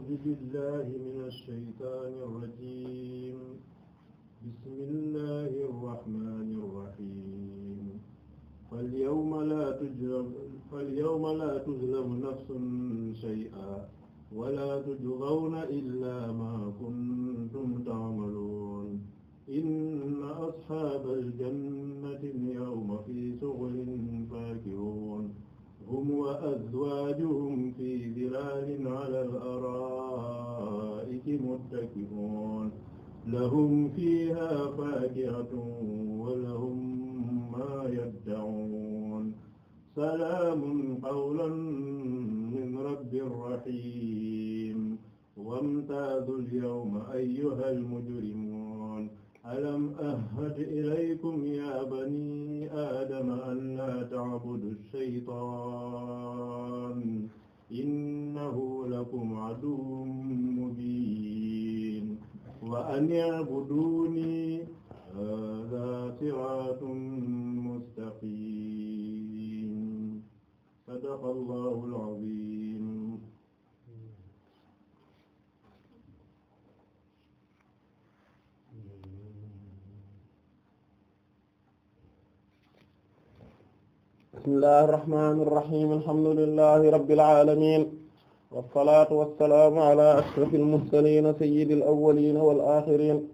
أعوذ بالله من الشيطان الرجيم بسم الله الرحمن الرحيم فاليوم لا تجرم فاليوم لا تظلم نفس شيئا ولا تجزون إلا ما كنتم تعملون إن أصحاب الجنة اليوم في شغل فاكهون hum wa azwaajuhum fi zilaalin ala al-araa'iki muttaki'uun lahum fiihaa faakihatun wa lahum maa yad'uun salaamun qawlan min rabbin rahiim wamtaazul yawma ayyuhal mujrimuun alam ahad ilaykum ya bani aadama an laa ta'budu shaytaan innahu lakum aduwwun mubiin wa an i'buduuni haaza siraatun mustaqiim sadaqallaahu al-aziim bismillahi irrahmani irrahim alhamdulillahi rabbil alamin wassalatu wassalaamu ala ashraf almursalin sayyidi alawalin wal axirin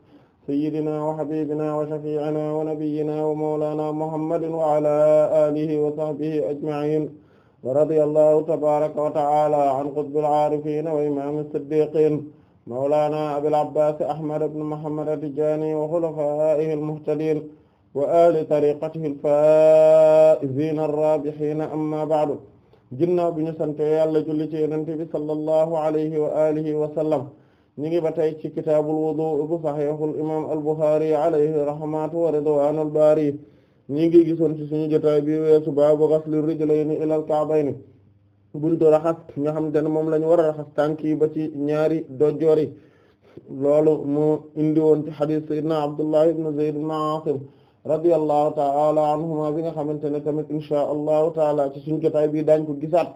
sayyidina wa habibina wa shafi'ina wa nabiyyina wa mawlana muhammadin wa ala alihi wa sahbihi ajma'in wa radiyallahu tabaraka wa ta'ala an qutbil aarifin wa imam as-siddiqin mawlana abil abbas ahmad ibn muhammad at-tijani wa khulafaa'ihi al-muhtadin wa ali tariqatihi al-faa'iziina ar-raabihiina amma ba'du ginnaaw bi ñu sante yàlla julli ci yonent bi sallallahu alayhi wa alihi wa sallam ñu ngi ba tey ci kitaabul wudu bu saxiixul imaam al-Buxaari alayhi wa ridwaanul baari ñu ngi gisoon ci suñu jotaay bi weesu baabu ghasli rijlayni ilal ka'bayni buntu raxas nga xam te ne moom la war a raxas tànk yi ba ci ñaari dojjoor yi loolu mu indi woon ci xadiis sayyidina Abdullah ibn Zayd Aasim radiyallahu ta'ala anhuma bi nga xamante ne tamit inshaa allahu taala ci suñu jotaay bii daañ ko gisaat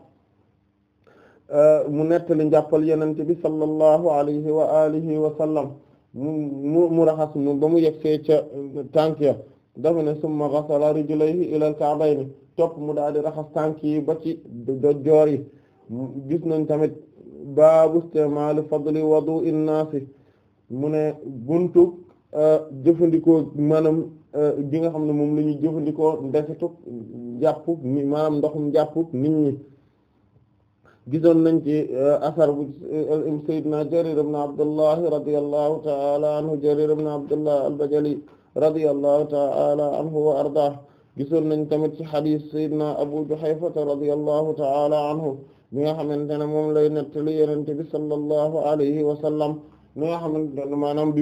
mu nettali njàppal yenente bi sallallahu alayhi wa alihi wa sallam mu mu raxas mu ba mu yegsee ca tànk ya dafa ne summa ghasala rijlayhi ila al topp mu daal di raxas tànk yi ba ci dojjoor yi nañ tamit baabu istimaali fadli wudu'in naasi mu ne buntu jëfandikoo maanaam gi euh, nga xam ne moom la ñu jëfandikoo ndefitug jàpp maanaam ndoxum jàpp ni ñi gisoon nañ ci euh, asar bu euh, sayyidina Jarir ibn Abdullah radiyallahu ta'ala anhu Jarir ibn Abdullah al-Bajali radiyallahu ta'ala anhu wa ardah gisoon nañ tamit ci xadiis sayyidina Abu Juhayfa radiyallahu ta'ala anhu mi nga xamante ne moom lay nettali Yonent bi sallallahu alayhi wa sallam mi nga xamante ne bi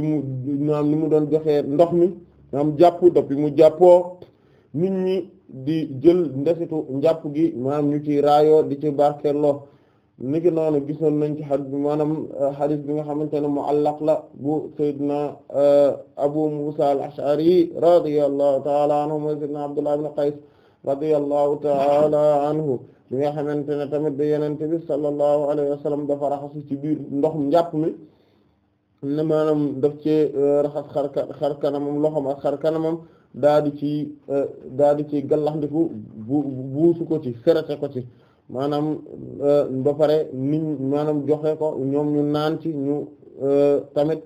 mu maanaam ni mu doon joxe ndox mi am jàpp depuis mu jàppoo nit ñi di jël ndesitu njàpp gi maanaam ñu ci rayo di ci barkeeloo niki no gisoon nañ ci xadis bi euh, xadis bi nga xamante ne muallaq la bu sayyidina euh, Abu Musa al-Ash'ari radiyallahu ta'ala anhu mooy sayyidina Abdullah ibn Qays bi nga xamante ne tamit da yenente bi sallallahu alayhi wa sallam dafa ci biir ndox njàpp mi ne maanaam daf cee euh, raxas xar xar loxoom ak xar kanamam daa di ci euh, daa di ci gallaxndiku bu buusu ci serate ko ci maanaam euh, ba pare niñ maanaam joxe ko ñoom ñu naan ci ñu tamit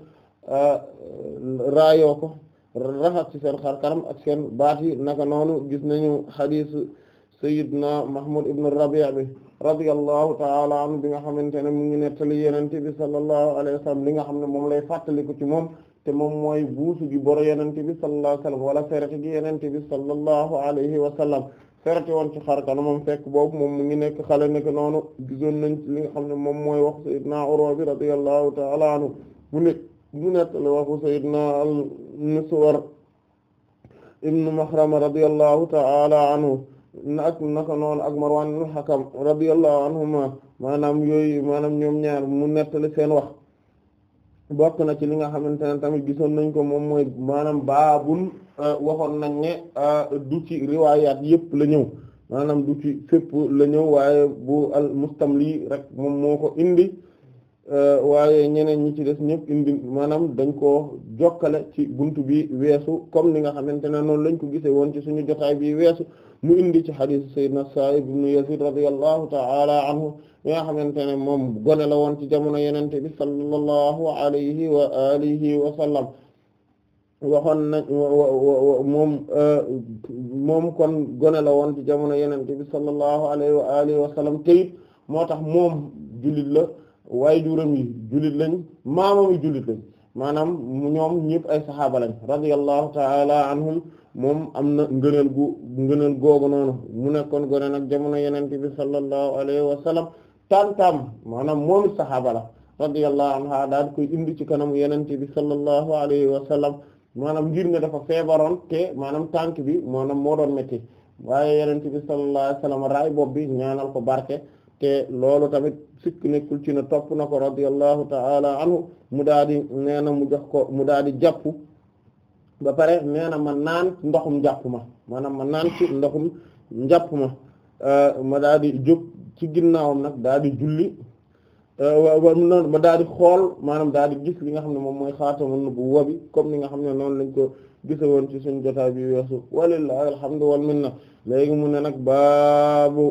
raayoo ko raxas ci seen xar kanam ak seen baat yi naka noonu gis nañu xadiis Sayyidna Mahmoud ibn Rabi' bi radiyallahu taala bi nga xamante ne mu ngi nettali yenente bi sallallahu alayhi wa sallam li nga xam ne moom lay fàttaliku ci moom te moom mooy buusu gi bor yenente bi sallallahu alayhi wa sallam wala ferete gi yenente bi sallallahu alayhi wa sallam ferete woon ci xarkana moom fekk boobu moom mu ngi nekk xale nekk noonu gisoon nañ li nga xam ne moom mooy wax sayyidna Urwa bi radiyallahu taala anhu mu ne mu nettali waxu sayyidna al ibnu Mahrama radiyallahu taala anhu ak naka noonu ak Marwan ibn al-Hakam anhuma maanaam yooyu maanaam ñoom ñaar mu nettali seen wax bokk na ci li nga xamante ne tamit gisoon nañ ko moom mooy maanaam baabun euh, waxoon nañ ne euh, du ci riwaayaat yëpp la ñëw maanaam du ci fépp la ñëw waaye bu al mustamli rek moom moo ko indi Euh, waaye ñeneen ñi ci des ñëpp indi maanaam dañ ko jokkale ci bunt bi weesu comme ni nga xamante ne noonu lañ ko gisee woon ci suñu jotaay bi weesu mu indi ci xadiis sayyidina Sa'ib ibn Yazid radiyallahu ta'ala anhu mi nga xamante ne moom gone la woon ci jamono yenente bi sallallahu alayhi wa alihi wa sallam waxoon nañ moom moom kon gone la woon ci jamono yenente bi sallallahu alayhi wa alihi wa sallam moo tax moom jullit la waaye juróom yi jullit lañ maamam julit jullit lañ maanaam ñoom ñëpp ay saxaaba lañ radiyallahu ta'ala anhum moom am na ngëneel gu ngëneel googu noonu mu nekkoon gone nag jamono yenente bi sallallahu alayhi wa sallam tantam maanaam moom it saxaaba la radiyallahu anha daal koy indi ci kanamu yenente bi sallallahu alayhi wa sallam maanaam ngir ne dafa feebaroon te maanaam tànk bi maanaam moo doon metti waaye yenente bi sallallahu alayhi wa sallam raay bopp bi ñaanal ko barke te loolu tamit sikk nekkul ci ne topp na ko radiyallahu ta'ala anhu mu daal di nee na mu jox ko mu daal di jàpp ba pare nee na ma naan ndoxum njàpp ma maanaam ma naan ci ndoxum njàpp ma euh, ma daal di jóg ci ginnaawam nag daal di julli euh, ma daal di xool maanaam daal di gis li nga xam ne moom mooy xaatamun nubuwwa bi comme ni nga xam ne noonu lañ ko gise woon ci suñ jotaay bi weesu walillahi alhamdu wal minna léegi mu ne nag baabu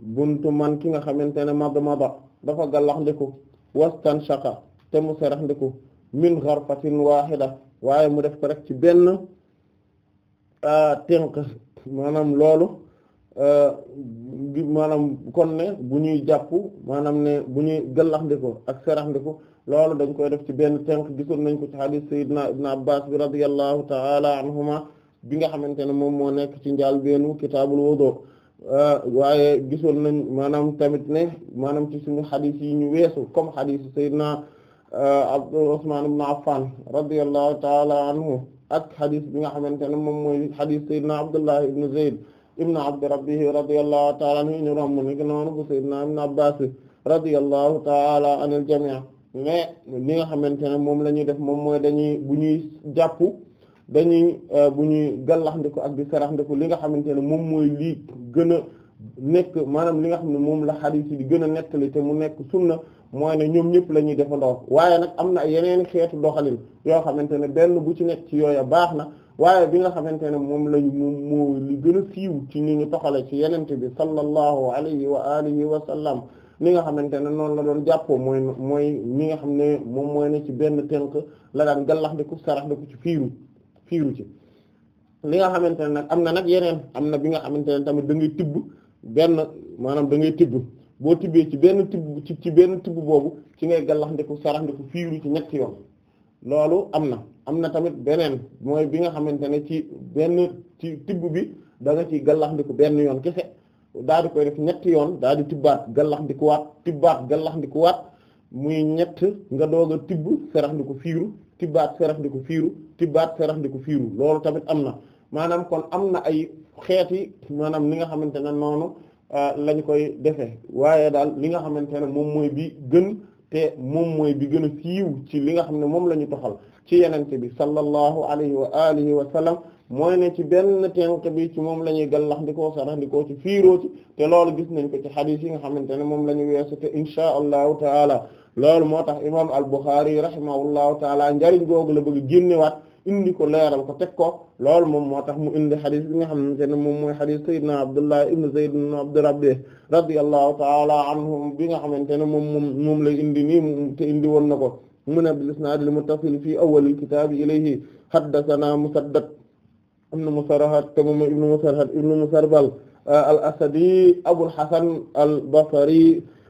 buntu man ki nga xamante ne mad mada dafa gallax ndiku wastan shaka te mu serax ndiku min gharfatin wahida waaye mu def ko rek ci benn tenq maanaam loolu maanaam kon ne bu ñuy jàpp maanaam ne bu ñuy gallax ndiku ak serax ndiku loolu dañ koy def ci benn tenq gisoon nañ ko ci hadith sayyidina ibn abbas bi radiyallahu ta'ala anhuma bi nga xamante ne moom moo nekk ci njaal beenu kitaabul wudu Euh, waaye gisoon nañ maanaam tamit ne maanaam ci suñu xadis yi ñu weesu comme xadis Seydina euh, Abdu Usmaan ibn Affan radiyallahu taala anhu ak xadis bi nga xamante ne moom mooy xadis Seydina Abdullah ibn Zayd ibn Abdi Rabbihi radiyallahu taala anhu ñu romb ni noonu bu Seydina Ibn Abbas radiyallahu taala anil jamii mais li nga xamante moom la ñuy def moom mooy dañuy bu ñuy jàpp dañuy euh, bu ñuy gàllaxndiku ak di saraxndiku li nga xamante ne moom mooy li gën a nekk maanaam li nga xam ne moom la xadiis yi di gën a nettali te mu nekk sunna mooy ne ñoom ñëpp la ñuy defandoo waaye nag am na yeneen xeetu doxalin yoo xamante ne benn bu ci nekk ci yooya baax na waaye bi nga xamante ne moom lañu moom moo gën a siiw ci ni ñu toxale ci yenente bi sallallahu alayhi wa alihi wa sallam li nga xamante ne noonu la doon jàppoo mooy mooy mi nga xam ne moom mooy ne ci benn tënk la daan gàllaxndiku saraxndiku ci fiiru kiiwu ci li nga xamante ne nag am na nag yeneen am na bi nga xamante ne tamit da ngay tibb benn maanaam da ngay tibb boo tibbee ci benn tibb ci ci benn tibb boobu ci ngay gallax ndiku sarax fiiru ci ñetti yoon loolu am na am na tamit beneen mooy bi nga xamante ne ci benn ci tibb bi danga nga ci gallax benn yoon kese daal di koy def ñetti yoon daal di tibbaat gallax ndikuwaat tibbaat gallax muy ñett nga doog a tibb serax ndi ko fiiru tibbaat serax ndi ko fiiru tibbaat serax ndi ko fiiru loolu tamit am na maanaam kon am na ay xeeti maanaam li nga xamante ne noonu ah, lañ koy defee waaye daal li nga xamante ne moom mooy bi gën te moom mooy bi gën a ci li nga xam ne moom la ñu toxal ci yenente bi sallallahu alayhi wa alihi wa sallam mooy ne ci benn tenk bi ci moom la ñuy gallax ndikoo sarax ndikoo ci fiiroo ci te loolu gis nañ ko ci xadiis yi nga xamante ne moom la ñu weesu te inshaa allahu taala loolu moo tax imam al-Bukhari rahimahullahu taala njariñ googu la bëgg génnewaat indi ko leeral ko teg ko loolu moom moo tax mu indi xadis bi nga xamante ne moom mooy xadis sayyidina Abdullah ibn Zayd ibn Abd Rabbih radiyallahu taala anhum bi nga xamante ne moom moom moom lay indi nii te indi woon na ko mu ne bil isnaad al muttasil fii awwal al kitaab ilayhi haddathana Musaddad ibn Musarhad te moom ibn Musarhad ibn Musarbal al asadi Abul Hasan al Basri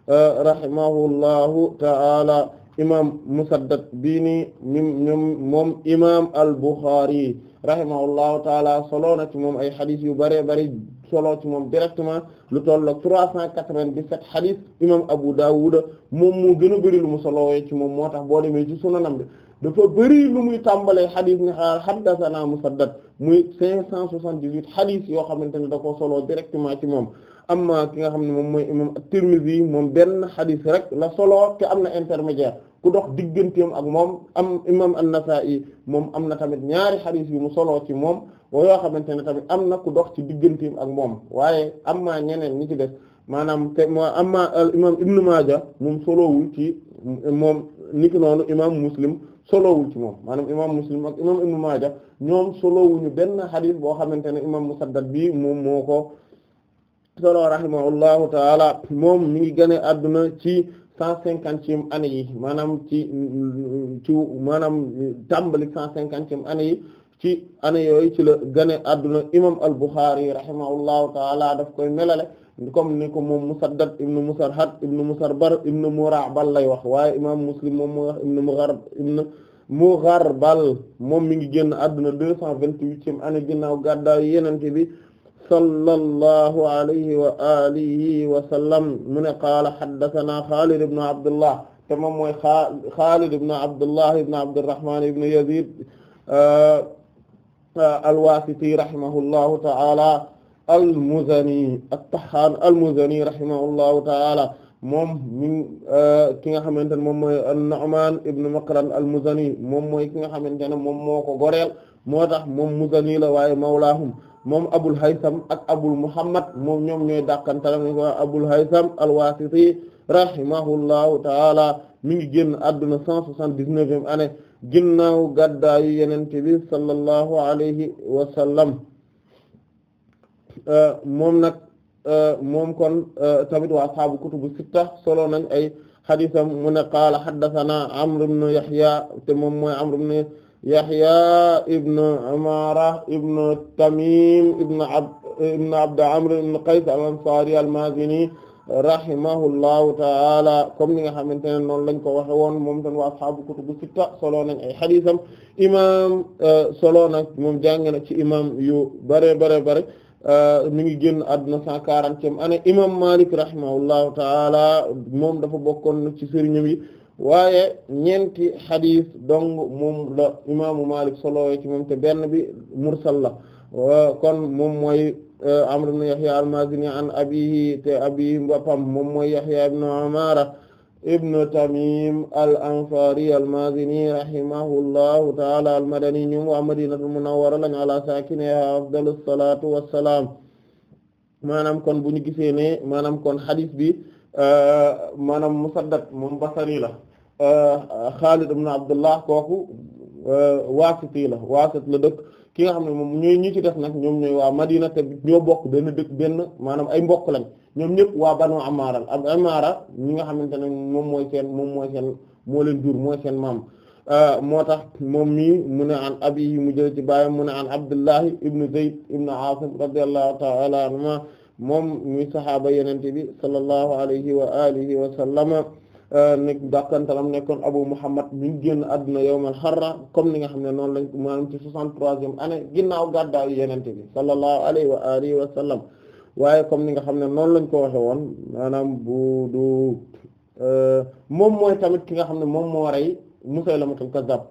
rahimahullahu ta'ala imam musaddad bii nii ñoom moom imam al-Bukhari rahimahullahu ta'ala solo na ci moom ay xadis yu bëree bëri solo ci moom directement lu toll ak trois cent quatre-vingt-dix-sept xadis imam Abu Dawud moom moo gën a bëri lu mu solo ci moom moo tax boo demee ci sunanam bi dafa bëri lu muy tàmbalee xadis ne xaddasanaa Musaddad muy cinq cent soixante-dix-huit xadis yoo xamante ne da ko solo directement ci moom amma ki nga xam ne moom mooy imam at-Tirmidhi moom benn xadis rek la solo te am na intermédiaire ku dox digganteem ak moom am imam an-Nasa'i moom am na tamit ñaari xadis yu mu solo ci moom boo yoo xamante ne tamit am na ku dox ci digganteem ak moom waaye amma ñeneen ñi ci def maanaam te moo amma imam Ibn Maaja moom solowul ci moom niki noonu imam Muslim solowul ci moom maanaam imam muslim ak imam ibnu maaja ñoom solowuñu benn xadis boo xamante ne imam musaddad bi moom moo ko solo rahimahullahu taala moom mi ngi gane adduna ci cent cinquantième année yi maanaam ci ci maanaam tàmbali cent cinquantième année ci année yooyu ci la gane adduna imam al-Bukhari rahimahullahu taala daf koy melale comme ni ko moom Musaddad ibn Musarhad ibn Musarbar ibn lay wax waaye imaam Muslim moom moo wax mu Mugharb ibn Mugharbal moom mi ngi génn àdduna deux cent vingt-huitième année ginnaaw gàddaayu Yonent bi sallallahu alayhi wa alihi wa sallam mu ne qaala haddathana Xaalid Abdullah te moom mooy Xaalid ibn Abdullah ibn Abdurrahman ibn Yazid euh, al-Wasiti rahimahullahu ta'ala al-Muzani at-Tahan al-Muzani rahimahullahu ta'ala moom mi euh, ki nga xamante ne moom mooy an-Nu'man ibn Maqran al-Muzani moom mooy ki nga xamante ne moom moo ko goreel moo tax moom Muzani la waaye mawlaahum moom Abul Haytham ak Abul Muhammad moom ñoom ñooy dàqantalam ñu ko Abul Haytham al-Wasiti rahimahullahu ta'ala mi ngi génn àdduna 179e année ginnaaw gàddaayu Yonent bi sallallahu alayhi wa sallam Euh, moom nag euh, moom kon euh, tamit waa ashaabu kutubu sitta solo nañ ay xadisam mu ne qaala xaddathana amr ibn yahya te moom mooy amr ibn yahya ibn umara ibn tamim ibn abd ibn abd amr ibn qays al ansari al mazini rahimahullahu taala comme ni nga xamante ne noonu lañ ko waxe woon moom tan waa ashaabu kutubu sitta solo nañ ay xadisam imam solo nag moom jàng na ci imam yu bare bare bare Euh, mi ngi génn àdduna cent quarantième année imam Malik rahimahullahu taala moom dafa bokkoon ci sëriñam yi waaye ñeenti xadis dong moom la imaamu Malik solowee ci moom te benn bi mursal la euh, kon moom mooy euh, Amr ibn Yahya al-Mazini an abihi te abihi mbapam moom mooy Yahya ibn Umara ibnu tamim al ansari al mazini rahimahullahu taala al madani ñum waa madinatul munawwara lañu ala saakiniha afdalu salaatu wassalaam maanaam kon bu ñu gisee ne maanaam kon xadis bi euh, maanaam musaddad moom basari la euh, xaalid ibnu abdullah kooku euh, waasiti la waasit la dëkk ki nga xam ne moom ñooy ci def nag ñoom ñooy waa madina te ñoo bokk benn dëkk benn maanaam ay mbokk lañ ñoom ñëpp waa banu amaara ak amaara ñi nga xamante ne moom mooy seen moom mooy seen moo leen jur mooy seen maam euh, moo tax moom mi mu ne an abi yi mu jël ci baayam mu ne an abdullahi ibnu zayd ibnu aasim radiyallahu ta'ala anhuma moom muy saxaaba yenente bi sallallahu alayhi wa alihi wa sallama euh, nekk dàkkantalam nekkoon abu muhammad mi ngi génn adduna yawmal harra comme ni nga xam ne noonu lañ maanaam ci soixante ginnaaw gàddaayu yenente bi sallallahu alayhi wa alihi wa sallam waaye comme ni nga xam ne noonu lañ ko waxe woon maanaam bu du euh, moom mooy tamit ki nga xam ne moom moo rey Musaylamatul Kazzab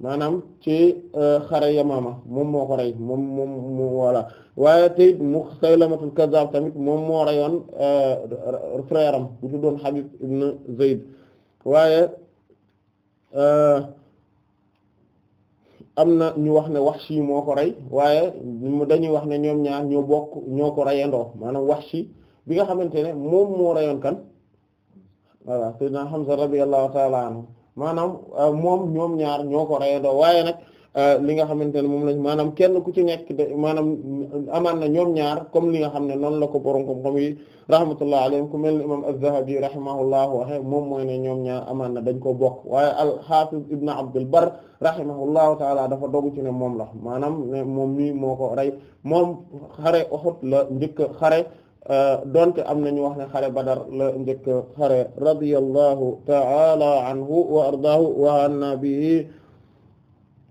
maanaam ci euh, xare Yamaama moom moo ko rey moom moom mu voilà waaye tey Musaylamatul Kazzab tamit moom moo reyoon euh, frère am bu tuddoon ibn Zayd waaye am na ñu wax ne wax si moo ko rey waaye dañuy wax ne ñoom ñaar ñoo bokk ñoo ko reyandoo maanaam si bi nga xamante ne moom moo reyoon kan voilà sayyidina Hamza radiyallahu ta'ala anhu maanaam euh, moom ñoom ñaar ñoo ko reyandoo waaye nag Euh, li nga xamante ne moom lañ maanaam kenn ku ci nekk maanaam amaan na ñoom ñaar comme li nga xam ne noonu la ko borom xam-xam yi rahmatullah alayhim ku mel ni imam az-Zahabi rahimahullah waxe moom mooy ne ñoom ñaar amaan na dañ ko bokk waaye al-Hafiz ibn Abdul Barr rahimahullahu taala dafa dogu ci ne moom la maanaam moom mii moo ko rey moom xare Uhud la njëkk xare euh, donte am nañu wax ne xare Badar la njëkk xare radiyallahu taala anhu wa ardaahu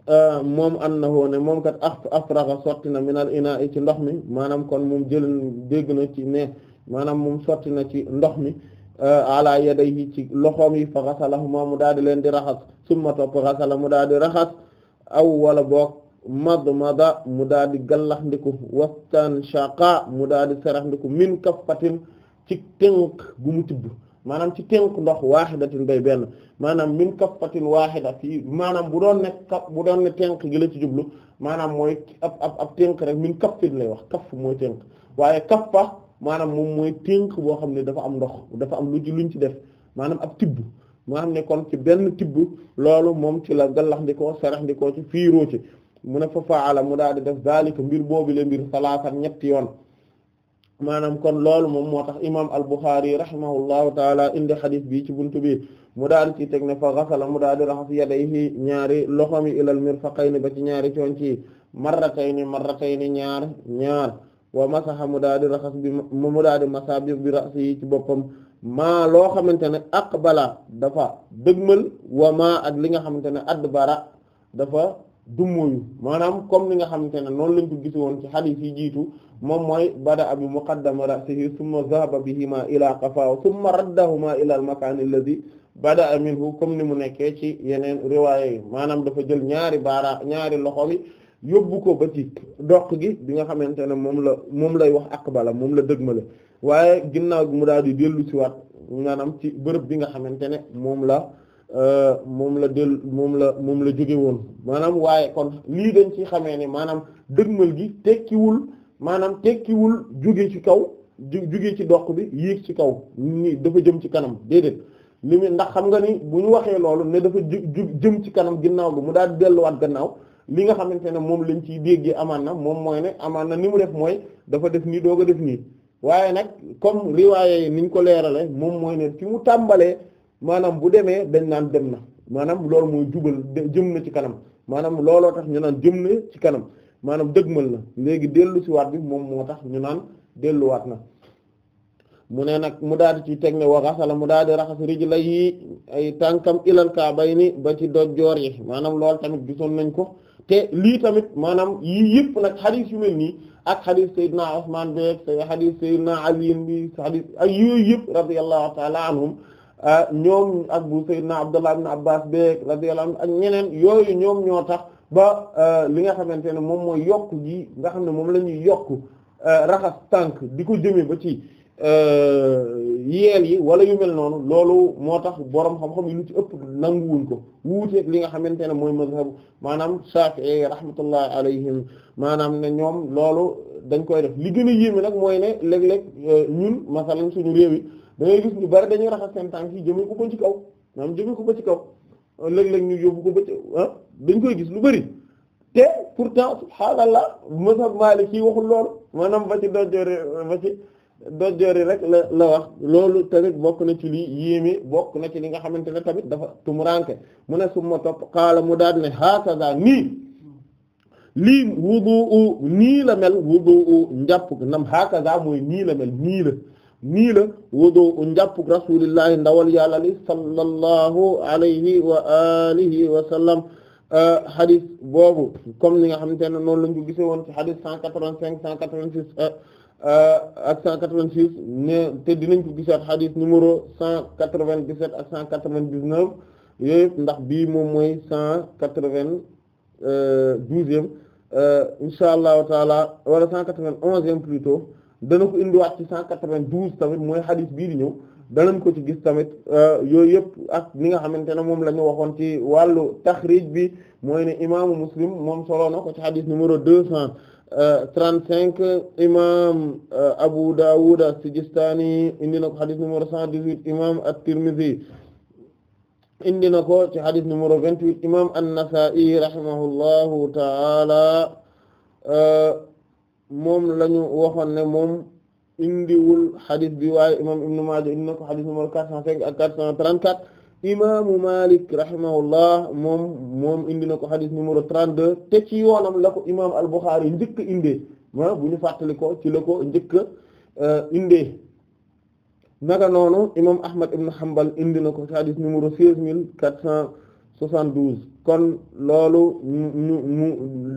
Euh, moom annahu ne moom kat af afraxa sotti na minal ina i ci ndox mi maanaam kon mu jël dégg na ci ne maanaam moom sotti na ci ndox mi euh, ala yadayhi ci loxoom yi fa xasalahuma mu daal di leen di raxas summa topp xasala mu daal di raxas aw wala boog madmada mu daal di gallax ndiku wastanshaqa mu daal di sarax ndiku min kaffatin ci tënk gu mu tibb maanaam ci tënk ndox waaxidatin bay benn maanaam min kaffatin waaxida fii maanaam bu doon ne kap bu doon ne tënk gi la ci jublu maanaam mooy ab ab ab tënk rek min kaffin lay wax kaff mooy tënk waaye kaffa maanaam moom mooy tënk boo xam ne dafa am ndox dafa am lu ci luñ ci def maanaam ab tibb maanaam ne kon ci benn tibb loolu moom ci la gallax ndikoo sarax ndikoo ci fiiroo ci mu ne fa faala mu daal di def zalika mbir boobu le mbir salaasan ñetti yoon maanaam kon loolu moom moo tax imam al-Bukhari rahimahullahu taala indi xadis bi ci buntu bi mu daal ci teg ne fa xasala mu daal di raxas yadayhi ñaari loxomi ilal mirfaqayni ba ci ñaari coon ci marratayni marratayni ñaar ñaar wa masaha mu daal di raxas bi mu daal di masa bi bi rasi yi ci boppam maa loo xamante ne aqbala dafa dëgmal wa maa ak li nga xamante ne adbara dafa du muyu maanaam comme ni nga xamante ne noonu lañ ko gis woon ci hadith yi jiitu moom mooy bada abi muqaddama ra'sihi thumma dhahaba bihima ila qafa thumma raddahuma ila al makan alladhi bada minhu comme ni mu nekkee ci yeneen riwaaya maanaam dafa jël ñaari baara ñaari loxo mi yóbbu ko ba ci doq gi bi nga xamante ne moom la moom lay wax akk bala moom la dëgmale waaye ginnaaw gi mu daal di dellu ci waat maanaam ci bërëb bi nga xamante ne moom la Euh, moom la dell moom la moom la jóge woon maanaam waaye kon lii dañ ci xamee ne maanaam dëgmal gi tekkiwul maanaam tekkiwul jóge ci kaw jóge ci doq bi yéeg ci kaw ni dafa jëm ci kanam déedéet li mu ndax xam nga ni bu ñu waxee loolu ne dafa jëm ci kanam ginnaaw lu mu daal delluwaat gannaaw li nga xamante ne moom lañ ciy déggee amaan na moom mooy ne amaan na ni mu def mooy dafa def nii doog a def nii waaye nag comme riwaaye niñ ko leerale moom mooy ne ci mu tàmbalee maanaam bu demee dañ naan dem na maanaam loolu mooy jubal jëm na ci kanam maanaam looloo tax ñu naan jëm na ci kanam maanaam dëgmal na léegi dellu si waat bi moom moo tax ñu naan delluwaat na mu ne nag mu daal di ci teg ne waxasala mu daal di raxas rijla yi ay tànkam ilal kaabay ni ba ci doj joor yi maanaam lool tamit gisoon nañ ko te lii tamit maanaam yii yëpp nag xadis yu mel nii ak xadis Seydina Usmaan beeg xadis Seydina Ali bi xadis ak yëpp radiyallahu ta'ala Euh, ñoom ak bu Seydina Abdullah ibn Abbas beeg radiyallahu anhu ak ñeneen yooyu ñoom ñoo tax ba euh, li nga xamante ne moom mooy yokk gi nga xam ne moom la ñuy yokk euh, raxas tànk di ko jëmee ba ci yeel yi wala yu mel noonu loolu moo tax borom xam-xam yi lu ci ëpp nanguwuñ ko wuuteeg li nga xamante ne mooy mazhabu maanaam Shafi'i rahmatullahi alayhim maanaam ne ñoom loolu dañ koy def li gën a yéeme nag mooy ne léeg-léeg ñun masalan suñu réew yi da gis ñu bari dañuy raxas seen tànk yi jëmee ko ko ci kaw maanaam jëmee ko ko ci kaw léeg-léeg ñu yóbbu ko ba ci ah dañ koy gis lu bari te pourtant subhaanallah mazhab maliki waxul loolu maanaam ba ci dojjori ba ci dojjori rek la la wax loolu tamit bokk na ci lii yéeme bokk na ci li nga xamante ne tamit dafa tumuranke mu ne suma topp kaala mu daal ne haakaza nii lii wudu nii la mel wudu njàpp nam haakaza mooy nii la mel nii nii la wodoo u njàpp rasulillahi ndawal yàlla li sallallahu alayhi wa alihi wa sallam hadith euh, boobu comme ni nga xam ne noonu lañu ko gisee woon ci hadith cent quatre-vingt-cinq cent quatre-vingt-six euh, euh, ak cent quatre-vingt-six ne numéro cent quatre-vingt-dix-sept ak cent quatre-vingt-dix-neuf yooyu ndax bii moom mooy cent quatre-vingt-douzième insha allahu taala wala cent quatre-vingt-onzième plutôt dana ko indiwaat ci cent quatre-vingt-douze tamit mooy xadis bii di ñëw danañ ko ci gis tamit euh, yooyu yëpp ak li nga xamante ne moom la waxoon ci wàllu taxrij bi mooy ne imaamu muslim moom solo na ko ci xadis numéro deux cent euh, trente-cinq imaam euh, Abu Dawud as-Sijistani indi na ko xadis numéro cent dix imaam at-Tirmidhi indi na ko ci xadis numéro vingt-huit imaam an-Nasa'i rahimahullahu ta'ala moom lañu waxoon ne moom indiwul xadis bi waaye imam ibnu Maaja indi na ko xadis numéro quatre cent cinq ak quatre cent trente-quatre imaamu Malik rahimahullah moom moom indi na ko xadis numéro trente-deux te ci yoonam la ko imam al-Bukhari njëkk indee ma bu ñu fàttali ko ci la ko njëkk euh, indee naka noonu imam Ahmad ibn Hanbal indi na ko xadis numéro seize mille quatre cent soixante-douze kon loolu mu mu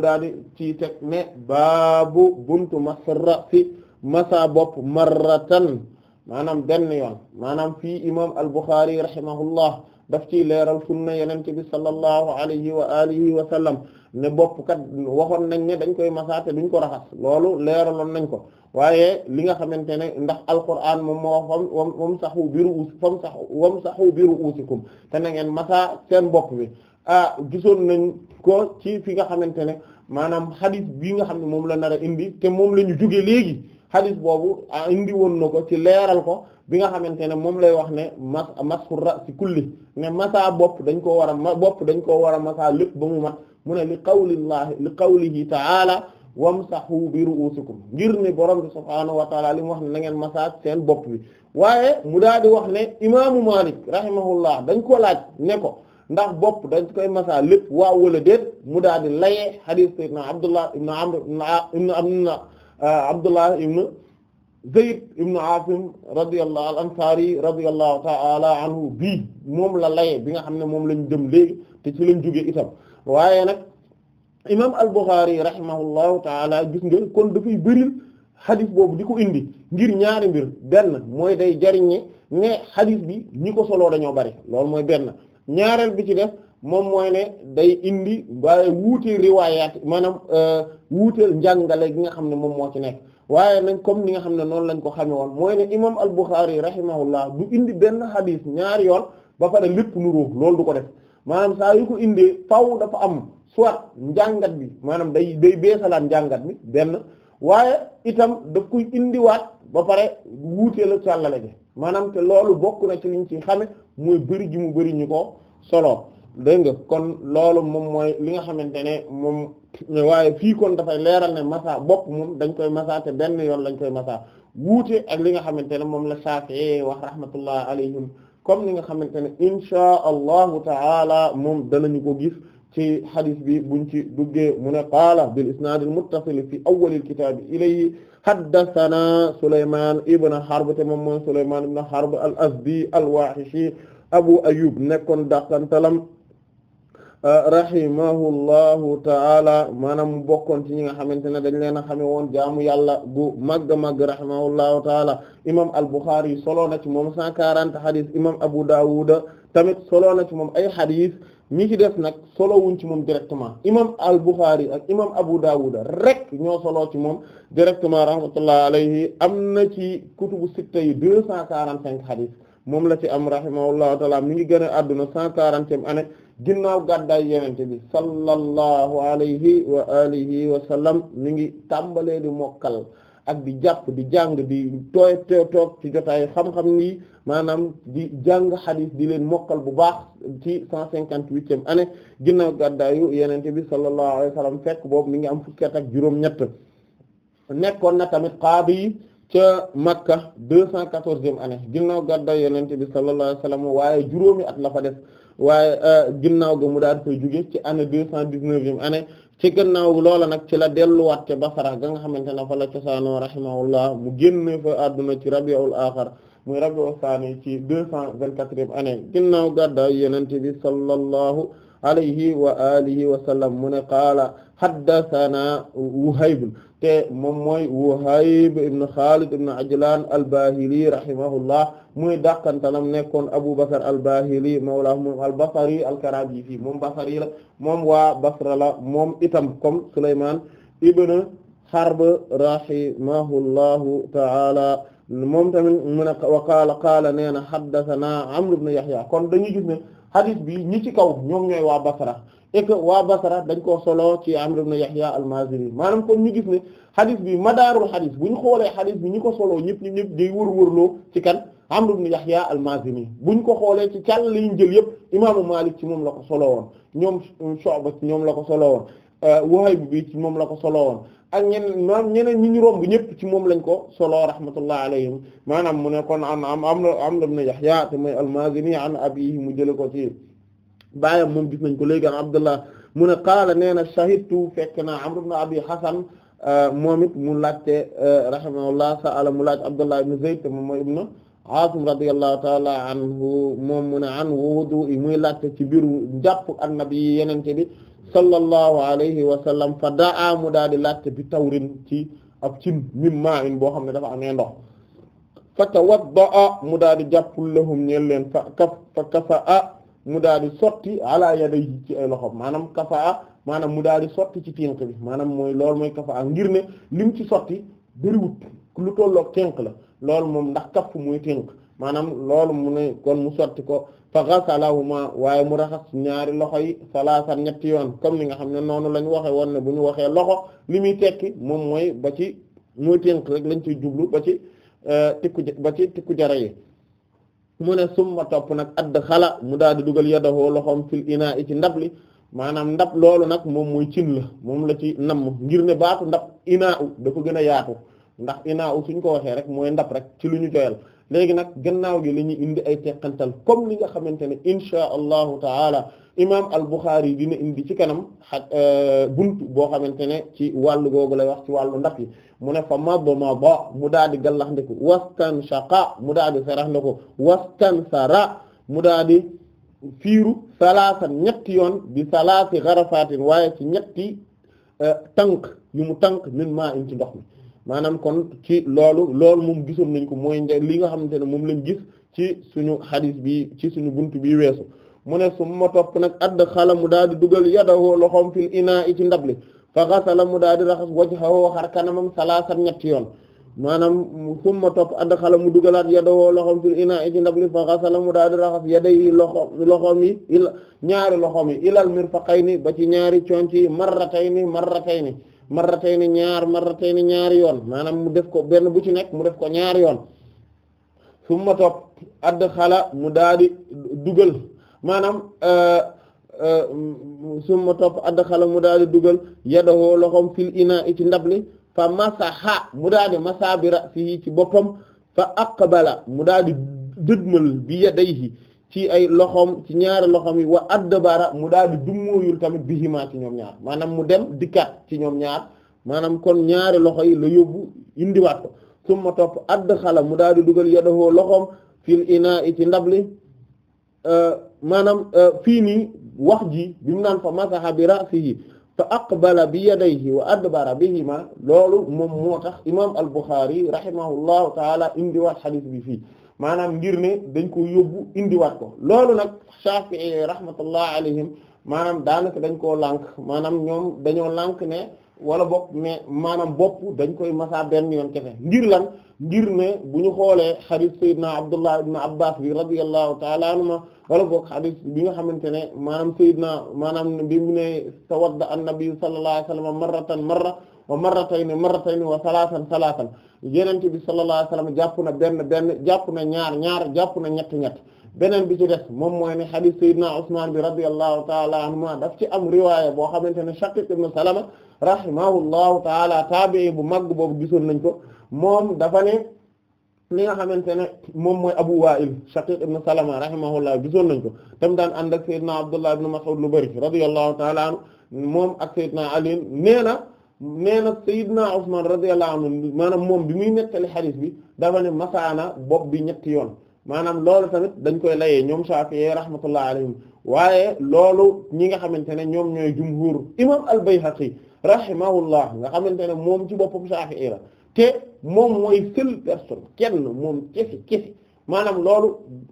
daal di ci teg ne baabu buntu masra fi masa bopp marratan maanaam benn yoon maanaam fii imam al-Bukhari rahimahullah daf ciy leeral sunna yenente bi sallallahu alayhi wa alihi wa sallam ne bopp kat waxoon nañ ne dañ koy masaate duñ ko raxas loolu leeraloon nañ ko waaye li nga xamante ne ndax alquran moom moo wax wam wam saxu biru uus fam sax wam saxu biru te na ngeen masa seen bopp bi Ah, gisoon nañ ko ci fi nga xamante ne maanaam xadis bii nga xam ne moom la nar a indi te moom la ñu jóge léegi xadis boobu ah, indi woon na ko ci leeral ko bi nga xamante ne moom lay wax ne mas masxu rasi kulli ne masa bopp dañ koo war a bopp dañ koo war a masa lépp ba mu mat mu ne li qawlillahi li qawlihi ta'ala wamsahu bi ru'usikum ngir ne borom bi subhaanahu wa taala li mu wax ne na ngeen masa seen bopp bi waaye mu daal di wax ne imaamu Maalik rahimahullah dañ ko laaj ne ko ndax bopp dañ koy masa lépp waaw wala déet mu daal di layee xadiis sayyidina Abdullah ibn Amr ibn ibn euh, Abdullah ibn Zayd ibn Asim radiyallahu al ansari radiyallahu anhu bii moom la layee bi nga xam ne moom lañ dem léegi te ci lañ jógee itam waaye nag imam al-Bukhari rahimahullahu ta'ala gis nga kon dafay bëril xadis boobu di ko indi ngir ñaari mbir benn mooy day jariñe ne xadis bi ñi ko soloo dañoo bari loolu mooy benn ñaareel bi ci def moom mooy ne day indi waaye wuute riwaayaat maanaam euh, wuuteel njàngale gi nga xam ne moom moo ci nekk waaye nañ comme ni nga xam ne noonu lañ ko xame woon mooy ne imam al-Bukhari rahimahullah du indi benn xadis ñaari yoon ba pare lépp nu róog loolu du ko def maanaam saa yu ko indi faw dafa am soit njàngat bi maanaam day day beesalaat njàngat bi benn waaye itam daf koy indiwaat ba pare wuuteel a sàllale gi maanaam te loolu bokk na ci liñ ci xame mooy bëri gi mu bëri ñu ko solo dégg nga kon loolu moom mooy li nga xamante ne moom waaye fii kon dafay leeral ne masaa bopp moom dañ koy massa te benn yoon lañ koy massa wuute ak li nga xamante ne moom la Shafi'i wax rahmatullah alayhim comme li nga xamante ne insha allahu taala moom danañu ko gis ci xadis bi buñ ci duggee mu ne qaala bil isnaadil muttasil fi awwalil kitaabi ilayhi haddasanaa Souleymane Ibn Harb te moom mooy Souleymane Ibn Harb al asdi al waahishi abu ayub nekkoon dàqantalam rahimahullahu taala maanaam bokkoon ci ñi nga xamante ne dañ leen a xame woon jaamu yàlla gu màgg màgg rahimahullahu taala imam al buxaari solo na ci moom 140 xadis imam Abu Dawud tamit solo na ci moom ay xadis. ñi ci def nag solo wuñ ci moom directement imam al Bukhari ak imam Abu Dawud rek ñoo solo ci moom directement rahmatullah alayhi am na ci kutubu sitta yi deux cent quarante-cinq hadith moom la ci am rahimahullahu taala mi ngi gën a adduna cent quarantième année ginnaaw gàddaay yenente bi sallallahu alayhi wa alihi wa sallam mi ngi tàmbalee di mokkal ak di jàpp di jàng di tooy toog ci jotaayu xam-xam ni maanaam di jàng xadis di leen mokkal bu baax ci cent cinquante huitième année ginnaaw gàddaayu yenente bi sallallahu alayhi wa sallam fekk boobu mi ngi am fukki at ak juróom-ñett nekkoon na tamit qaadi yi ca Makka deux cent quatorzième année ginnaaw gàddaayu yenente bi sallallahu alayhi wa sallam waaye juróomi at la fa def waaye euh, ginnaaw ga mu daal koy jóge ci année deux cent dix-neuvième année ci gannaaw loola nag ci la delluwaat ca Basra ga nga xamante ne fa la cosaanoo rahimahullah mu génn fa àdduna ci rabiul axir muy rabiul saani ci deux cent vingt-quatrième année ginnaaw gàddaay Yonent bi sallallahu alayhi wa alihi wa sallam mu ne qaala haddathana Wuhayb te moom mooy Wuhayb ibn Khalid ibn Ajlan al-Bahili rahimahullah muy dàqantalam nekkoon Abu Bakr al-Bahili mawlahum al-Basri al-Karabi moom Basri la moom waa Basra la moom itam comme Sulaymaan ibn Harb rahimahullahu ta'ala moom tamit mu ne wa qaala qaala nee na haddathana Amr ibn Yahya kon dañuy gis ne hadith bi ñi ci kaw ñoom ñooy waa Basra et que waa Basra dañ koo solo ci Amr ibn Yahya al-Maziri maanaam kon ñu gis ne hadith bi madaarul hadith bu ñu xoolee hadith bi ñi ko solo ñëpp ñëpp day wër-wërloo ci kan. Amr ibn Yahya al-Mazini buñ ko xoolee ci càll liñ jël yëpp imaamu Malik ci moom la ko solo woon ñoom Shu'ba ci ñoom la ko solo woon euh, Wahib bi ci moom la ko solo woon ak ñeneen ñoom ñeneen ñi ñu romb ñëpp ci moom lañ ko solo rahmatullah alayhim maanaam mu ne kon an am Amr ibn Yahya te mooy al-Mazini an abiihi mu jële ko ci baayam moom gis nañ ko léegi an Abdullah mu ne qaala nee na shahidtu fekk na Amr ibn Abi Hasan euh, moom it mu laajte euh, rahimahullah sa'ala mu laaj Abdullah ibn Zayd te moom mooy ibn Aasim radiyallahu taala anhu ci mbiru jàpp annabi yenente bi sallallahu alayhi wa sallam fa daa mu daal di laajte bi tawrin ci ab cin mim maa in boo xam ne dafa amee ndox fa tawaddaa mu daal di jàppul lahum ñeen leen fa kafa a mu daal di sotti ala yaday ci ay loxom maanaam kafa a maanaam mu daal di sotti ci tenk bi maanaam mooy loolu mooy kafa a ngir ne ci sotti bëriwut lu tolloog tenk la loolu moom ndax kapp muy tënk maanaam loolu mu ne kon mu sotti ko fa ghasalahuma waaye mu raxas ñaari loxo yi salaasan ñetti yoon comme ni nga xam ne noonu lañu ñu woon ne bu ñu waxee loxo li muy tekki moom mooy ba ci muy tënk rek lañ ciy jublu ba ci euh, tikku ba ci tikku jara yi mu ne summa topp nag add xala mu daal di dugal yadahoo loxoom fil inaa i ci ndab li maanaam ndab loolu nag moom muy cin la moom la ci nam ngir ne baatu ndab inaa u dafa gën a yaatu ndax inaa u suñ ko waxee rek mooy ndab rek ci lu ñu doyal léegi nag gannaaw gi li ñuy indi ay teqantal comme li nga xamante ne insha allahu taala imaam al Bukhari dina indi ci kanam ak euh, buntu boo xamante ne ci wàllu googu lay wax ci wàllu ndab yi mu ne fa madma ba mu daal di gallax ndiko wastan shaqa mu daal di sarax ndiko wastan sara mu daal di fiiru salaasan ñetti yoon bi salaasi garafatin waaye ci ñetti euh, tànk yu mu tànk min ma in ci ndox mi maanaam kon ci loolu loolu moom gisoon nañ ko mooy lii nga xamante ne moom lañ gis ci suñu xadis bi ci suñu bunt bi weesu mu ne su ma topp nag add xala mu daal di dugal yadahu loxoom fil inaa i ci ndab li fa xasala mu daal di raxas wajhahu xar kanamam salaasat ñetti yoon maanaam summa topp add xala mu dugalaat yadawoo loxoom fil inaa i ci ndab li fa xasala mu daal di raxas yada yi loxo loxoom yi il ñaari loxoom yi ilal mirfaqayni ba ci ñaari conc yi marratayni marratayni marratayni ñaar marratayni ñaari yoon maanaam mu def ko benn bu ci nekk mu def ko ñaari yoon summa topp add xala mu daadi dugal maanaam euh, euh, summa topp add xala mu daadi dugal yadowoo loxom fil ina i ci ndabli fa masaha mu daadi masabira fii ci boppam fa aqbala mu daadi dëdmal bi yadayhi ci ay loxoom ci ñaari loxoom yi wa addabara mu daal di dummóoyul tamit bihimaa ci ñoom ñaar maanaam mu dem dikkaat ci ñoom ñaar maanaam kon ñaari loxo yi la yóbbu indiwaat ko summa topp add xala mu daal di dugal yadahoo loxoom fil inaa i ci ndabli euh, maanaam euh, fii nii wax ji bi mu naan fa masaha bi ra'sihi fa aqbala bi yadayhi wa adbara bihima loolu moom moo tax imam al Bukhari rahimahullahu taala indiwaat xadiis bi fii maanaam ngir ne dañ ko yóbbu indiwaat ko loolu nag Shafi'i rahmatullah alayhim maanaam daanaka dañ koo lànk maanaam ñoom dañoo lànk ne wala bopp mais maanaam boppu dañ koy masaa benn yoon kefe ngir lan ngir ne bu ñu xoolee xadis Seydina Abdullah ibn Abbas bi radiyallahu ta'ala anhuma wala boog xadis bi nga xamante ne maanaam Seydina maanaam bi mu ne tawadda an-nabi sallallahu alayhi wa sallam marratan marra wa marratayni marratayni wa salaatan salaatan yenente bi sallallahu alayhi wasallam jàpp na benn benn jàpp na ñaar ñaar jàpp na ñett ñett beneen bi ci des moom mooy ne hadith sayyidina Usman bi radiyallahu ta'ala anhuma daf ci am riwaaya boo xamante ne Shaqiq ibn Salama rahimahullahu ta'ala taabi'i bu mag boobu gisoon nañ ko moom dafa ne li nga xamante ne moom mooy Abu Wa'il Shaqiq ibn Salama rahimahullah gisoon nañ ko tam daan ànd Abdullah ibn Mas'ud lu bari radiyallahu ta'ala anhu moom ak nee na Seydina Usmaan radiyallahu anhu maanaam moom bi muy nettali xadiis bi dafa ne masaana bopp bi ñetti yoon manam loolu tamit dañ koy laye ñoom Shaafi'i rahmatullahi alayhim waaye loolu ñi nga xamante ne ñoom ñooy jumhuur imaam al-Bayhaqi rahimahullah nga xamante ne moom ci boppam Shaafi'i la te moom mooy seule personne kenn moom kese kese maanaam loolu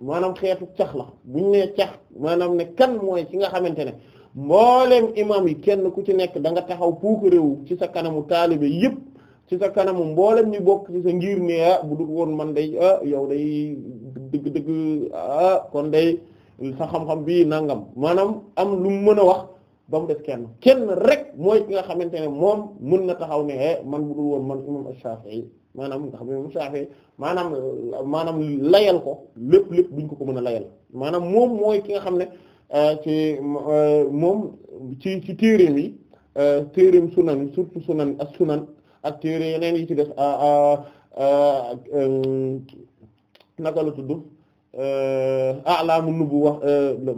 maanaam xeetu cax la buñ nee cax maanaam ne kan mooy ki nga xamante ne mboolem imam yi kenn ku ci nekk da nga taxaw puuk réew ci sa kanamu taalibe yëpp ci sa kanamu mboolem ñi bokk ci sa ngir ne ah bu dul woon man day ah, yow day dëgg dëgg ah, kon day sa xam bii nangam maanaam am lu mu mën a wax ba mu des kenn kenn rek mooy ki nga xamante ne moom mën na taxaw ne eh, man bu dul woon man imam Shafi'i maanaam nga xam ne imam Shafi'i maanaam maanaam layal ko lépp lépp duñ ko ko mën a layal maanaam moom mooy ki nga xam ne. Euh, ci euh, moom ci ci téereem yi euh, téereem sunan surtout sunan ak sunan ak téere yeneen yi ci def ah, ah, naka la tudd a'lamu nubuwwa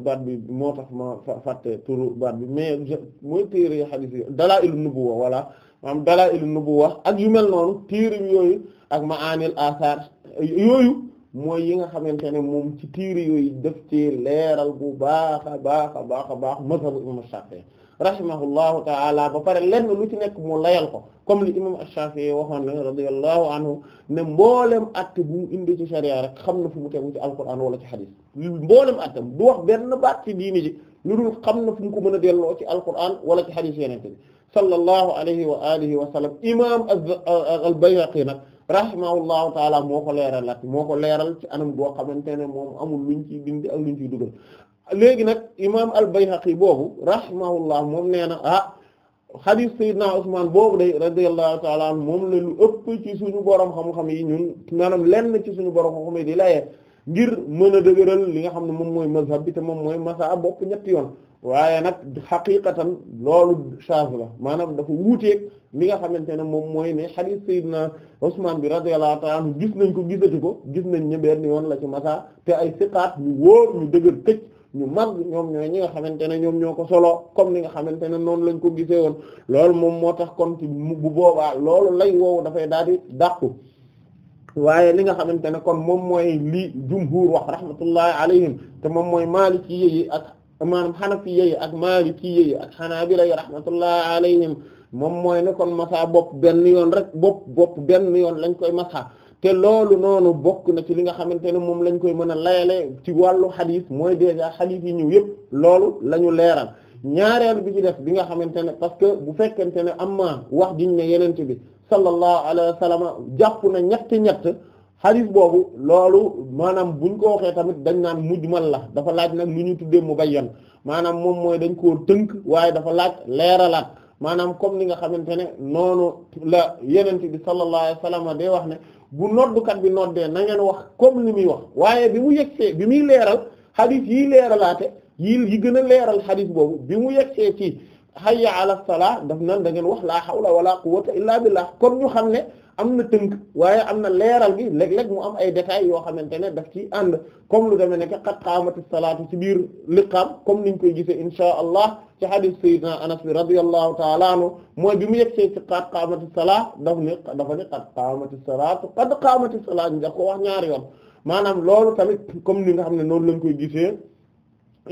baat bi moo tax ma fàtte turu baat bi mais mooy téere hadith yi dalaa'ilun nubuwwa voilà maanaam dalaa'ilun nubuwwa ak yu mel noonu téereem yooyu ak ma ma'anil athar yooyu mooy yi nga xamante ne moom ci tiir yooyu def ci leeral bu baax a baax a baax a baax mazhabu imam Shafi'i rahimahullahu ta'ala ba pare lenn lu ci nekk mu layal ko comme li imam Shafi'i waxoon ne radiyallahu anhu ne mboolem att bu indi ci sharia rek xam na fu mu tegu ci alquran wala ci hadith mboolem attam du wax benn baat ci diini ji lu dul xam na fu mu ko mën a delloo ci alquran wala ci hadith yeneen bi sallallahu alayhi wa alihi wa sallam imam al-Bayhaqi nag rahimahullahu taala moo ko leeralaat moo ko leeral ci anam boo xamante ne moom amul luñ ciy dindi ak luñ ciy dugal léegi nag imaam al-Bayhaqi boobu rahimahullah moom nee na ah xadiis Seydina Usmaan boobu day radiyallahu taala anhu moom la lu ëpp ci suñu borom xam-xam yi ñun maanaam lenn ci suñu borom xam-xam yi di layee ngir mën a dëgëral li nga xam ne moom mooy mazhab bi te moom mooy masa bopp ñetti yoon waaye nag xaqiqatan loolu shaaz la maanaam dafa wuuteeg li nga xamante ne moom mooy ne hadith sayyidina Usman bi radiyallahu ta'ala anhu gis nañ ko gisati ko gis nañ ñi benn yoon la ci masa te ay siqaat ñu wóor ñu dëgër këcc ñu mag ñoom ñooy ñi nga xamante ne ñoom ñoo ko solo comme ni nga xamante ne noonu lañ ko gisee woon loolu moom moo tax kon ci bu boobaa loolu lay woowu dafay daal di dàqu waaye li nga xamante ne kon moom mooy lii jumhur wax rahmatullahi alayhim te moom mooy maliki yi ak maanaam xanafi yéyi ak maaliki yéyi ak xanaabila rahmatullah alayhim moom mooy ne kon masa bopp benn yoon rek bopp bopp benn yoon lañ koy masa te loolu noonu bokk na ci li nga xamante ne moom lañ koy mën a layale ci wàllu xadiis mooy déjà xadiis yi ñëw yëpp loolu la ñu leeral ñaareel bi ci def bi nga xamante ne parce que bu fekkente ne am na wax diñ ne yenente bi sallallahu alayhi wa sallam jàpp na ñett ñett xadis boobu loolu maanaam buñ ko waxee tamit dañ naan mujj man la dafa laaj nag lu ñu tuddee mu bayyan maanaam moom mooy dañ koo tënk waaye dafa laaj leeralaat maanaam comme ni nga xamante ne noonu la yenent bi sallallahu alayhi wasallam day wax ne bu noddukat bi noddee na ngeen wax comme ni muy wax waaye bi mu yegsee bi muy leeral xadis yi leeralaate yi yi gën a leeral xadis boobu bi mu yegsee ci hayya ala salaa daf nan da ngeen wax laa hawla wala quwwata illa billah kon ñu xam ne am na tënk waaye am na leeral gi léeg-léeg mu am ay détails yoo xamante ne daf ci ànd comme lu demee nekk qad qaamati salaatu ci biir liqaam comme niñ koy gisee inshaa allah ci hadith sayyidina anas bi radiyallahu ta'ala anhu mooy bi mu yegg see ci qad qaamati salaat daf ne dafa ne qad qaamati salaatu qad qaamati salaat ñu daf ko wax ñaari yoon maanaam loolu tamit comme ni nga xam ne noonu lañ koy gisee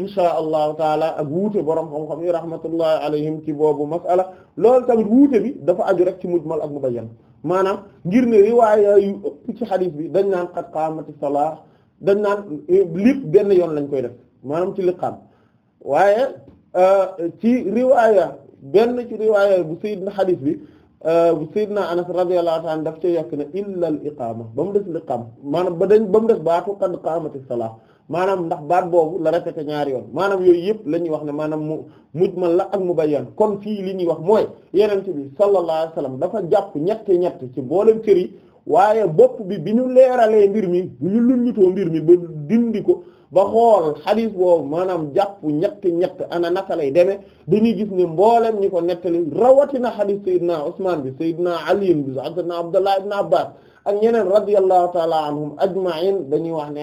insha allahu taala ak wuute borom xam-xam yi rahmatullahi alayhim ci boobu masala loolu tamit wuute bi dafa aju rek ci mujmal ak mubayyan maanaam ngir ne riwaaya yu ëpp ci xadiis bi dañ naan qad qaamati salaa dañ naan lépp benn yoon lañ koy def maanaam ci liqaam waaye euh, ci riwaaya benn ci riwaaya bu sayyidna xadiis bi euh, bu sayyidna anas radiyallahu ta'ala daf ci yokk ne illa al iqaama ba mu des liqaam maanaam ba dañ ba mu des baatu qad qaamati salaa maanaam ndax baat boobu la répété ñaari yoon maanaam yooyu yëpp lañuy wax ne maanaam mu man la ak mubayyan kon fii li ñuy wax mooy yenente bi sallallahu alayhi dafa jàpp ñett ñett ci boolem cër yi waaye bopp bi bi ñu leeralee mbir mi bu ñu luñutoo mbir mi ba dindi ko ba xool xadis boobu maanaam jàpp ñett ñett ana naka lay demee dañuy gis ne mboolem ñi ko nettali rawatina xadis Seydina Usmaan bi Seydina Ali bi Seydina Abdullah ibn Abbas ak ñeneen radiyallahu taala anhum ajma'in dañuy wax ne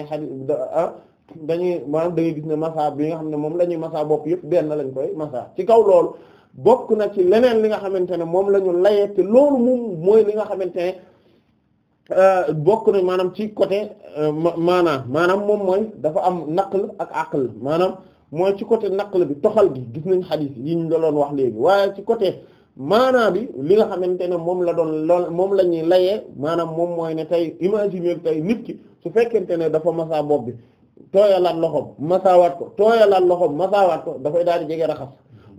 ah dañuy maanaam da ngay gis ne massa bi nga xam ne moom la ñuy massa bopp yëpp benn lañ koy massa ci kaw loolu bokk na ci leneen li nga xamante ne moom la ñu layee loolu moom mooy li nga xamante ne euh, bokk na maanaam ci côté euh, maanaam maanaam moom mooy dafa am naql ak aql maanaam mooy ci côté naql bi toxal gi gis nañ xadiis yi ñu doon wax léegi waaye ci côté maanaam bi li nga xamante ne moom la doon lool moom la ñuy layee maanaam moom mooy ne tey imaginer tey nit ki su fekkente ne dafa masaa bopp bi tooyalaat loxoom masaawaat ko tooyalaat loxoom masaawaat ko dafay daal di jege raxas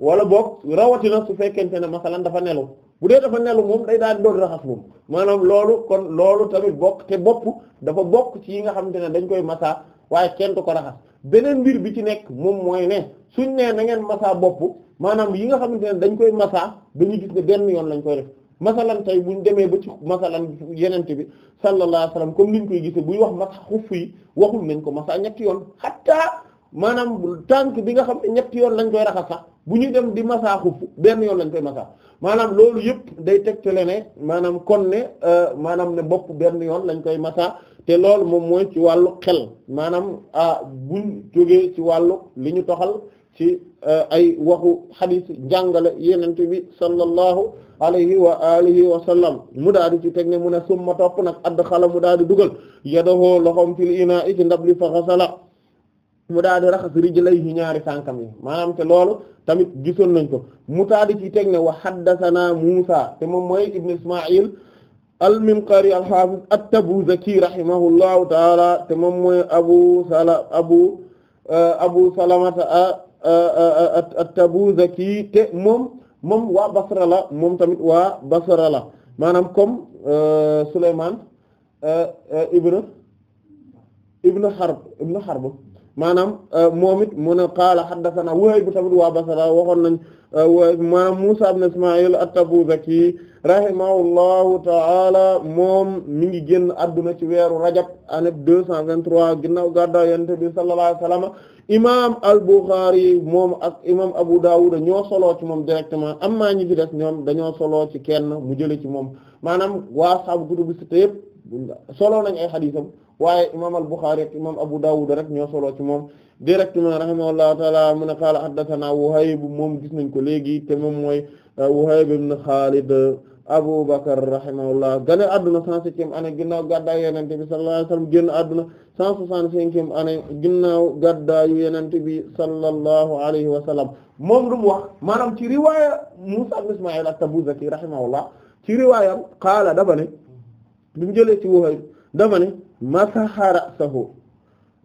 wala book rawatina su fekkente ne lan dafa nelu bu dee dafa nelu moom day daal di doon raxas moom maanaam loolu kon loolu tamit bokk te bopp dafa bokk ci yi nga xamante ne dañ koy masa waaye kenn du ko raxas beneen mbir bi ci nekk moom mooy ne suñ nee na ngeen masa bopp maanaam yi nga xamante ne dañ koy masa dañu gis ne benn yoon lañ koy def masalan tey buñ demee ba ci masalan yenente bi sallallahu alayhi wa sallam comme niñ koy gisee buy wax masa xuff yi waxul nañ ko masa ñetti yoon xattaa maanaam tànk bi nga xam ne ñetti yoon lañ koy raxas bu ñuy dem di masa xuff benn yoon lañ koy masa maanaam loolu yëpp day tegtale ne maanaam kon ne euh, maanaam ne benn yoon lañ koy masa te lool moom mooy ci wàllu xel maanaam ah buñ jógee ci wàllu li ñu toxal ci eh, ay waxu xadis njàngale yenent bi sallallahu alayhi wa alihi wa sallam mu daadi ci teg ne mu ne summa topp nag add xala mu daadi dugal yadahoo loxom fil ina i ci ndabli fa xasala mu daadi raxas rijlayhi ñaari sànkam yi maanaam te loolu tamit gisoon nañ ko mu taadi ci teg ne wa haddathana Musa te moom mooy ibn Isma'il al-Minqari al-Hafiz at-Tabuzaki rahimahullahu taala te moom mooy abu sala abu eh, abu salamata at-Tabuzaki te moom moom waa Basra moom tamit waa Basra maanaam comme euh, Souleymane euh, euh, ibn ibn Harb ibn Harb maanaam moom it mu ne qaala haddathana Wuhayb waa Basra waxoon nañ maanaam Musa ibn Ismaïl at-Tabuzaki rahimahullahu ta'ala ngi génn adduna ci weeru rajab année deux cent vingt-trois ginnaaw gàddaay imaam al-Bukhari moom ak imaam Abu Dawud ñoo soloo ci moom directement amma ñi fi des ñoom dañoo soloo ci kenn mu jële ci moom maanaam waa saabu kutubu sitta yëpp soloo nañ ay xadiisam waaye imaam al-Bukhari ak imaam Abu Dawud rek ñoo soloo ci moom directement rahimahullahu taala mu ne qaala haddathana Wuhayb moom gis nañ ko léegi te moom mooy Wuhayb ibn Khalid Abu Bakr rahimahullah gane adduna 107e année ginnaaw gàddaayu yenente bi sallallahu alayhi wasallam génn adduna 165 bi sallallahu alayhi wasallam moom lu mu wax maanaam ci riwaaya Musa ibn Ismail at-Tabuzaki rahimahullah ci riwaayam qaala dafa ne bi mu jëlee ci Wuhayb dafa ne masaha ra'sahu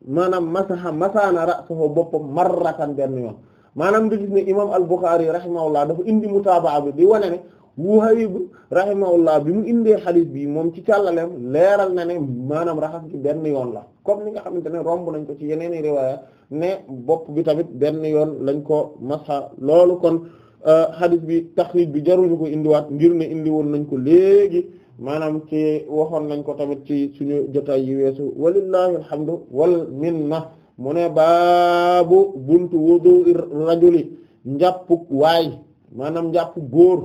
maanaam masaha masaana ra'sahu boppam marratan benn yoon maanaam nga gis ne imam al-Bukhari rahimahullah dafa indi mutaabaa bi di wane Wuhayb rahimahullah bi mu indee xadiis bi moom ci càllaleem leeral na ne maanaam raxas ci benn yoon la comme ni nga xamante ne romb nañ ko ci yeneeni riwaaya ne bopp bi tamit benn yoon lañ ko masxa loolu kon euh, xadiis bi taxriij bi jaruñu ko indiwaat ngir ne indi woon nañ ko léegi maanaam ci waxoon nañ ko tamit ci suñu jotaay yi weesu walillahi alhamdu wal minna moo ne baabu buntu wudu rajuli njàppuk waay maanaam njàpp góor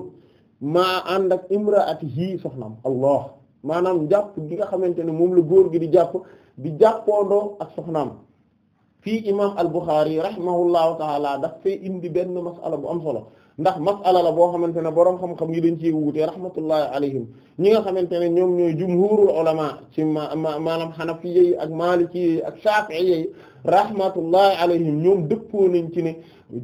ma ànd ak imraatihi soxnam allah maanaam jàpp gi nga xamante ne moom la góor gi di jàpp di jàppoondoo ak soxnaam fii imam al-Bukhari rahimahullahu taala daf fee indi benn masala bu am solo ndax masala la boo xamante ne borom xam-xam yi dañ ci wutee rahmatullahi alayhim ñi nga xamante ne ñoom ñooy jumhurul ulama ci ma maanaam hanafiyya yi ak maalikiyya yi ak shafi'iyya yi rahmatullahi alayhim ñoom dëppoo nañ ci ne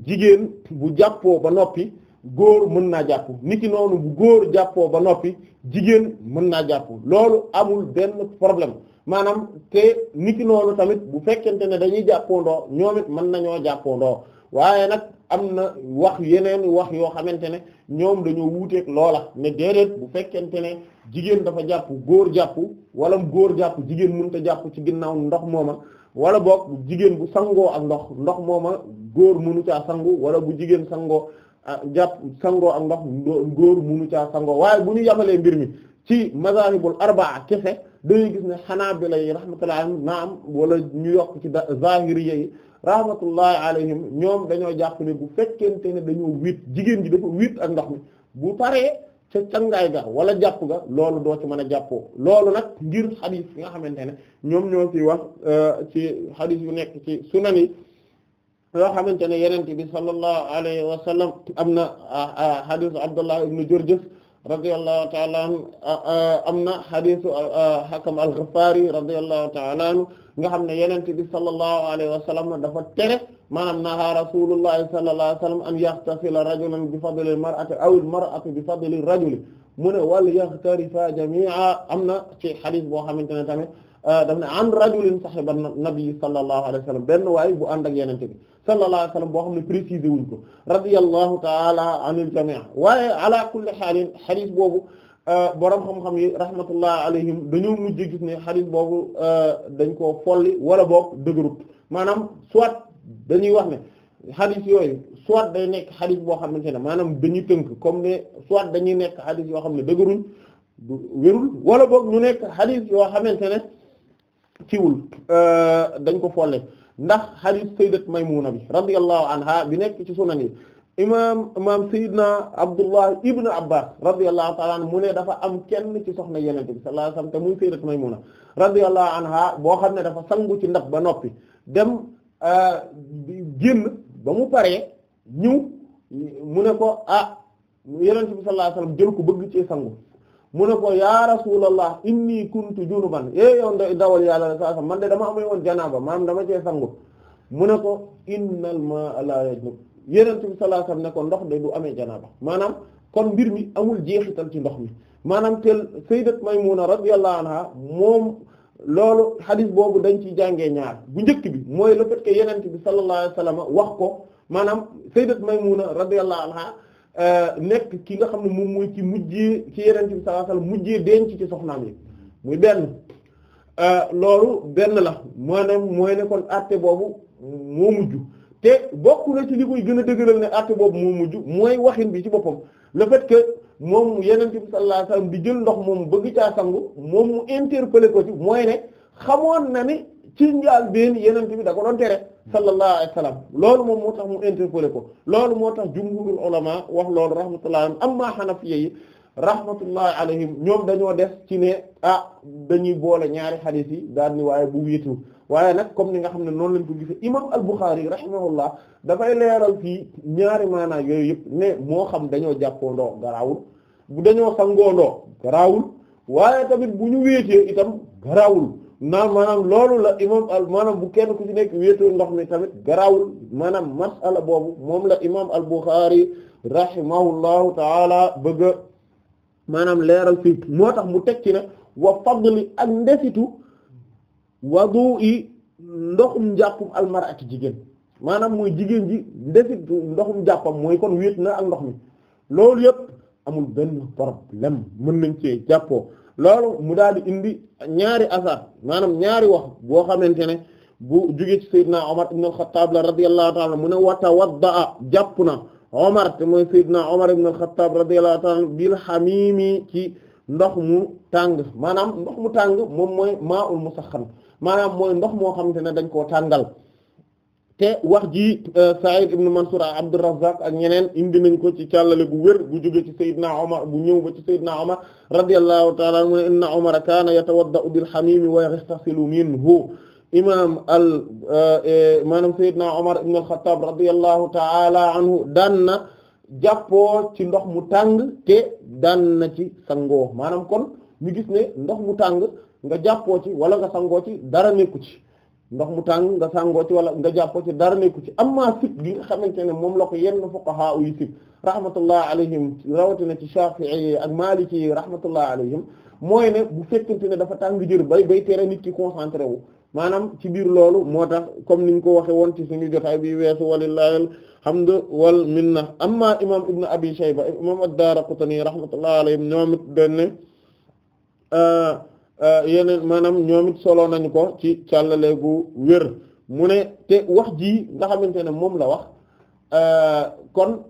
jigéen bu jàppoo ba noppi góor mën naa jàpp niki noonu bu góor jàppoo ba noppi jigéen mën naa jàpp loolu amul benn problème maanaam te niki noonu tamit bu fekkente ne dañuy jàppoondoo ñoom it mën nañoo jàppoondoo waaye nag am na wax yeneen wax yoo xamante ne ñoom dañoo wuuteeg loola ne déedéet bu fekkente ne jigéen dafa jàpp góor jàpp wala góor jàpp jigéen mënut a jàpp ci ginnaaw ndox mooma wala boog jigéen bu sangoo ak ndox ndox mooma góor mënu caa sangu wala bu jigéen sangoo Ah, jàpp sangoo ak ndox góor munu caa sangoo waaye bu ñu yamalee mbir mi ci mazahibul arbaa kefe dañuy gis ne xanaa yi rahmatullahi alayhim naam wala ñu yokk ci zahiriyya yi rahmatullahi alayhim ñoom dañoo jàpp ne bu fekkente ne dañoo wiit jigéen ji dafa wiit ak ndox mi bu paree ca cangaay ga wala jàpp ga loolu doo ci mën a jàppoo loolu nag ngir xadiis yi nga xamante ne ñoom ñoo euh, ci wax ci xadiis yu nekk ci sunan yoo xamante ne yenente bi sallallahu alayhi wa sallam am na xadisu ah, ah, abdullah ibnu jurjuf radiyallahu ta'ala anhu ah, am na xadisu hakam al-Ghafari radiyallahu ta'ala anhu nga xam ne yenente bi sallallahu alayhi wa sallam dafa tere maanaam naha rasulullahi sallallahu alayhi wa sallam an yaxtasila rajulan bi fadli al-mar'ati aw al-mar'atu bi fadli rajuli mu ne wal yaxtarifa jami'a am na ci xadis boo xamante ne tamit daf ne an rajulin sahiba nabi sallallahu alayhi wa sallam benn waay bu ànd ak yenente bi sallallahu alayhi wa boo xam ne préciser wuñ ko radiyallahu ta'ala anil jami' waaye ala kulli xaalin xadis boobu euh, borom xam-xam yi rahmatullahi alayhim dañoo mujj gis ne xadis boobu euh, dañ ko folli wala boog dëgërut maanaam soit dañuy wax ne xadis yooyu soit day nekk xadis boo xamante ne maanaam dañuy tënk comme ne soit dañuy nekk xadis yoo xam ne dëgëruñ wérul wala boog ñu nekk xadis yoo xamante ne ciwul euh, dañ ko folle ndax hadith sayyidat Maymuna bi radiyallahu anha bi nekk ci sunan yi imaam imaam Seydina Abdullah Ibn Abbas radiyallahu ta'ala anhu mu ne dafa am kenn ci soxna yenente bi sallallahu alayhi wasallam te muy sayyidat Maymuna radiyallahu anha boo xam ne dafa sangu ci ndab ba noppi dem euh, génn ba mu paree ñëw mu ne ko ah yenente bi sallallahu alayhi jël ko bëgg ci sangu mu ne ko yaa rasulallah inni kuntu junuban eh yow yàlla la saa man de dama amee woon janaaba maam dama cee sangu mu ne ko innal ma la yajnub yonent bi sallallahu ne ko ndox de du amee janaaba maanaam kon mbir mi amul jeexital ci ndox mi maanaam tel sayyidat Maymuna radiyallahu anha moom. loolu hadith boobu dañ ci jàngee ñaar bu njëkk bi mooy le fait que bi sallallahu alayhi wasallam wax ko maanaam sayyidat Maymuna radiyallahu anha Euh, nekk ki nga xam ne moom mooy ci mujjee ci yeneen bi sallallahu alayhi denc ci soxnaam yi muy benn euh, loolu benn la maanaam mooy ne kon àtte boobu moo mujj te bokk na ci li koy gën a dëgëral ne àtte boobu moo mujj mooy waxin bi ci boppam le fait que moom yeneen bi sallallahu alayhi di jël ndox moom bëgg caa sangu moom mu interpeller ko ci mooy ne xamoon na ni. ci njaal benn yeneen bi da ko doon tere sallallahu alayhi wa sallam loolu moom moo tax mu interpellé ko loolu moo tax jumhurul ulama wax loolu rahmatullahi alayhim amma hanafiyya yi rahmatullahi alayhim ñoom dañoo def ci ne ah dañuy boole ñaari xadiis yi daal ni waaye bu wéetu waaye nag comme ni nga xam ne noonu lañ ko gisee imam al-Bukhari rahimahullah dafay leeral fii ñaari maanaa yooyu yëpp ne moo xam dañoo jàppoondoo garaawul bu dañoo sangoondoo garaawul waaye tamit bu ñu wéetee itam garaawul naa maanaam loolu la imam al bu kenn ku ci nekk wéetoo ndox mi tamit garawul maanaam masala boobu moom la imam al Bukhari rahimahullahu taala bëgg a maanaam leeral fii moo tax mu teg ci ne wa fadli ak ndefitu wadu i ndoxum njàppum almarati jigéen maanaam mooy jigéen ji ndefitu ndoxum jàppam mooy kon wéet na ak ndox mi loolu yëpp amul benn problème mën nañ cee jàppoo loolu mu daal di indi ñaari asar maanaam ñaari wax boo xamante ne bu jógee ci Seydina Omar ibn al-Khattab la radiyallahu ta'ala mu ne a jàpp na Omar te mooy Seydina Omar ibn al-Khattab radiyallahu ta'ala bil hamimi ci ndox mu tàng maanaam ndox mu tàng moom mooy maa mu musaxxan maanaam mooy ndox moo xamante ne dañ koo tàngal te wax ji euh, Sa'id ibn Mansur Abdurrazzaq ak ñeneen indi nañ ko ci càllale gu wér gu jóge ci Seydina Omar bu ñëw ba ci Seydina Omar radiyallahu ta'ala anhu a Omar kaana yatawadda'u bil hamimi wa yaghtasilu minhu imaam al euh, eh, maanaam Seydina Omar ibn al-Khattab radiyallahu ta'ala anhu daan na jàppoo ci ndox mu tàng te daan na ci sangoo maanaam kon ñu gis ne ndox mu tàng nga jàppoo ci wala nga sangoo ci dara nekku ci ndox mu tàng nga sàngoo ci wala nga jàppoo ci dara nekku ci amma sib gi nga xamante ne moom la ko yenn fuqaha uy sib rahmatullah alayhim rawatina ci Shafi'i ak Maliki yi rahmatullah alayhim mooy ne bu fekkente ne dafa tàng jër bay bay tere nit ki concentré wu maanaam ci biir loolu moo tax comme niñ ko waxe woon ci suñu jotaay bi weesu walillahi alhamdu wal minna amma imam ibn abi shayba imam ad-Daraqutni rahmatullah alayhim ñoom it Euh, yeneen maanaam ñoom it solo nañu ko ci càllale gu wér mu ne te wax ji nga xamante ne moom la wax euh, kon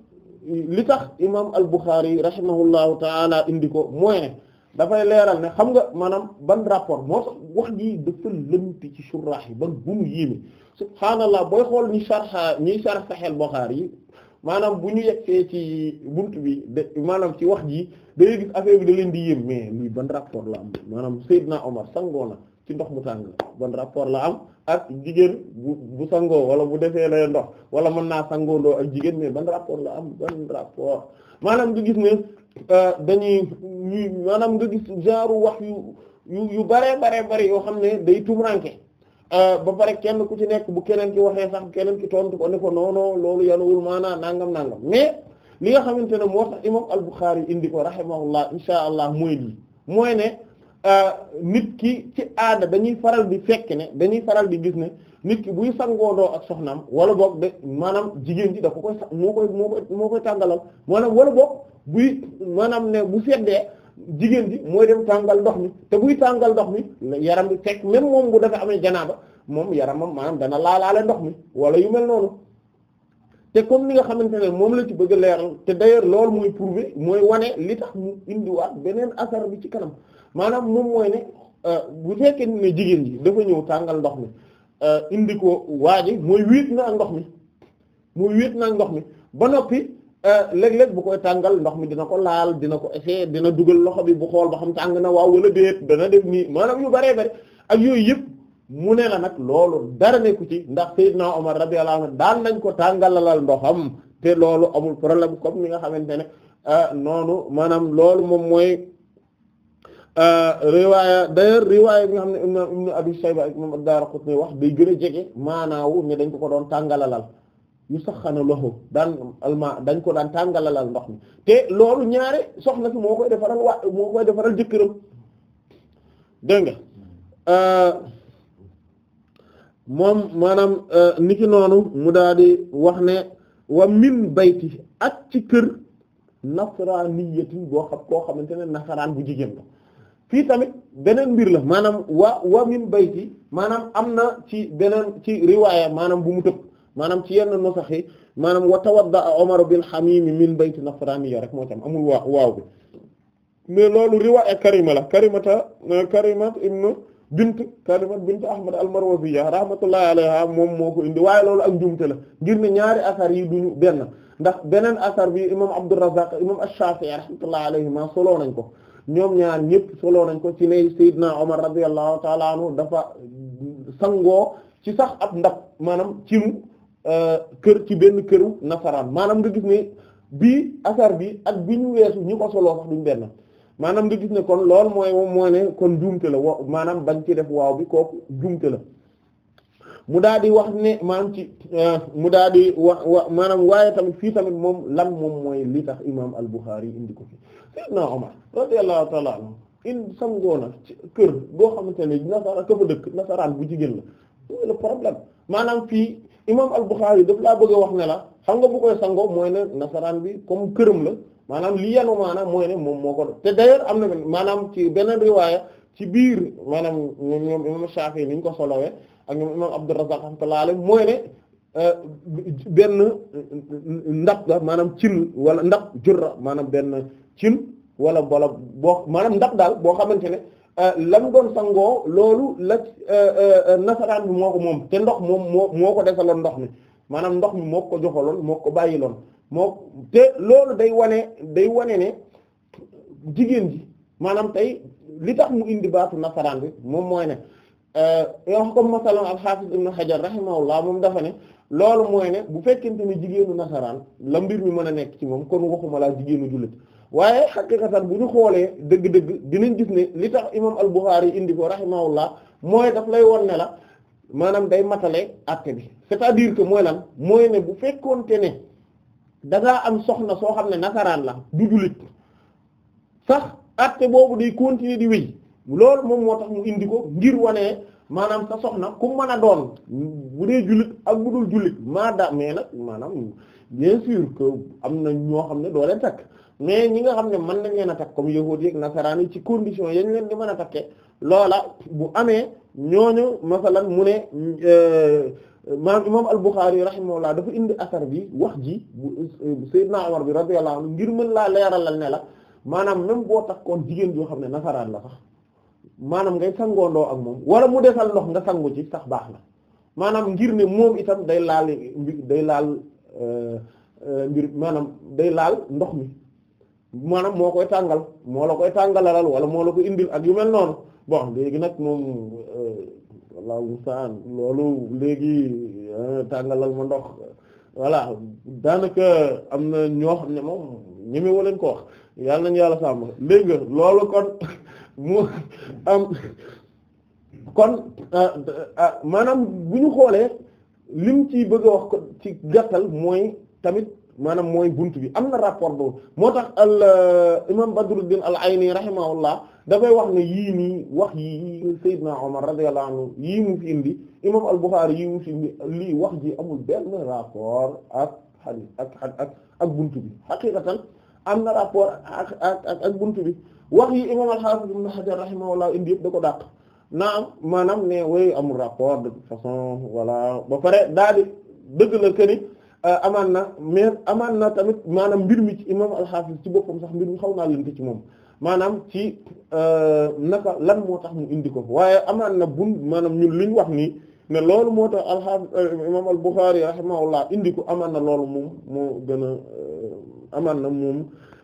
li tax imaam al-Bukhari rahimahullahu taala indi ko mooy ne dafay leeral ne xam nga maanaam ban rapport moo tax wax jii dafa lëmti ci surraax yi ba bu mu yéeme subhaanallah booy xool ñi sarxa ñiy sarx Sahih al yi maanaam bu ñu yegsee ci bunt bi de ci wax ji day gis affaire bi da leen di yéem mais lii ban rapport la am maanaam Seydina Omar sangoo na ci ndox mu tàng ban rapport la am ak jigéen bu bu sangoo wala bu defee lay ndox wala mën naa sangoo ndoo ak jigéen mais ban rapport la am ban rapport maanaam nga gis ne euh, dañuy maanaam nga gis genre wax yu yu yu bare bare bare yoo xam ne day tumuranke euh, ba pare kenn ku ci nekk bu keneen ki waxee sax keneen ki tontu ko ne ko non non loolu yanuwul maanaa nàngam nangam li nga xamante ne moo tax imam al-Bukhari indi ko rahimahullah insha allah mooy lii mooy ne euh, nit ki ci aada dañuy faral di fekk ne dañuy faral di gis ne nit ki buy sangoodoo ak soxnaam wala boog de maanaam jigéen ji dafa koy sa moo koy moo koy moo koy tàngalal maanaam wala boog buy maanaam ne bu seddee jigéen ji mooy dem tàngal ndox mi te buy tàngal ndox mi yaram bi fekk même moom bu dafa amee janaaba moom yaram yaramam maanaam dana laalaale ndox mi wala yu mel noonu te comme ni nga xamante ne moom la ci bëgg a leeral te d'ailleurs loolu mooy prouver mooy wane li tax mu indiwaat beneen asar bi ci kanam maanaam moom mooy ne euh, bu fekkee ne jigéen ji dafa ñëw tàngal ndox mi euh, indi ko waa ji mooy wéet na ak ndox mi mooy wéet na ndox mi ba noppi euh, léeg-léeg bu koy tàngal ndox mi dina ko laal dina ko essayer dina dugal loxo bi bu xool ba xam tàng na waaw wala déet dana def nii maanaam yu baree bari ak yooyu yëpp. mu ne nag loolu dara nekku ci ndax Seydina Omar radiyallahu anhu nañ ko tàngalalal ndoxam te loolu amul problème comme ni nga xamante ne euh, noonu maanaam loolu moom mooy euh, riwaaya d'ailleurs riwaaya bi nga xam ne Ibn Abi Shayba ak Imam Ad-Daraqutni wax day gën a jege maanaawu ne dañ ko ko doon tàngalalal yu sax xana loxo dañ ko daan tàngalalal ndox mi te loolu ñaare soxna si moo koy defaral waa moo koy defaral jëkkëram dégg nga euh, moom maanaam euh, niki noonu mu daal di wax ne wa min bayti ak ci kër nasraniyatin boo xam koo xam ne nasaraan bu jigéen la fii tamit beneen mbir la maanaam wa wa min bayti maanaam am na ci beneen ci riwaaya maanaam bu mu tëb maanaam ci yenn nusax maanaam wa tawadda Umar bil hamimi min bayti nasraniya rek moo ci am amul waaw waaw bi mais loolu riwaaya karima la karimata karimat ibnu bint Kalimat bint Ahmad al-Marwaziya rahmatullahi alayha moom moo ko indi waaye loolu ak njumte la ngir ne ñaari asar yi duñu benn ndax beneen asar bi imam Abdurrazzaq imam Ash-Shafi'i rahmatullahi alayhima soloo nañ ko ñoom ñaar ñëpp soloo nañ ko ci ne Seydina Omar radiyallahu ta'ala anhu dafa sangoo ci sax ab ndab maanaam ci nu euh, kër ci benn këru nasaraan maanaam nga gis ne bii asar bi ak bi ñu weesu ñi ko soloo sax duñ benn maanaam nga gis ne kon lool mooy moom moo ne kon juumte la wa maanaam bañ ci def waaw bi kooku juumte la mu daal di wax ne maanaam ci euh, mu daal di wax wa maanaam waaye tamit fii tamit moom lan moom mooy li tax imaam al-Bukhari indi ko fi Seydina Omar radiyallahu ta'ala anhu in sangoona ci kër goo xamante ne nasara ka dëkk nasaraan bu jigéen la mooy le problème maanaam fii imaam al-Bukhari daf laa bëggee wax ne la xam nga bu koy sangoo mooy ne nasaraan bi comme këram la maanaam li yanu maanaam mooy moom moo ko te d'ailleurs am na maanaam ci beneen riwaaya ci biir maanaam ñoom ñoom imam Shafi ni ñu ko solowee ak ñoom imam Abdurrazzaq rahmatullahi alayhi mooy ne euh, benn ndab la maanaam cin wala ndab jurra maanaam benn cin wala wala boo maanaam ndab daal boo xamante ne euh, lam doon sangoo loolu la euh, nasaraan bi moo ko moom te ndox moom moo moo ko desaloon ndox mi maanaam ndox mi moo ko joxaloon moo ko bàyyiloon moo te loolu day wane day wane ne jigéen ji maanaam tey li tax mu indi baatu nasaraan bi moom mooy ne euh, yoo comme masalan al-Hafiz Ibn Hajar rahimahullah moom dafa ne loolu mooy ne bu fekkente ne jigéenu nasaraan la mbir mi mën a nekk ci moom kon waxuma laa jigéenu jullit waaye xaqiqatan bu ñu xoolee dëgg-dëgg dinañ gis li tax imam al indi ko rahimahullah mooy daf lay won ne la maanaam day matale àtte bi c'est-à-dire que mooy lan mooy ne bu fekkoonte ne dangaa am soxna soo xam ne nasaraan la du jullit sax acte boobu day continuer di wéy lool moom moo tax mu indi ko ngir wane maanaam sa soxna ku mën a doon bu dee jullit ak bu dul jullit ma mais nag maanaam bien sûr que am na ñoo xam ne doo takk mais ñi nga xam ne mën nañ leen a takk comme yahuud yi ak nasaraan yi ci condition yañ leen di mën a takkee loola bu amee ñooñu masalan mu ne euh, maanaam imaam al-Bukhari laa dafa indi asar bi wax ji bu euh, Seydina Umar bi radiyallahu anhu ngir mën laa leeralal ne la maanaam même boo takkoon jigéen joo xam ne nasaraan la sax maanaam ngay sangoondoo ak moom wala mu desal ndox nga sangu ci sax baax na maanaam ngir ne moom itam day laal day laal euh, euh, mbir maanaam day laal ndox mi maanaam moo koy tàngal moo la koy tàngalalal wala moo la ko indil ak yu mel noonu bon léegi nag moom Allahu musta'an loolu léegi eh, tàngalal ma ndox voilà daanaka am na ñoo xam ne moom ñeme leen ko wax yàlla nañu yàlla sàmm dégg nga loolu kon mu am kon eh, eh, maanaam bu ñu xoolee lim ci bëgg a wax ko ci gàttal mooy tamit maanaam mooy bunt bi am na rapport boobu moo tax al euh, imam Badruddin al Ayni rahimahullah dafay wax ne yii nii wax yii Seydina Omar radiyallahu yii mu fi indi imam al Bukhari yii mu fi indi lii wax ji amul benn rapport ak hadith ak ak ak bunt bi xaqiqatan am na rapport ak ak ak ak bi wax yi imam al Hafiz ibn Hajar rahimahullah indi yëpp da ko dàq naam maanaam ne way amul rapport de toute façon voilà ba pare daal di dëgg la que Euh, amaan na mais amaan na tamit maanaam mbir mi ci imam al-Hafiz ci boppam sax mbir mi xaw naa lënt ci moom maanaam ci euh, naka lan moo tax mu indi ko waaye amaan na bun maanaam ñun li wax nii ne loolu moo tax al-Hafiz euh, imam al-Bukhari indi ko amaan na loolu moom moo gën a amaan na moom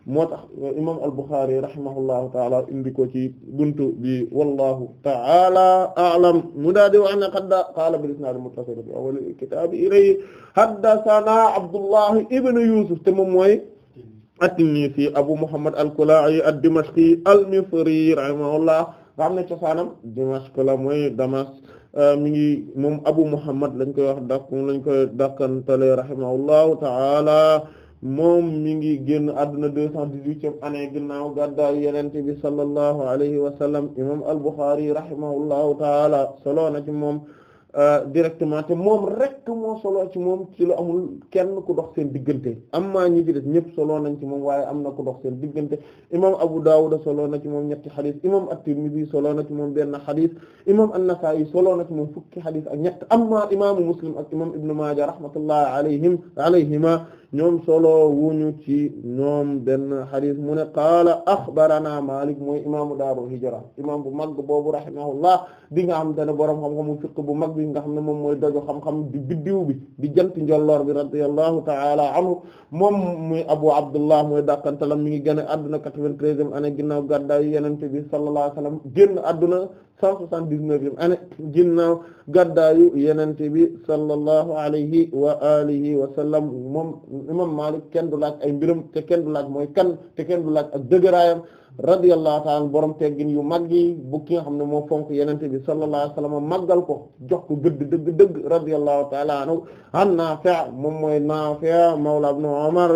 moo tax imam al-Bukhari rahimahullahu taala indi ko ci buntu bi wallahu taala a'lam mu daa di wax ne xadda qaala bil isnaad muttasil bi awwal kitaabi ilayhi haddathana Abdullah ibn Yusuf te moom mooy at-Tinnisi Abu Muhammad al-Kala'i ad-Dimashqi al-Misri rahimahullah nga xam ne cosaanam Dimashq la mooy Damas euh, mi ngi moom Abu Muhammad lañ koy wax dak moom lañ koy dàkkantale rahimahullahu taala moom mi ngi génn àdduna deux cent dix-huitième année ginnaaw gàddaay yenente bi sallallahu alayhi wa sallam imam al-Bukhari rahimahullahu taala solo na ci moom euh, directement te moom rek moo solo ci moom ci lu amul kenn ku dox seen diggante amma ñi ci des ñëpp solo nañ ci moom waaye am na ku dox seen diggante imam Abu Dawud solo na ci moom ñetti xadis imam At-Tirmidhi solo na ci moom benn xadis imam An-Nasa'i solo na ci moom fukki xadis ak ñett amma imaamu Muslim ak imam Ibn Maaja rahmatullahi alayhima ñoom solo ñu ci ñoom benn xadis mu ne qaala axbarana Malik mooy imaamu daaru hijra imaam bu mag boobu rahimahullah di nga xam te borom boroom xam-xamu fiqh bu mag bi nga xam ne moom mooy dojo xam-xam di biddiw bi di jant njolloor bi radiyallahu ta'ala anhu moom muy Abu Abdullah mooy dàqantalam mi ngi génn adduna quatre-vingt-treizième année ginnaaw gàddaay Yonent bi sallallahu alayhi wasallam génn adduna cent soixante-dix-neuvième année ginnaaw gaddaayu yenente bi sallallahu alayhi wa alihi wa sallam moom imam Maalik kenn du laaj ay mbiram te kenn du laaj mooy kan te kenn du laaj ak dëgëraayam radiyallahu ta'ala borom teggin yu mag yi bu ki nga xam ne moo fonk yenente bi sallallahu alayhi wasallam maggal ko jox ko gëdd dëgg dëgg radiyallahu ta'ala anhu an Naafi' moom mooy Naafi' mawla ibn Umar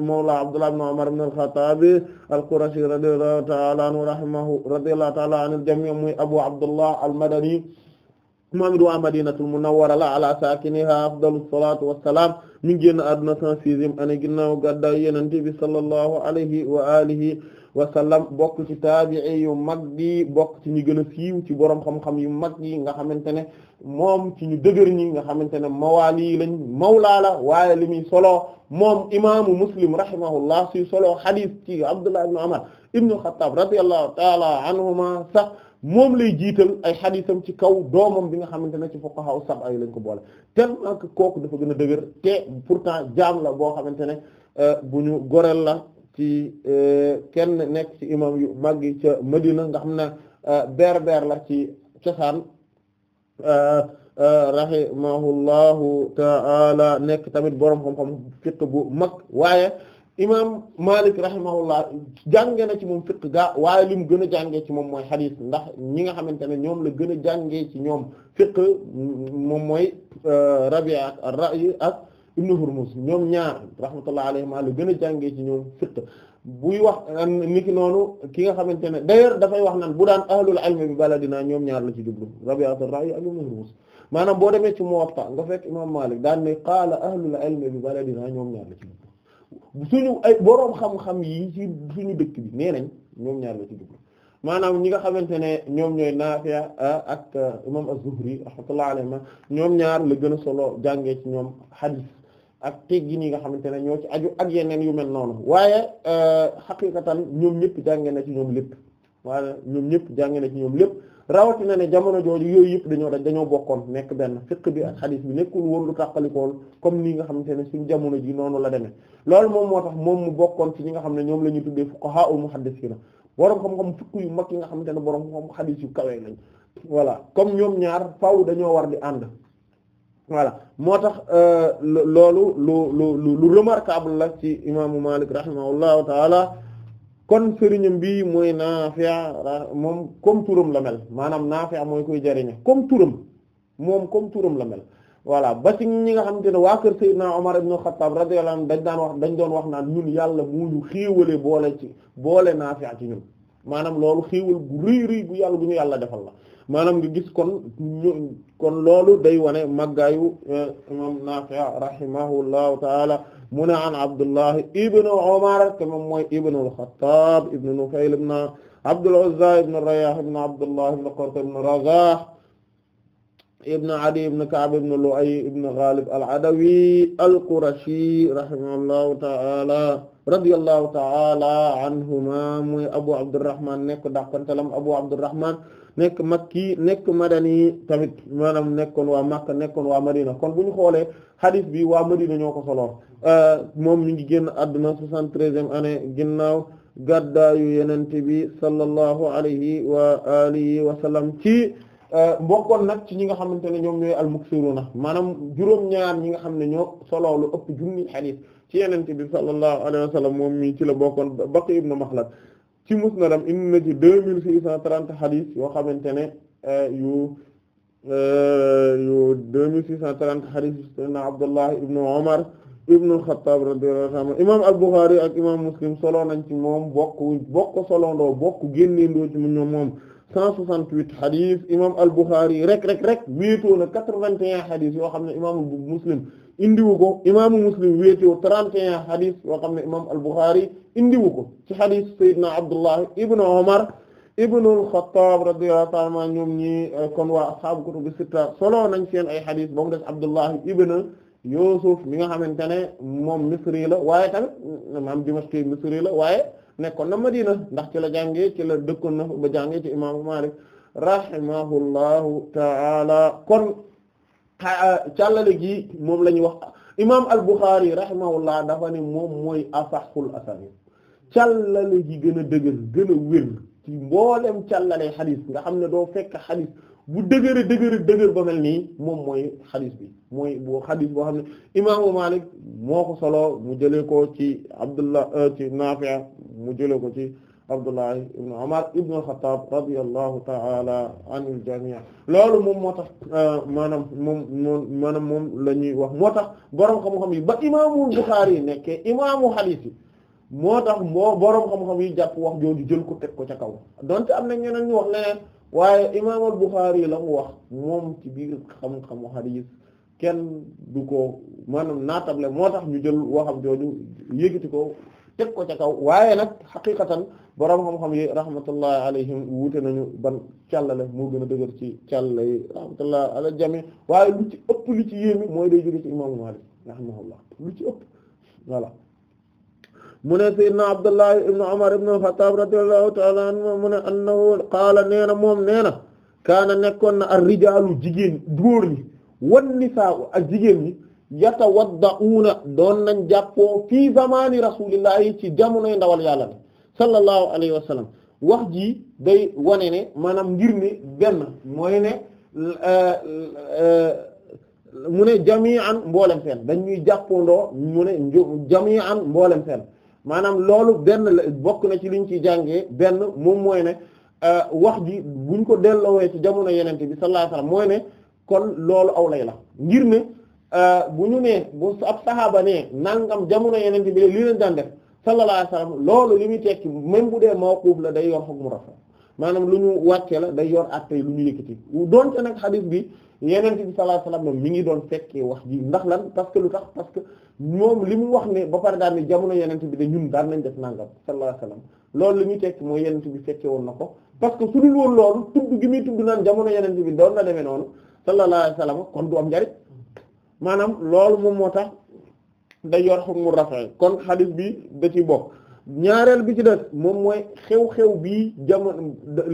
mawla Abdullah ibn Umar ibn al-Khattab al-Qurashi radiyallahu ta'ala anhu rahimahu radiyallahu ta'ala anil jami' muy Abu Abdullah al-Madani Muhammad wa Madinatul Munawwara la ala saakiniha afdalu salaatu wassalaam mi ngi génn àdduna 106e année ginnaaw gàddaay Yonent bi sallallahu alayhi wa alihi wa sallam bokk ci taabi'i yu mag yi bokk ci ñu gën ci borom xam-xam yu mag yi nga xamante ne moom ci ñu dëgër ñi nga xamante ne mawaali lañ mawlaa la waaye li muy solo moom imaamu muslim rahimahullah si solo xadis ci Abdullah ibn Umar ibnu Xattaab radiyallahu taala anhuma sax moom lay jiital ay xadisam ci kaw doomam bi nga xamante ne ci fuqaha sab ay lañ ko boole tellement que kooku dafa gën a dëgër te pourtant jaam la boo xamante ne euh, bu ñu goreel la ci e, kenn nekk ci imam yu màgg ca madina nga xam ne e, berber la ci cosaan e, rahimahullahu ta'ala nekk tamit boroom xam-xam fiqh bu mag waaye imam Malik rahimahullah jànge na ci moom fiqh gaa waaye li mu gën a jàngee ci moom mooy xadiis ndax ñi nga xamante ne ñoom la gën a jàngee ci ñoom fiqh moom mooy Rabi'a ar-Ra'y ak ibn Hurmuz ñoom ñaar rahmatullah alayhima lu gën a jàngee ci ñoom fiqh buy wax ni ki noonu ki nga xamante ne d'ailleurs dafay wax naan bu daan ahlul ilm bi baladina ñoom ñaar la ci jublu Rabi'atul Ra'i ak ibn Hurmuz maanaam boo demee ci Muwatta nga fekk imam Malik daan ne qaala ahlul ilm bi baladina ñoom ñaar la ci jublu suñu ay boroom xam-xam yi ci suñu dëkk bi nee ñoom ñaar la ci jublu maanaam ñi nga xamante ne ñoom ñooy Naafi' ak imam Az-Zuhri rahmatullah alayhi ñoom ñaar la gën a solo jàngee ci ñoom hadith ak teggin yi nga xamante ne ñoo ci aju ak yeneen yu mel noonu waaye euh, xaqiiqatan ñoom ñëpp jànge na ci ñoom lépp waaye ñoom ñëpp jànge na ci ñoom lépp rawatina ne jamono jooju yooyu yëpp dañoo dañoo bokkoon nekk benn fiqh bi ak xadiis bi nekkul woon lu tàqalikool comme ni nga xamante ne suñ jamono ji noonu la demee loolu moom moo tax moom mu bokkoon ci ñi nga xam ne ñoom la ñu tuddee fuqahaa'ul muhaddisiina boroom xam-xam fiqh yu mag yi nga xamante ne boroom xam-xam xadiis yu kawe lañ voilà comme ñoom ñaar faw dañoo war di ànd voilà moo tax euh, loolu lu lu lu remarquable la ci imaamu Malik rahimahullahu taala kon sëriñam bi mooy Naafi' moom comme turam la mel maanaam Naafi' mooy koy jariñe comme turam moom comme turam la mel voilà ba ci ñi nga xamante ne waa kër Seydina Omar ibn Khattab radiyallahu anhu dañ daan wax dañ doon wax naan ñun yàlla mu ñu xéewale boole ci boole Naafi' ci ñun maanaam loolu xéewal bu rëy rëy gu yàlla bu ñu yàlla defal la maanaam nga gis kon kon loolu day wane màggaayu eh, imam Naafi' rahimahullahu taala mu ne an Abdullah ibn Umar te moom mooy ibn al-Khattab ibn Nufayl ibn Abdul Uzza ibn Rayah ibn Abdullah ibn Qurt ibn Razah ibn Adi ibn Ka'b ibn Lu'ay ibn Ghalib al-Adawi al-Qurashi rahimahullahu taala radiyallahu ta'ala anhuma muy Abu Abdurrahman nekk dàqantalam Abu Abdurrahman nekk makki nekk madani tamit maanaam nekkoon waa Makka nekkoon waa Madina kon bu ñu xoolee hadith bi waa Madina ñoo ko solo euh, moom mi ngi génn àdduna 73e année ginnaaw gàddaayu yenente bi sallallahu alayhi wa alihi wa sallam ci euh, bokkoon nag ci ñi nga xamante ne ñoom ñooy al-muksiruna maanaam juróom-ñaar ñi nga xam ne ñoo solo lu ëpp junni hadith ci yeneen bi sallallahu alayhi wa sallam moom mi ci la bokkoon Baqi ibn Makhlad ci musnadam indi na ci deux mille six cent trente hadith yoo xamante ne euh, yu euh, yu deux mille six cent trente hadith sayyidina Abdullah ibn Umar ibn al-Khattab radiyallahu anhu imam al-Bukhari ak imam Muslim solo nañ ci moom bokk bokk solondoo bokk génneendoo ci mu ñoom moom cent soixante-huit hadith imam rek rek rek wéetoo na quatre vingt xam ne imam Muslim indiwu ko imaamu muslim wéetewu 31 xadis yoo xam ne imaam al-Bukhari indiwu ko ci xadis Seydina Abdullah ibn Omar ibn al-Khattab radiyallahu ta'ala ñoom ñi euh, kon waa ashaabu kutubu sitta solo nañ seen ay xadis ba mu des Abdullah ibn Yusuf mi nga xamante ne moom misri la waaye tamit euh, maam dimashqi misri la waaye nekkoon na ma Madina ndax ci la jàngee la dëkkoon na ba jàngee ci imaamu Malik rahimahullahu ta'ala kon. Euh, càllale gi moom la ñuy wax imaam al-Bukhari rahimahullah dafa ne moom mooy asaxul asanid càllale gi gën a dëgër gën a wér ci mboolem càllale xadis nga xam ne doo fekk xadis bu dëgëre dëgëre dëgër ba mel nii moom mooy xadis bi mooy boo xadis boo xam ne imaamu Maalik moo ko solo mu jëlee ko ci Abdullah euh, ci Naafi' mu jële ko ci Abdullah ibn Umar ibn al-Khattab radiyallahu ta'ala anil a loolu moom moo tax euh, maanaam moom moom moom la wax moo tax borom xam-xam yi ba imaamul Bukhari nekkee imaamu hadith yi moo tax moo borom xam-xam yi jàpp wax jooju jël ko teg ko ca kaw donte am na ñeneen ñu wax leneen waaye imaamul Bukhari la wax moom ci biir xam xam hadith kenn du ko na naatable moo tax ñu jël waxam jooju yëkkati ko. teg ko ca kaw waaye nag xaqiqatan borom xam-xam yi rahmatullahi alayhim wuute nañu ban càllale moo gën a dëgër ci càllale yi rahmatullahi ala jami waaye lu ci ëpp lu ci yéemi mooy day jóge ci imaamu Maalik rahimahullah lu ci ëpp voilà mu ne sayyidna Abdullah ibn Umar ibn al-Khattab radiyallahu ta'ala anhu mu ne annahu nee na moom nee na kaana nekkoon na ar-rijaalu jigéen góor ñi wan nisaa ak jigéen ñi yatawadda'una doon nañ jàppoo fii zamani rasulillahi ci jamonoy ndawal yàlla bi sallallahu alayhi wa sallam wax ji day wane ne maanaam ngir ne benn mooy ne euh, mu ne jami'an mboolem seen dañuy jàppandoo mu ne jami'an mboolem seen maanaam loolu benn bokk na ci liñ ciy jàngee benn moom mooy ne euh, wax ji buñ ko delloowee ci jamono yenente bi sallallahu alayhi wa mooy ne kon loolu aw lay la Euh, bu ñu nee bu ab saxaaba nee nangam jamono yeneen bi lu leen daan def sallallahu alayhi wasallam loolu li muy tekki même bu dee mawquf la day yor hukmu maanaam lu ñu wàcce la day yor àtte lu ñu yëkkati donte nag xadiis bi yeneen bi sallallahu alayhi wasallam moom mi ngi doon fekkee wax ji ndax lan parce lu tax parce que moom li mu wax ne ba pare daan ne jamono yeneen bi de ñun daan nañ def nangam sallallahu alayhi wasallam loolu li muy tekki mooy yeneen bi fekke woon na ko parce que su dul woon loolu tudd gi muy tudd naan jamono yeneen bi doon na demee noonu sallallahu alayhi wasallam kon du am njariñ maanaam loolu moom moo tax day yor xukmu rafa kon xadis bi da ci bokk ñaareel bi ci des moom mooy xew-xew bii jamono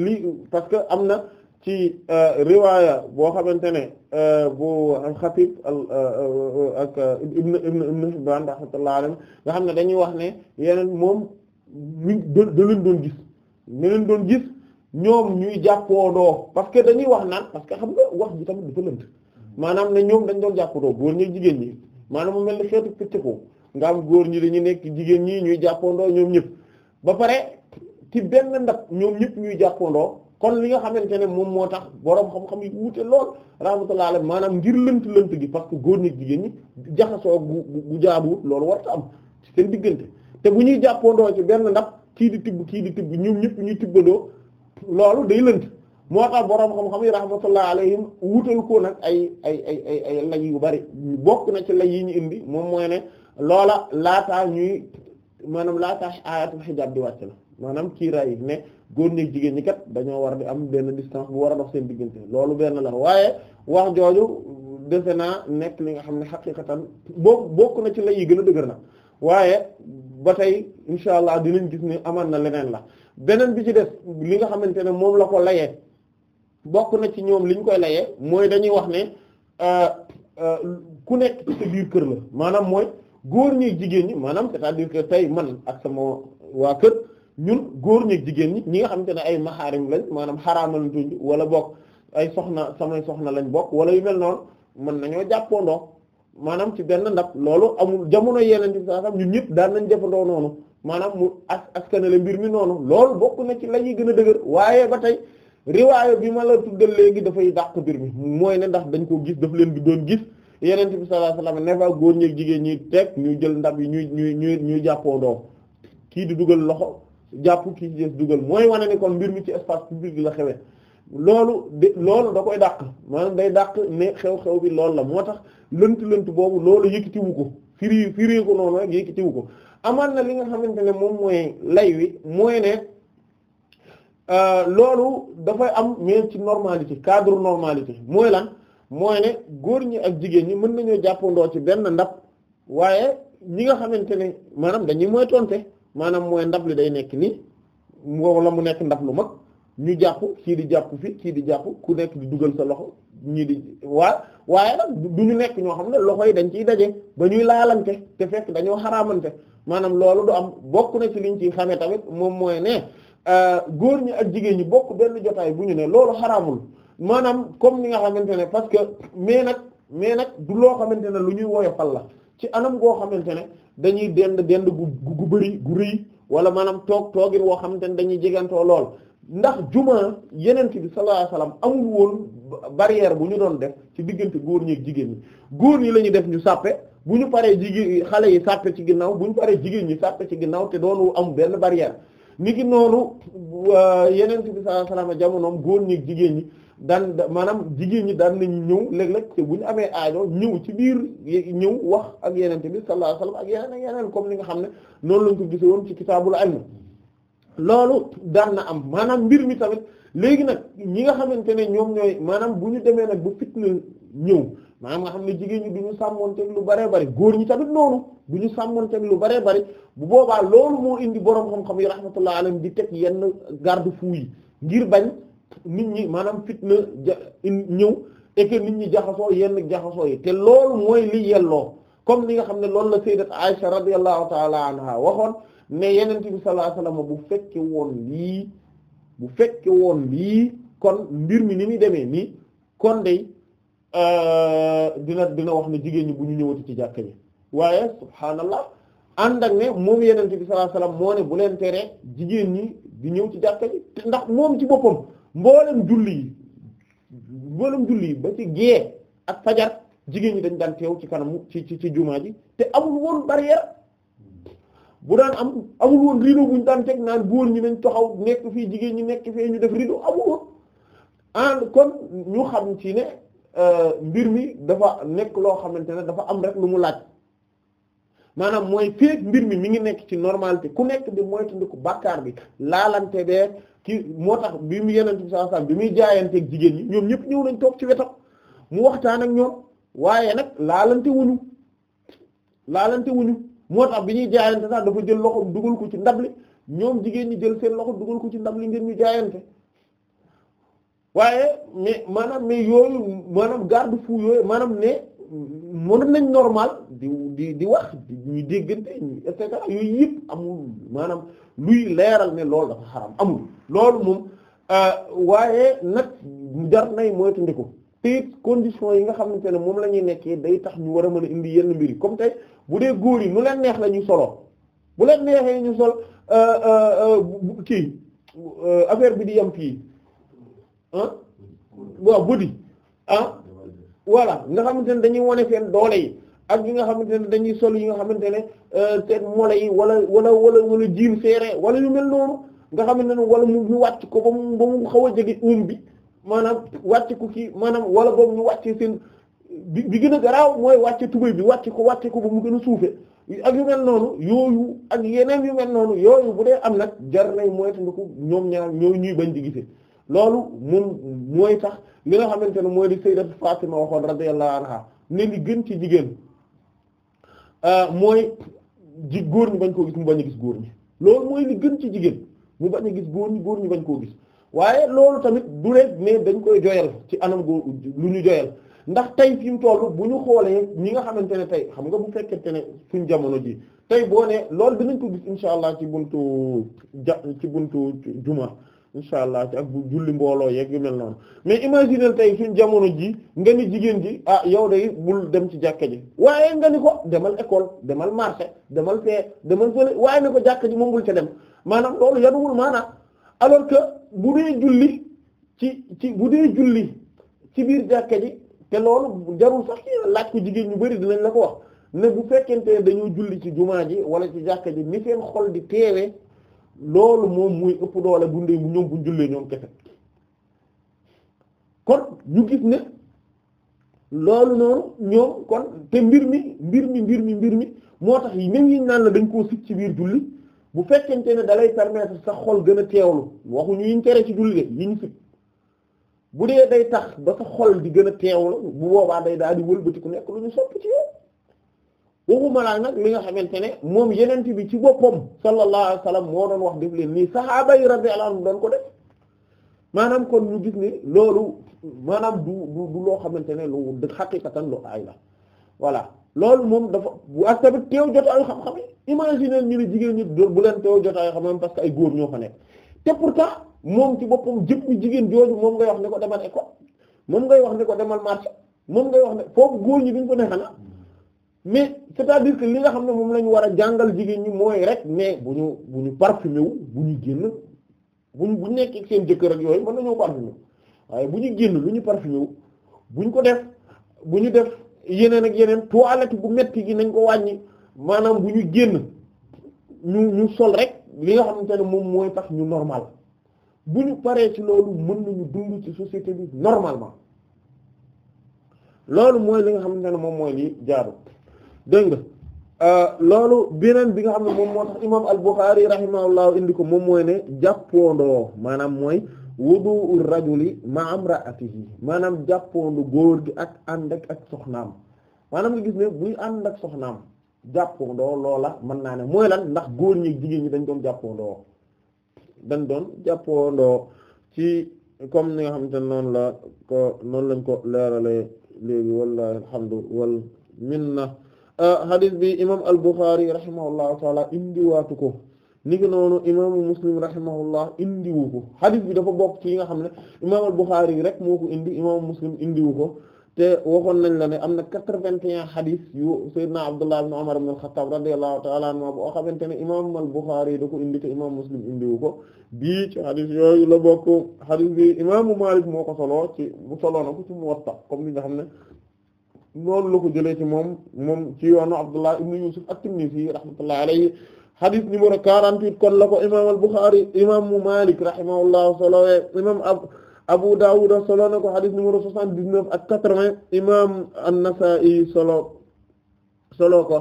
lii parce que am na ci euh, riwaaya boo xamante ne euh, bu al-Xatib euh, ak ibn ibn ibn Hibbaan rahmatullahi alayhi nga xam ne dañuy wax ne yeneen moom da leen doon gis ne leen doon gis ñoom ñuy doo parce que dañuy wax naan parce que xam nga wax bi tamit dafa lënt maanaam na ñoom dañ doon jàppatoo góor ñi jigéen ñi maanaam mu mel ne xeetu pëccëxoo nga am góor ñi dañu nekk jigéen ñi ñuy jàppandoo ñoom ñëpp ba pare ci benn ndab ñoom ñëpp ñuy jàppandoo kon li nga xamante ne moom moo tax boroom xam yi wuute lool rahmatullah alayhi maanaam ngir lënt lënt gi parce que góor ñi jigéen ñi jaxasoo gu gu jaaduwut loolu warta am ci seen te bu ñuy jàppandoo ci benn ndab kii di tibb kii di tibb ñoom ñëpp ñuy tibbandoo loolu day lënt moo tax boroom xam-xam yi rahmatullah alayhim wutal ko nag ay ay ay ay ay lay yu bari bokk na ci lay yi ñu indi moom mooy ne loola laataa ñuy maanaam laataa ayatul xijaab di wàcc la maanaam kiiraay yi ne góor ñi jigéen ñi kat dañoo war di am benn distance bu war a dox seen diggante loolu benn la waaye wax jooju defe naa nekk li nga xam ne xaqiqatan boo bokk na ci lay yi gën a dëgër nag waaye ba tey insha allah dinañ gis ni amaan na leneen la beneen bi ci def li nga xamante ne moom la ko layee bokk na ci ñoom li ñu koy layee mooy dañuy wax ne euh, euh, ku nekk ci sa kër la maanaam mooy góor ñi jigéen ñi maanaam c'est-à-dire tey man ak sama waa kër ñun góor ñi jigéen ñi ñi nga xamante ne ay maxaarim lañ maanaam xaraamal tuñ wala bokk ay soxna samay soxna lañ bokk wala yu mel noonu mën nañoo jàppandoo maanaam ci benn ndab loolu amul jamono yeneen ci sax ñun ñëpp daan nañ jëfandoo noonu maanaam mu as askanale mbir mi noonu loolu bokk na ci la ñuy gën a dëgër waaye ba tey riwaayo bi ma la tuddal léegi dafay dàq mbir mi mooy ne ndax dañ ko gis daf leen di doon gis yeneen bi sallallahu alayhi wasallam ne fa góor ñeeg jigéen ñi teg ñu jël ndab yi ñuy ñuy ñuy ñuy jàppoo doo kii di dugal loxo jàpp kii di dugal mooy wane ni kon mbir mi ci espace public la xewee loolu de loolu da koy dàq maanaam day dàq ne xew-xew bi loolu la moo tax lënt-lënt boobu loolu yëkkatiwu ko firi firi ko noonu rek yëkkatiwu ko amaan na li nga xamante ne moom mooy lay wi mooy ne. Euh, loolu dafay am mais ci normalité cadre normalité mooy lan mooy ne góor ñi ak jigéen ñi mën nañoo jàppandoo ci benn ndab waaye ñi nga xamante ne maanaam dañuy mooy maanaam mooy ndab li day nekk nii wala mu nekk ndab lu mag ñu jàpp kii di jàpp fi kii di jàpp ku nekk di dugal loxo ñii di waa waaye ñu nekk ñoo xam ne loxo yi dañ ciy daje ba ñuy laalante te fekk dañoo xaraamante maanaam loolu du am bokk na ci liñ ci xamee tamit moom mooy ne Euh, góor ñi ak jigéen ñi bokk benn jotaay bu ñu ne loolu xaraamul maanaam comme ni nga xamante ne parce que mais nag mais nag du loo xamante ne lu ñuy woyofal la ci anam goo xamante ne dañuy dend dend gu gu bëri gu rëy wala maanaam toog toogin woo xamante ne dañuy jegantoo lool ndax juma yeneen bi sallallahu alayhi wasallam amul woon barrière bu ñu doon def ci diggante góor ñi ak jigéen ñi góor ñi la ñuy def ñu sàppe bu ñu paree jigéen xale yi sàppe ci ginnaaw bu ñu paree jigéen ñi sàppe ci ginnaaw te doonu am benn barrière ni ki noonu yeneen bi sallallahu alayhi wasallam jamonoom góor ñi jigéen ñi daan maanaam jigéen ñi daan nañu ñëw léeg-léeg te bu ñu amee aajo ñëw ci biir ñëw wax ak yeneen bi sallallahu alayhi wasallam ak yeneen ak yeneen comme li nga xam ne noonu lañ ko gise woon ci kitaabul ilm loolu daan na am maanaam mbir mi tamit léegi nag ñi nga xamante ne ñoom ñooy maanaam bu ñu demee nag bu fitna ñëw maa nga xam ne jigéen ñi du ñu sàmmoonteeg lu baree bari góor ñi tamit noonu du ñu sàmmoon sàmmoonteeg lu baree bari bu boobaa loolu moo indi boroom xam-xam yi rahmatullah alayhi di teg yenn garde-fou yi ngir bañ nit ñi maanaam fitna ja ñëw et que nit ñi jaxasoo yenn jaxasoo yi te loolu mooy li yelloo comme ni nga xam ne loolu la sayyidat Aisha radiyallahu ta'ala anha waxoon ne yeneen bi sallallahu alayhi wasallam bu fekke woon lii bu fekke woon lii kon mbir mi ni muy demee nii kon Euh, dina dina wax ne jigéen ñi bu ñu ñëwati ci jàkka ji waaye subhaanallah ànd ak ne moom yenente bi sallallahu alayhi bu leen tere jigéen ñi di ñëw ci jàkka ndax moom ci boppam mboolem julli yi mboolem julli ba ci gée ak fajar jigéen ñi dañ daan teew ci kanamu ci ci ci jumaa ji te amul woon barrière bu daan am amul woon rideau bu ñu daan teg naan góor ñi nañ taxaw nekk fii jigéen ñi nekk fee ñu def rideau amul woon en kon ñu xam ci ne Euh, mbir mi dafa nekk loo xamante ne dafa am rek lu mu laaj maanaam mooy feek mbir mi mu ngi nekk ci normalité ku nekk di moytandiku bi laalante bee ki moo tax bi mu yenente bi sallallahu bi muy jaayanteeg jigéen ñi ñoom ñëpp ñëw nañ toog ci wetam mu waxtaan ak ñoom waaye nag laalante wuñu laalante wuñu moo tax bi ñuy jaayante sax dafa jël loxo dugal ko ci ndab li ñoom jigéen ñi jël seen loxo dugal ko ci ndab li ngir ñu jaayante waaye mais maanaam mais yooyu maanaam garde-fou yooyu maanaam ne mënoon nañ normal di di di wax di ñuy déggante et cetera yooyu yëpp amul maanaam luy leeral ne loolu dafa xaram amul loolu moom euh, waaye nag jar nay moytu ndiku te condition yi nga xamante ne moom la ñuy nekkee day tax ñu war a mën a indi yenn mbir comme tey bu dee góor yi nu leen neex la ñuy soloo bu leen neexee ñu sol euh, euh, kii affaire bi di yem fii ah waaw bëri ah voilà nga xamante ne dañuy wane seen doole yi ak yi nga xamante ne dañuy sol yi nga xamante ne euh, seen mole yi wala wala wala wala jiir seere wala yu mel noonu nga xamante ne wala mu ñu wàcc ko ba mu ba xaw a jege uum bi maanaam wàcc ko kii maanaam wala boobu ñu wàccee seen bi bi gën a garaaw mooy wàcce tubéy bi wàcce ko wàcce ko ba mu gën a suufe ak yu mel noonu yooyu ak yeneen yu mel noonu yooyu bu dee am nag jar mooy moytu ko ñoom ñaar ñooy ñuy bañ di gisee loolu moom mooy tax li nga xamante ne mooy li sayyidatu Fatima waxoon radiyallahu anha ne li gën ci jigéen euh, mooy ji góor ñi bañ koo gis mu bañ a gis góor ñi loolu mooy li gën ci jigéen mu bañ a gis góor ñi góor bañ koo gis waaye loolu tamit du rek ne dañ koy joyal ci anam góor lu ñu joyal ndax tey fi mu toll bu ñu xoolee ñi nga xamante ne tey xam nga bu fekkente ne suñ jamono ji tey boo nee loolu dinañ ko gis insha allah ci buntu ja ci buntu juma incha allah ak bu julli mbooloo yeeg yu mel noonu mais imaginer tey suñ jamono ji nga ni jigéen ji ah yow de bul dem ci jàkka ji waaye nga ni ko demal école demal marché demal fee demal fële waaye ne ko jàkka ji moom bul ca dem maanaam loolu yaduwul maanaam alors que bu dee julli ci ci bu dee julli ci biir jàkka ji te loolu jarul sax laaj ko jigéen ñu bari dinañ la ko wax ne bu fekkente dañoo julli ci jumaa ji wala ci jàkka ji ni seen xol di teewee. loolu moom muy ëpp doole bu ndey bu ñoom bu jullee ñoom kese kon ñu gis ne loolu noonu ñoom kon te mbir mi mbir mi mbir mi mbir mi moo tax même yi naan la dañ koo sit ci biir julli bu fekkente ne dalay permettre sa xol gën a teewlu waxuñu yiñ tere ci julli de yiñ sit bu dee day tax ba sa xol di gën a teewlu bu boobaa day daal di wëlbati ku nekk lu ñu sopp ci yow waxuma laa nag li nga xamante ne moom yenent bi ci boppam sallallahu alayhi wa sallam moo doon wax def leen nii sahaaba yi radiyallahu anhum doon ko def maanaam kon ñu gis ne loolu maanaam du du loo xamante ne lu dëgg xaqiqatan lu ay la voilà loolu moom dafa ak tamit teew jotaayu xam-xam imaginer ñu ne jigéen ñi bu leen teew jotaayu xam-xam parce que ay góor ñoo fa nekk te pourtant moom ci boppam jëpp jigéen jooju moom ngay wax ne ko demal école moom ngay wax ne ko demal marché moom ngay wax ne foofu góor ñi duñ ko neexana mais c'est-à-dire que li nga xam ne moom la ñu war a jàngal jigéen ñi mooy rek mais bu ñu bu ñu parfumé wu bu ñu génn bu ñu bu ñu nekk seen jëkkër ak yooyu mën nañoo parfumé waaye bu ñu génn lu ñu parfumé wu bu ñu ko def bu ñu def yeneen ak yeneen toilette bu metti gi nañ ko wàññi maanaam bu ñu génn ñu ñu sol rek li nga xamante ne moom mooy tax ñu normal bu ñu paree ci loolu mën nañu dund ci société bi normalement loolu mooy li nga xamante ne moom mooy li jaadu. dégg nga euh, loolu beneen bi nga xam ne moom moo tax imaam al-Bukhari indi ko moom mooy ne jàppondoo maanaam mooy wudu rajuli ma imra'atihi maanaam jàppoondu góor gi ak ànd ak ak soxnaam maanaam nga gis ne buy ànd ak soxnaam jàppondoo loola mën naa ne mooy lan ndax góor ñi jigéen ñi dañ doon jàppondoo dañ doon jàppoondoo ci comme ni nga xamante ne noonu la ko noonu lañ ko leerale léegi wallahi alhamdu wal na Euh, hadith bi imam al-Bukhari rahimahullahu taala indiwaatu ko ni ki noonu imaamu Muslim rahimahullah indiwu ko hadith bi dafa bokk ci yi nga xam ne imam al-Bukhari rek moo ko indi imaamu Muslim indiwu ko te waxoon nañ la ne am na quatre-vingt-un hadith yu Seydina Abdullah ibn Umar ibn al-Khattab radiyallahu ta'ala anhu boo xamante ne imam al da ko indi te indiwu ko bii ci hadith yooyu la bokk hadith bi imaamu Malik moo ko solo ci bu solo na ko ci Muwatta comme ni nga xam ne noonu la ko jëlee ci moom moom ci yoonu Abdullah ibn Yusuf at-Tinnisi rahmatullahi alayhi hadith numéro 48 kon la ko imam al-Bukhari imam Malik rahimahullahu solowee imam Abu Dawud solo na ko hadith numéro 79 ak 80 imam an-Nasa'i solo solo ko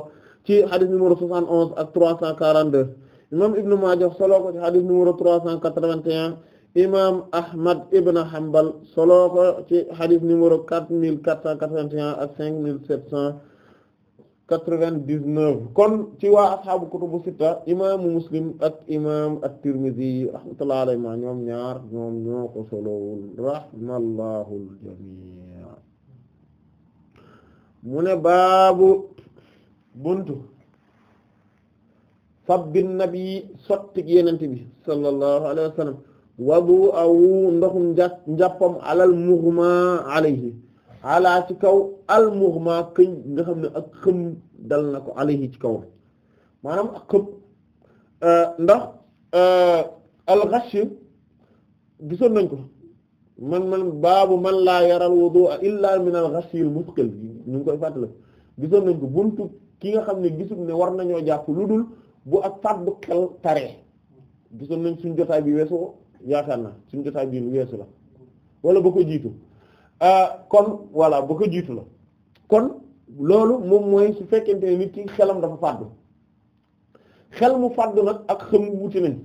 ci hadith numéro 71 ak 342 imam Ibn Majah solo ko ci hadith numéro 381 imam Ahmad ibn Hanbal solo ci hadith numéro quatre mille quatre cent quatre vingt dix neuf kon ci waa ashaabu kutubu sitta imaamu Muslim ak imam at-Tirmidhi rahmatullahi alayhi ma ñoom ñaar solowul rahmallahu al-jamii mu ne baabu buntu sabbin nabi sotti yenente bi sallallahu alayhi wa wadu aw ndox ja njàppam alal mughma alayhi ala ci kaw al mughma këñ nga xam ne ak xëm dal na ko alayhi ci kaw maanaam ak xëm euh, ndax euh, al ghash gisoon nañ ko man man baabu man laa yaral wudu'a illa min al ghash al muthqil ñu ngi koy fàttali gisoon nañ ko buntu ki nga xam ne gisul ne war nañoo jàpp lu dul bu ak fàddu xel tare gisoon nañ suñ jotaay bi weesoo yaakaar na suñu jotaay bii lu weesu la wala ba ko jiitu ah, kon voilà ba ko jiitu la kon loolu moom mooy su fekkente nit ki xelam dafa fàddu xel mu fàddu nag ak xam wuti nañ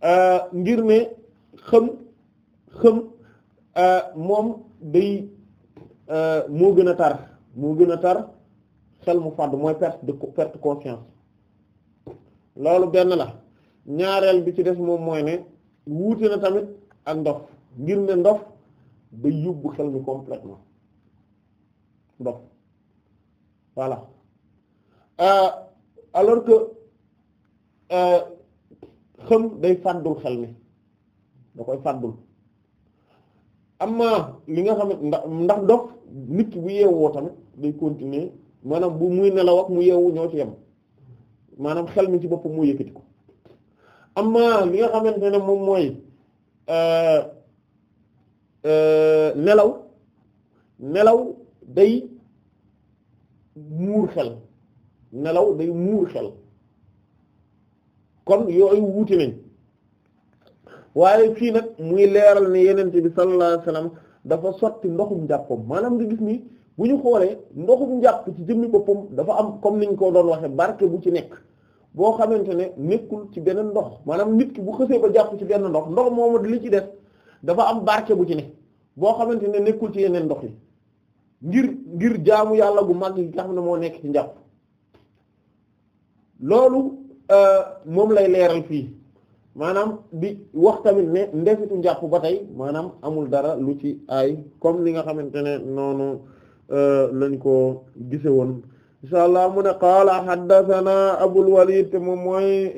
ah, ngir ne xam xam ah, moom day moo gën a tar moo gën a tar xel mu fàddu mooy perte de perte conscience loolu benn la ñaareel bi ci des moom mooy ne wuute na tamit ak ndof ngir ne ndof day yóbbu xel mi complètement ndof voilà euh, alors que xam euh, day fàddul xel mi da koy fàddul amma li nga xam ne ndax ndof nit ki bu yeewoo tamit day continuer maanaam bu muy nelaw ak mu yeewu ñoo ci yem maanaam xel mi ci boppam moo yëkkati ko amma li nga xamante ne moom mooy euh, euh, nelaw nelaw day muur xel nelaw day muur xel kon yooyu wuute nañ waaye fii nag muy leeral ne yenente bi sallallahu alayhi wasallam dafa sotti ndoxum jàppam maanaam nga gis ni bu ñu xoolee ndoxum jàpp ci jëmmi boppam dafa am comme ñu ko doon waxee barke bu ci nekk boo xamante ne nekkul ci benn ndox maanaam nit ki bu xësee ba jàpp ci benn ndox ndox moomu li ci def dafa am barke bu ci ne boo xamante ne nekkul ci yeneen ndox yi ngir ngir jaamu yàlla gu mag yi xam ne moo nekk ci njàpp loolu euh, moom lay leeral fii maanaam di wax tamit ne ndefitu njàpp ba tey maanaam amul dara lu ci ay comme li nga xamante ne noonu euh, lañ ko gise woon insha allah mu ne qaala haddathana Abul Walid te moom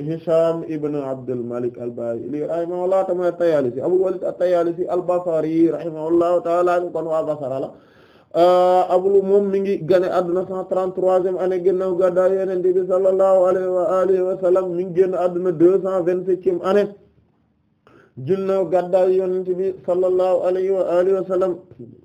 Hisham ibn Abdul Malik al-Bahili rahimahullah tamit at-Tayalisi Walid at-Tayalisi al-Basri rahimahullahu ta'ala kon waa Basra la euh, abul moom mi ngi génn àdduna 133e année ginnaaw gàddaay Yonent bi sallallahu alayhi wa alihi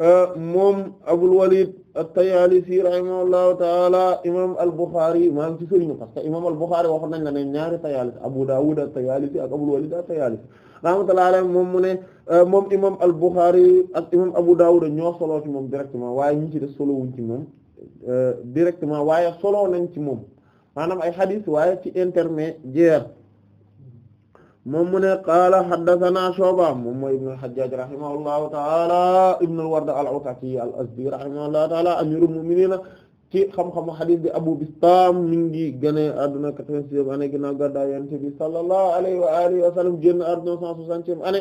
Euh, moom Abul Walid at-Tayalisi rahimahullahu taala imaam al-Bukhari maa ngi ci sëriñu parce que imaam al-Bukhari waxoon nañ la ne ñaari Tayalisi Abu Dawud a tayalisi ak Abul Walid a tayalisi rahmatullahi alayhi moom mu ne euh, moom imaam al-Bukhari ak imaam Abu Dawud ñoo solo ci moom directement waaye ñu ci def solo wuñ ci moom euh, directement waaye solo nañ ci moom maanaam ay hadith waaye ci intermédiaire moom mu ne qaala haddathana Shu'ba moom mooy ibn al-Hajjaj rahimahullahu ta'ala ibn al-Ward al-Ataki al-Azdi rahimahullahu ta'ala amirul mu'minin ci xam-xamu xadis bi Abu Bistam mi ngi génne àdduna 86 ane ginnaaw gàddaay Yonent bi sallallahu alayhi wa alihi wa sallam génn àdduna 160 ane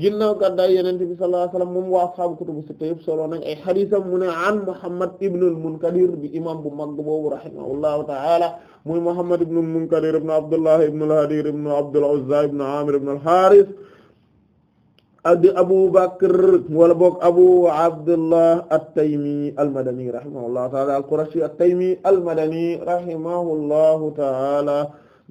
ginnaaw gàddaay yenente bi sallallahu alayhi wasallam moom waa ashaabu kutubu sitta yëpp solo nañ ay xadiisam mu ne an muhammad ibnul munkadir bi imam bu mag boobu rahimahullahu ta'ala muy muhammad ibnul munkadir ibnu abdullah ibnul hadir ibnu abdul uzza ibnu amir ibnul haris addi Abu Bakr wala boog Abu Abdullah at-Taymi al-Madani rahimahullahu ta'ala al-Qurashi at-Taymi al-Madani rahimahullahu ta'ala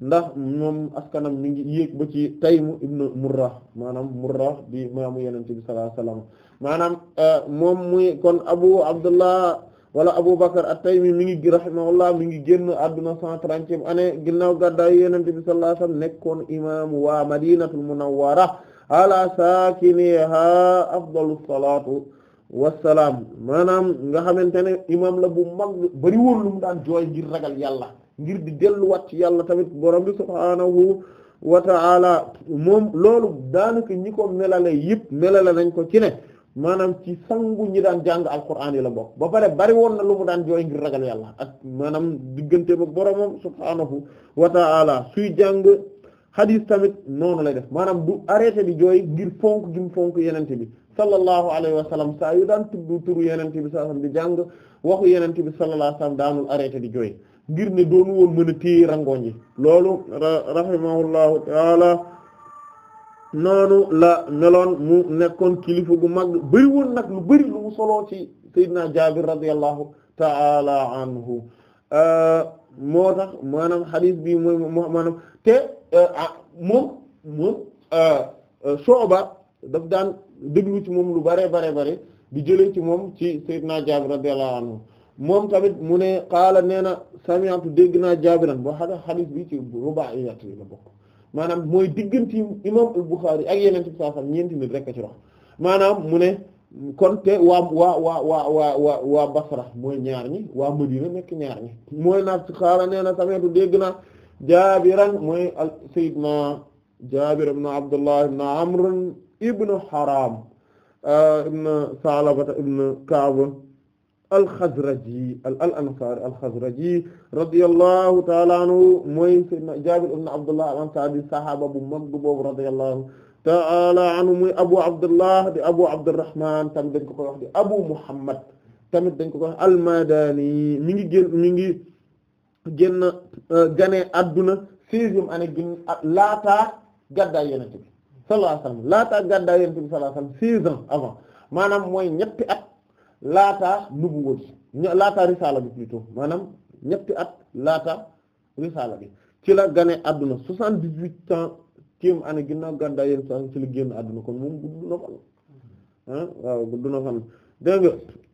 ndax moom askanam mi ngi yéeg ba ci Taymu ibnu Murra maanaam Murra bi maamu Yonent bi sallallahu alayhi wasallam maanaam euh, moom muy kon Abu Abdullah wala Abu Bakr at-Taymi mi ngi rahimahullah mi ngi génn àdduna cent trentième année ginnaaw gàddaay Yonent bi sallallahu alayhi wasallam nekkoon imam waa Madinatul Munawwara ala saakiniha afdalu salaatu wassalaam maanaam nga xamante ne imam la bu mag bari woon daan jooy ngir ragal yàlla ngir di delluwaat ci yàlla tamit borom bi subhaanahu wa ta'ala moom loolu daanaka ñi ko melale yëpp melale nañ ko ci ne maanaam ci sangu ñi daan jàng alquran yi la bokk ba pare bari woon na lu mu daan jooy ngir ragal yàlla ak maanaam diggante ba boromam subhaanahu wa ta'ala suy jàng xadiis tamit noonu lay def maanaam du arrêté di jooy ngir fonk gi mu fonk yenente bi sallallahu alayhi wa sallam yu daan tudd turu yenente bi sallallahu alayhi wa sallam di jàng waxu yenente bi sallallahu alayhi wa sallam arrêté di jooy ngir ne doonu woon mën a téye rangoon loolu rahimahullahu taala noonu la meloon mu nekkoon kilifa gu mag bëri nag lu bëri lu mu soloo ci Seydina Jaabir radiyallahu taala anhu euh, moo tax maanaam xadiis bi mooy maanaam te euh, ah, moom moom euh, Shu'ba daf daan déglu ci moom lu bare bare bare di jëlee ci moom ci Seydina Jaabir radiyallahu anhu moom tamit mu ne qaala nee na sami'tu dégg naa jaabiran boo xam ne xadis bi ci rubaiyat yi la bokk maanaam mooy diggante imam al-Bukhari ak yeneen ci saa sam ñeenti nit rek ci wax maanaam mu ne kon te waa waa waa waa waa waa Basra mooy ñaar ñi waa Madina nekk ñaar ñi mooy naa qaala nee na sami'tu dégg naa jaabiran mooy sayyidna Jaabir ibn Abdullah ibn Amr ibn Haram ah, ibn Salabata ibn Ka'b al-Xazraji al ansaari al-Xazraji radiyallahu ta'ala anhu mooy Jaabir ibn Abdullah al-Ansaari saxaaba bu mag boobu radiyallahu ta'ala anhu mooy Abu Abdullah di Abu Abdurrahman tamit dañ ko koy wax di Abu Muhammad tamit dañ ko koy wax al-Madani mi ngi génn mi ngi génn euh, adduna sixième année gin laataa gàddaay Yonent bi sallallahu alayhi wasallam mooy ñetti at. laata nubuwa gi laata risaala bi plutôt maanaam ñetti at laata risaala bi ci la gane àdduna soixante-dix-huit ans tiim année ginnaaw gàddaay yéen sa ci la génn àdduna kon moom gudd na fan ah waaw gudd na fan dégg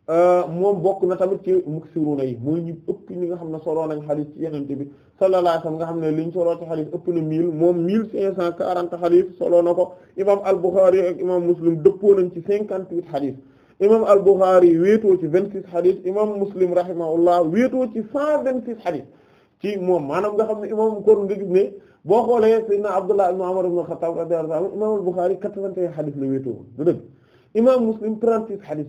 euh, moom bokk na tamit ci muksiruna yi mooy ñu ëpp ñi nga xam ne soloo nañ xadiis ci yenente bi sallallahu alayhi wasallam nga xam ne liñ soloo ci xadiis ëpp na mille moom mille cinq cent quarante xadiis soloo na ko imam al-Bukhari ak imam Muslim ci cinquante-huit xadiis imam al-Bukhari wéetoo ci vingt six xadis imam Muslim rahimahullah wéetoo ci cent vingt six ci moom maanaam nga xam ne imam kon nga gis boo xoolee sayyidina Abdullah ibn Umar ibn Khattab radiyallahu anhu imam al-Bukhari quatre vingt la wéetoo du dëgg imam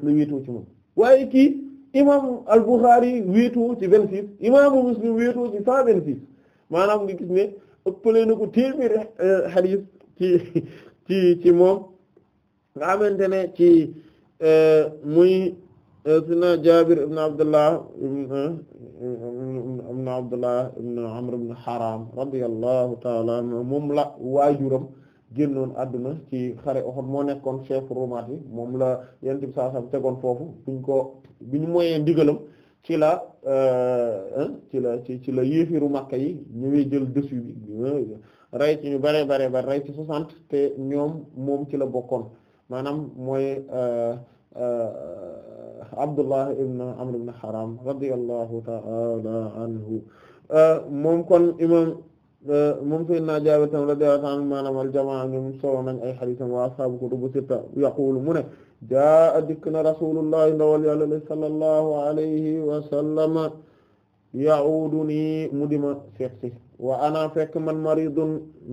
ci moom waaye ki imam al-Bukhari wéetoo ci vingt six imam Muslim wéetoo ci cent vingt six maanaam nga gis ne ëppale na ko téeméeri xadis euh, ci ci ci moom nga ne ci muy eh, sina Jaabir ibn Abdullah eh, ibn Abdullah ibn Amr Haram radiyallahu ta'ala moom la waajuram génnoon àdduna ci xare Uhud moo nekkoon chef rumaat yi moom la yonent bi tegoon foofu buñ ko biñ moyee ndigalam ci la eh, ci la ci ci la yéefiru Makka yi ñëwee jël dessus bi rey ci ñu bare bare bare rey ci soixante te ñoom moom ci la bokkoon maanaam mooy euh, euh, Abdullah ibn Amr ibn Haram radiyallahu ta'ala anhu euh, moom kon imam moom sayyidina Jaabir tam radiyallahu ta'ala maanaam aljamaa ñoom solo nañ ay hadiisam wa ashaabu kutubu sitta yaqulu mu ne jaa dikk na rasulullahi ndawal yàlla la sallallahu alayhi wa sallama ya'uduni mu dima seet si wa ana fekk man maridun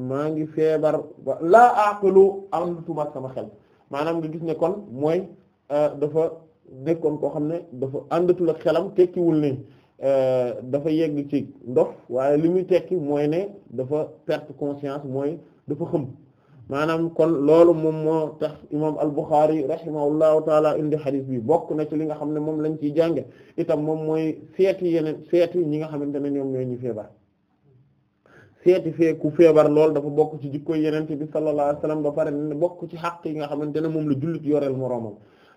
maa ngi feebar laa aqilu am tuma sama xel maanaam nga gis ne kon mooy euh, dafa nekkoon koo xam ne dafa àndatul ak xelam tekkiwul ne euh, dafa yegg ci ndox waaye li muy tekki mooy ne dafa perte conscience mooy dafa xëm maanaam kon loolu moom moo tax imaam al-Bukhari rahimahullahu taala indi xadis bi bokk na ci li nga xam ne moom lañ ciy jànge itam moom mooy seeti yeneen seeti ñi nga xamante ne ñoom ñooy ñu feebar seeti fee ku feebar lool dafa bokk ci jikko yenente bi sallallahu alayhi wasallam ba pare ne bokk ci xaq yi nga xamante ne moom la jullit yoreel moroomam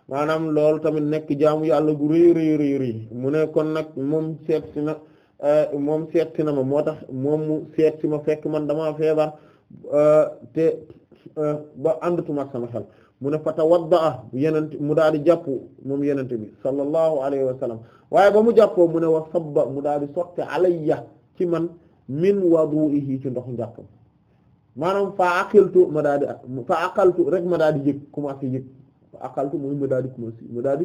maanaam loolu tamit nekk jaamu yàlla gu rëy rëy rëy rëy mu ne kon nag moom seet si na euh, moom seet na ma moo tax moom mu seeti ma fekk man damaa feebar euh, te euh, ba àndatuma sama xel mu ne fatawadda a yenent mu daal di jàpp moom yenente bi sallallahu alayhi wasallam waaye ba mu jàppoo mu ne wa sabba mu daal di sotti alayya ci man min wudu'ihi ci ndoxu njàppam maanaam fa aqaltu ma daal di fa aqaltu rek ma daal di yëg commencé yëg fa aqaltu mooy ma daal di commencé ma daal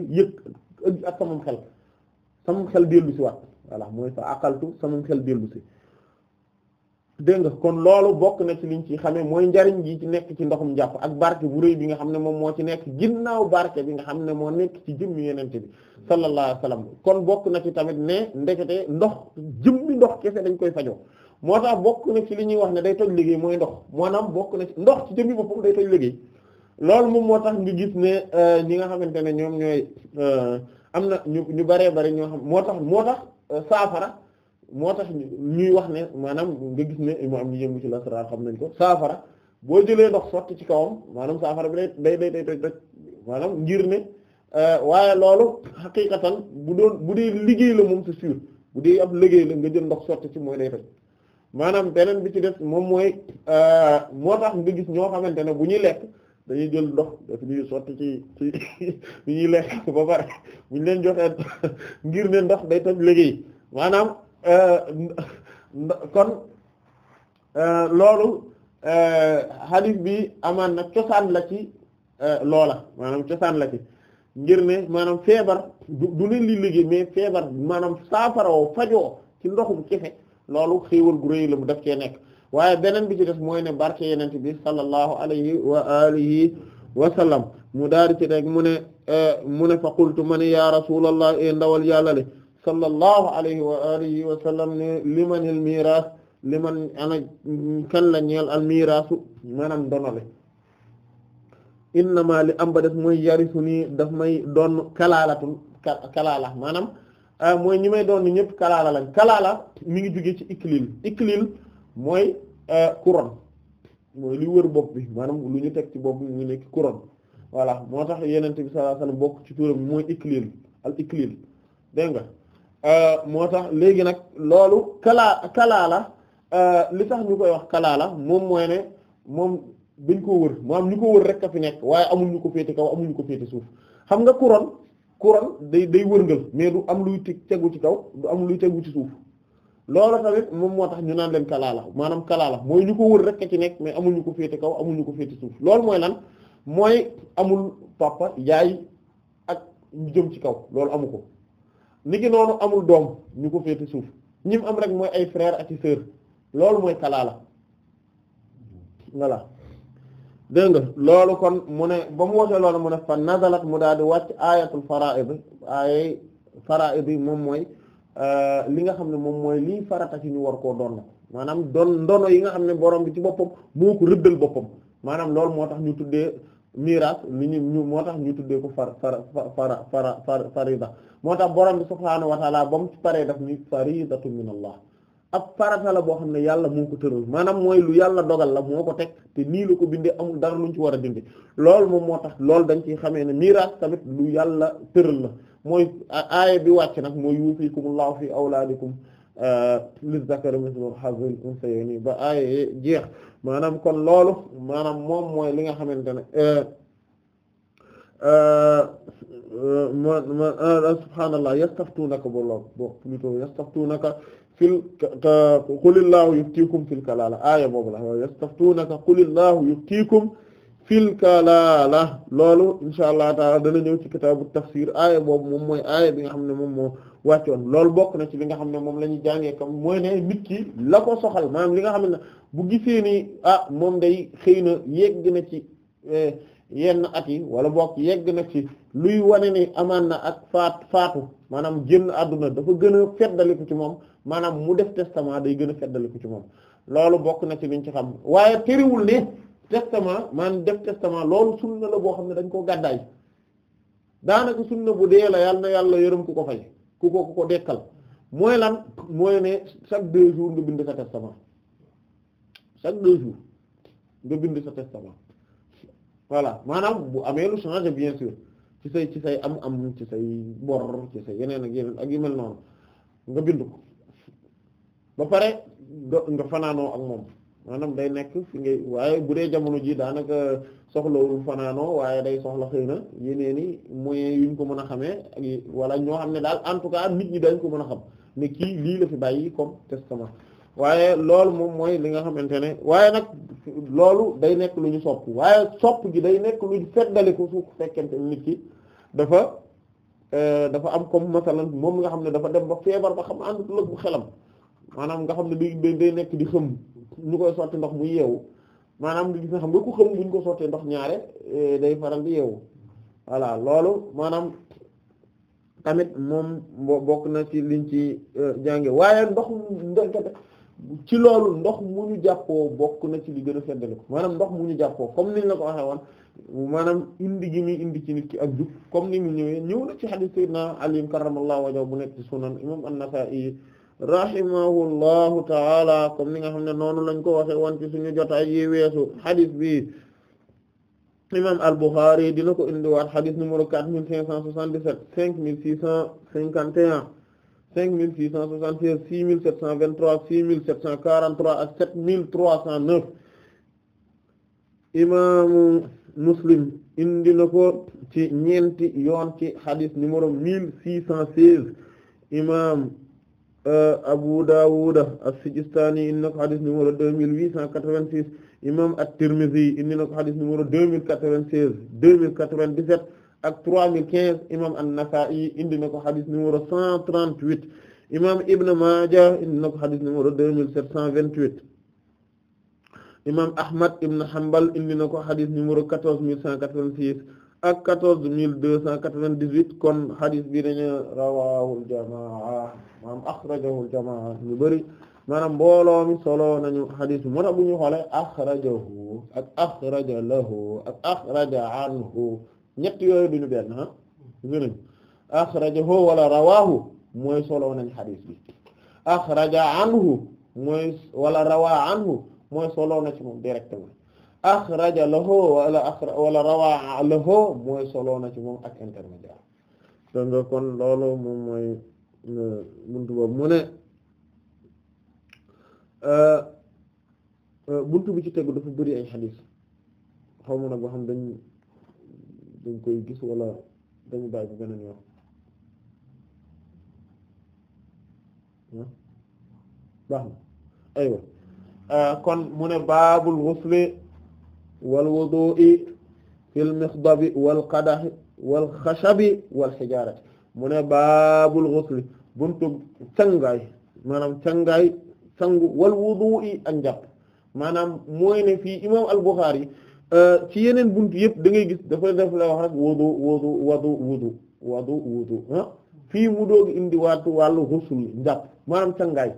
xel samam xel dellu si waat voilà mooy fa xel dellu si dégg nga kon loolu bokk na ci liñ ci xamee mooy njariñ gi ci nekk ci ndoxum jàpp ak barke bu rëy bi nga xam ne moom moo ci nekk ginnaaw barke bi nga xam ne moo nekk ci jëmm yenente bi sallallahu alayhi wasallam kon bokk na ci tamit ne ndekete ndox jëmm ndox ndox kese dañ koy fajoo moo tax bokk na ci li ñuy wax ne day toj liggéey mooy ndox maanaam bokk na ci ndox ci jëmmi boppam day toj liggéey loolu moom moo tax nga gis ne euh, ñi nga xamante ne ñoom ñooy euh, am na ñu ñu baree bari ñoo moo tax moo tax euh, saafara moo tax ñuy wax ne maanaam nga gis ne mu am ñu yëngu ci lasaraar xam nañ ko boo jëlee ndox sotti ci kawam maanaam saafara bi day day day toj toj maanaam ngir ne waaye loolu xaqiiqatan bu doon bu dee liggéey la moom c'est sûr bu dee ab liggéey la nga jël ndox sotti ci mooy day toj maanaam beneen bi ci des moom mooy euh, moo tax nga gis ñoo xamante ne bu ñuy lekk dañuy jël ndox daf ci ci bu ñuy lekk ba pare leen joxee ngir ndox day toj liggéey maanaam euh, kon euh, loolu hadith bi amaan na cosaan la ci loola maanaam cosaan la ci ngir ne maanaam feebar du leen li liggéey mais feebar maanaam saafarawoo fajoo ci ndoxum kefe loolu xéewal gu rëy la mu def cee nekk waaye beneen bi ci def mooy ne barke yenente bi sallallahu alayhi wa alihi wa sallam mu daari ci rek mu ne eh, mu ne fa qultu ma ne ya rasulallah e ndawal yàllale sallallahu alayhi wa alihi wa sallam ne limanil miras liman ana kan la ñeel al mirasu maanaam donole innama li am ba des mooy yarisu nii daf may doon kalaalatun kalaala maanaam euh, mooy ñi may doon ni ñëpp kalaala lañ kalaala mi ngi jóge ci iklil iklil mooy euh, couronne mooy li wër bopp bi maanaam lu ñu teg ci bopp bi mu nekk couronne voilà moo tax yenente bi sallallahu alayhi ci turam bi mooy iklil al iklil dégg nga euh, moo tax léegi nag loolu kalaa kalaala li tax ñu koy wax kalaala moom mooy ne moom dañ koo wër maanaam ñu ko wër rek a fi nekk waaye amul ñu ko féete kaw amul ko féete suuf xam nga couronne couronne day day wërngal mais du am luy tegu ci kaw du am luy tegu ci suuf loolu tamit moom moo tax ñu naan leen kalaala maanaam kalaala mooy ñu ko wër rek a ci nekk mais amul ñu ko féete kaw amul ko féete suuf loolu mooy lan mooy amul papa yaay ak jëm ci kaw loolu amu ko ni ki noonu amul doom ñu ko féete suuf ñi am rek mooy ay frère ak i sœur loolu mooy kalaala voilà dégg nga loolu kon mu ne ba mu waxee loolu mu ne fa nazalat mu daal di wàcc ayatul fara'id aayay fara'id yi moom mooy euh, li nga xam ne moom mooy lii farata ci ñu war koo doon maanaam doon ndono yi nga xam ne borom bi ci boppam moo ko rëddal boppam maanaam loolu moo tax ñu tuddee miraas li ñu moo tax ñu tuddee ko far far fara fara farida moo tax borom bi subhaanahu wa ta'ala ba mu ci paree daf ni faridatun min allah ab farata la boo xam ne yàlla moo ko tëral maanaam mooy lu yàlla dogal la moo ko teg te nii lu ko bindee amul dara ñu ci war a dindi loolu moom moo tax loolu dañ ciy xamee ne miraas tamit lu yàlla tëral la mooy a aaya bi wàcc nag mooy yuufikumullaahu fi awlaadikum uh, lizzakari mislu hazzil unsayayni ba aaya jeex maanaam kon loolu maanaam moom mooy li nga xamante ne uh, uh, subhaanallah yastaftuunaka ba lool bon plutôt yastaftuunaka fil qulillaahu yuftiikum fil kalaala aaya boobu la yastaftuunaka qulillaahu yuftiikum fil kalaala loolu insha allah taala dana ñëw ci kitaabu tafsir aaya boobu moom mooy aaya bi nga xam ne moom moo wàccoon lool bokk na ci li nga xam ne moom la ñuy jàngee kam mooy ne nit la ko soxal maam li nga xam ne bu gisee ni ah moom day xëy na yegg na ci. Eh, yenn at yi wala bokk yegg na ci luy wane ni amaan na ak faat faatu maanaam génn àdduna dafa gën a feddaliku ci moom maanaam mu def testament day gën a feddaliku ci moom loolu bokk na ci liñ ci xam waaye tëriwul ne testament maanaam def testament loolu sunna la boo xam ne dañ koo gàddaay daanaka sunna bu dee la yàlla na yàlla yërëm ku ko fay ku ko ku ko dekkal mooy lan mooy ne chaque deux jours nga bind sa testament chaque deux jours nga bind sa testament voilà maanaam bu amee lu changé bien sûr ci say ci say am am ci say bor ci say yeneen ak yeneen ak yu mel noonu nga bind ko ba pare nga fanaanoo ak moom maanaam day nekk fi ngay waaye bu dee jamono ji daanaka soxlawul fanaanoo waaye day soxla xëy na yeneen i moyens yuñ ko mën a xamee ak wala ñoo xam ne daal en tout cas nit ñi dañ ko mën a xam ne kii lii la fi bàyyi comme testament waaye loolu moom mooy li nga xamante ne waaye nag loolu day nekk lu ñu sopp waaye sopp gi day nekk lu ñu feddaliku su fekkente nit ki dafa euh, dafa am comme masalan moom nga xam ne dafa dem ba feebar ba xam àndut lëg bu xelam maanaam nga xam ne day day nekk di xëm ñu koy sotti ndox mu yeewu maanaam nga nga xam nga ku xëm ko sottee ndox ñaare euh, day faral di yeewu voilà loolu maanaam tamit moom bokk na ci liñ ci euh, jànge waaye ndox ci loolu ndox mu ñu jàppoo bokk na ci li gën a feddali maanaam ndox mu ñu jàppoo comme niñ la ko waxee woon maanaam indi gi muy indi ci nit ki ak comme ni ñu ñëwee ñëw na ci hadith sayyidina Ali karramallahu wajhahu bu nekk ci sunan imam an-Nasa'i rahimahullahu taala comme ni nga xam ne noonu lañ ko waxee woon ci suñu jotaay yi weesu hadith bi imam al-Bukhari dina ko indiwaat hadith numéro 4577 an cinq mille six cent soixante-seize six mille sept cent vingt-trois six mille sept cent quarante-trois ak sept mille trois cent neuf imaamu Muslim indi na ko ci ñeenti yoon ci hadis numéro mille six cent seize imaam euh, Abu Dawud as-Sijistani indi na ko hadis numéro deux mille huit cent quatre-vingt-six imaam at-Tirmidhi indi ko hadis numéro deux mille quatre-vingt-seize deux mille quatre-vingt-dix-sept ak 3015 imam an-Nasa'i indi na ko xadis numéro 138 imam Ibn Maaja indi na ko xadis numéro 2728 imam Ahmad Ibn Hanbal indi na ko xadis numéro 14186 ak 14298 kon xadis bi dañu rawaahul jamaa maam axrajahul jamaa ñu bari maanaam mbooloo mi solo nañu xadis bi moo tax bu ñu xoolee axrajahu ak axraja lahu ak axraja anhu ñett yooyu duñu benn ah gënañ axrajahu wala rawaahu mooy soloo nañ xadis bi axraja anhu mooy wala rawaa anhu mooy soloo na ci moom directement axraja lahu wala wala rawaa lahu mooy soloo na ci moom ak intermédiaire danga kon loolu moom mooy euh, buntu boobu mu ne euh, euh, buntu bi ci tegu dafa bëri ay xadis xaw ma nag ba xam dañ dañ koy gis wala dañu bàyyi bu beneen yoon baax aywa euh, kon mu ne baabul ghusli wal wa fil mixdabi wal qadahi wal xashabi wal xijaarati mu ne baabul ghusli buntu cangaay maanaam cangaay sangu wal wudu'i ak njàpp maanaam mooy ne fii imaam al-Bukhari Euh, ci yeneen bunt yëpp da ngay gis dafa def la wax rek wudu wudu wadu wudu wadu wudu ah fii mu doog indi waatu wàllu rusul njàpp maanaam cangaay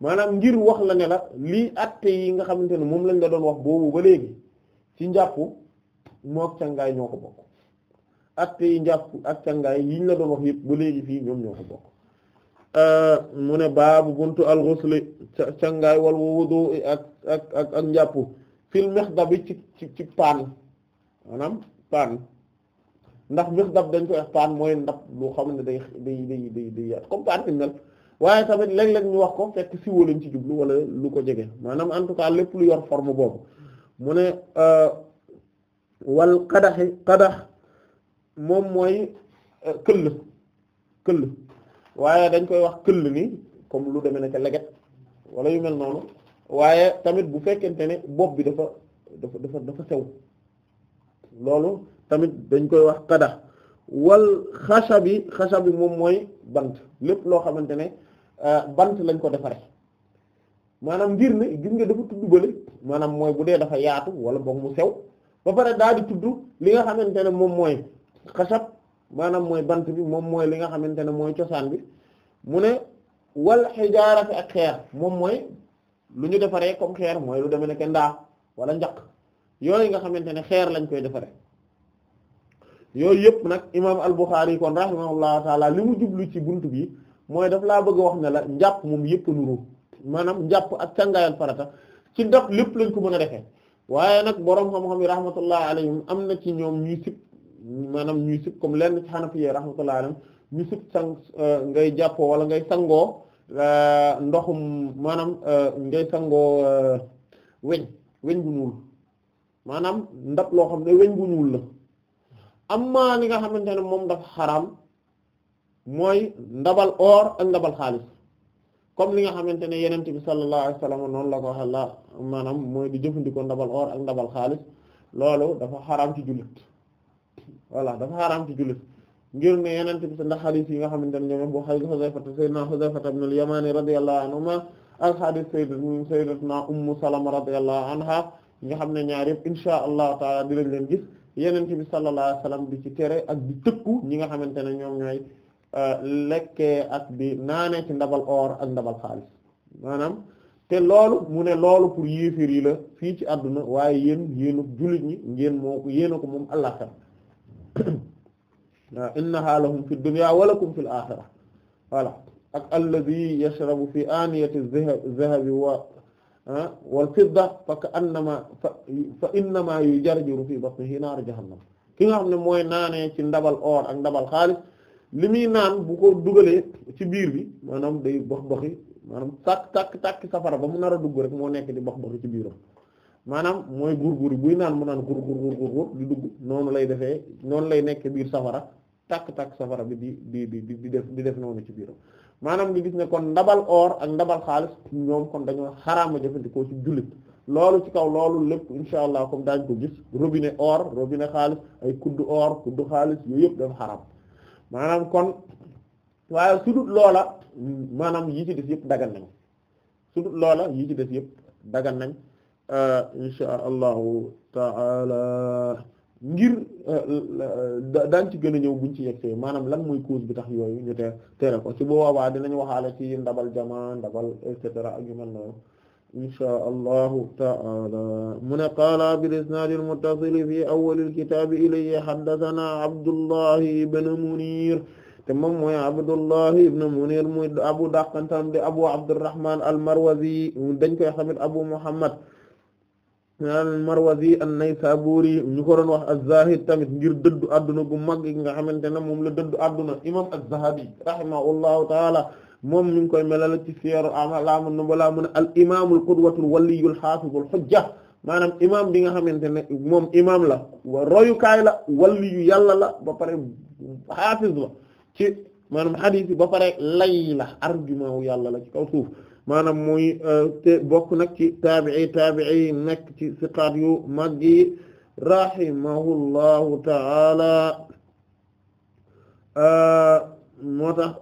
maanaam ngir wax la ne la lii atte yi nga xamante ne moom lañ la doon wax boobu ba léegi ci njàpp mook cangaay ñoo ko bokk atte yi njàpp ak cangaay yiñ la doon wax yëpp ba léegi fii ñoom ñoo ko bokk euh, mu ne baabu buntu al ghusl cangaay wal wudu ak ak ak ak fil mixdab ci ci ci paan maanaam paan ndax mixdab dañ koy wax paan mooy ndab lu xam ne day day day day day yaat comme paan im mel waaye tamit léeg-léeg ñu wax ko fekk siwo lañ ci jublu wala lu ko jege maanaam en tout cas lépp lu yor forme boobu mu ne euh, wal qadaxi qadax moom mooy euh, këll këll waaye dañ koy wax këll ni comme lu deme ne ca leget wala yu mel noonu waaye tamit bu fekkente ne bopp bi dafa dafa dafa dafa sew loolu tamit dañ koy wax kada wal xasa bi xasa bi moom mooy bant lépp loo xamante ne euh, bant lañ ko defaree maanaam ngir ne gis nga dafa tudd bële maanaam mooy bu dee dafa yaatu wala boog mu sew ba pare daal di tudd li nga xamante ne moom mooy xasab maanaam mooy bant bi moom mooy li nga xamante ne mooy cosaan bi mu ne wal xijaara fi ak xeer moom mooy lu ñu defaree comme xeer mooy lu deme ne ndaa wala njaq yooyu nga xamante ne xeer lañ koy defaree yooyu yëpp nag imaam al-Bukhari kon rahimahullahu taala li mu jublu ci bunt bi mooy daf laa bëgg a wax ne la njàpp moom yëpp nuru maanaam njàpp ak càngaayal farata ci daf lépp lañ ko mën a defee waaye nag boroom xam-xam yi rahmatullah alayhim am na ci ñoom ñuy sib maanaam ñuy sib comme lenn ci Hanafi yi rahmatullah alayhim ñu sib euh, ngay jàppoo wala ngay sangoo Euh, ndoxum maanaam euh, ngay sangoo euh, weñ weñ bu ñuul maanaam ndab loo xam ne weñ bu ñuul la amma li nga xamante ne moom dafa xaraam mooy ndabal or ak ndabal xaalis comme li nga xamante ne yeneen bi sallallahu alayhi wasallam noonu la ko waxe la maanaam mooy di jëfandikoo ndabal or ak ndabal xaalis loolu dafa xaraam ci jullit voilà dafa xaraam ci jullit ngir ne yeneen bi ndax xadis yi nga xamante ne ñoom bu xadis Hudayfa sayyidina Hudayfa ibn al-Yamani radiyallahu anhuma ak xadis sayyidatuna sayyidatuna nga xam ne ñaar yëpp insha allahu taala dinañ leen bi sallallahu ci tere ak di tëkku ñi nga xamante ne ñoom ñooy uh, lekkee ak di naane ci ndabal or ak ndabal xaalis maanaam te loolu mu ne loolu pour yéeféer yi la fii ci àdduna waaye yéen yéenu jullit ñi ngeen moo yéena ko moom àllaxira innaha lahum fi dunya wa lakum fil akhirah voilà ak alladhi yashrabu fi aniyati adh-dhahabi wa wal fidda fa ka annama fa innama yujarjiru fi batnihi naar jahannam ki nga xam ne mooy naanee ci ndabal or ak ndabal xaalis li muy naan bu ko dugalee ci biir bi maanaam day box boxi maanaam tàkk tàkk tàkk safara ba mu nar a dugg rek moo nekk di box boxi ci biiram maanaam mooy gurgur buy naan mu naan gur gur gur gur di dugg noonu lay defee noonu lay nekke biir safara tàkk-tàkk safara bi di di di di def di def noonu ci biiram maanaam nga gis ne kon ndabal oor ak ndabal xaalis ñoom kon dañoo xaraama jëfandikoo ci jullit loolu ci kaw loolu lépp insha allah comme daañ ko gis robinet or robinet xaalis ay kuddu or kuddu xaalis yooyu yëpp dafa xaraam maanaam kon waaye su dut loola maanaam yi ci def yëpp dagan nañ su dut loola yi ci def yëpp dagan nañ euh, insha allahu taala ngir euh, daan ci gën a ñëw buñ ci yegsee maanaam lan mooy cause bi tax yooyu ñu te tere ko ci boobaa dinañ waxaale ci ndabal jamaa ndabal et cetera ak yu mel noonu inshaa allahu taala mu ne qaala bil isnaadil muttasili fi awwalil kitaabi ilayhi haddasanaa abdullahi ibn munir te moom mooy abdullahi ibn munir muy abu daqantam de abu abdurrahman al marwazi dañ koy xamit abu muhammad al-Marwazi an-Naysaburi ñu ko doon wax az-Zahid tamit ngir dëddu adduna gu mag gi nga xamante ne moom la dëddu adduna imam az-Zahabi rahimahullahu taala moom mi ngi koy melal ci Siyar A'lam an-Nubala mu ne al-imam al-qudwatu al-waliyyu al-hafizu al maanaam imam bi nga xamante ne moom imam la royukaay la waliyu yàlla la ba pare hafiz la ci maanaam hadith yi ba pare lay la argument yàlla la ci kaw maanaam muy euh, te bokk nag ci taabi'i taabi'i nekk ci siqaat yu mag yi rahimahullahu ta'ala euh, moo tax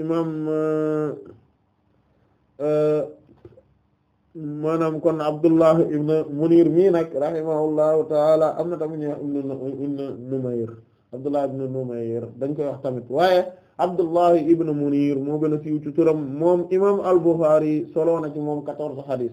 imam euh, maanaam kon Abdullah ibn Munir mii nag rahimahullahu ta'ala am na tamit ñu wax ibn Numayr Abdullah ibn Numayr dañ koy wax tamit waaye Abdullahi ibn Munir moo gën a siiw ci turam moom imam al-Bukhari solo na ci moom quatorze xadis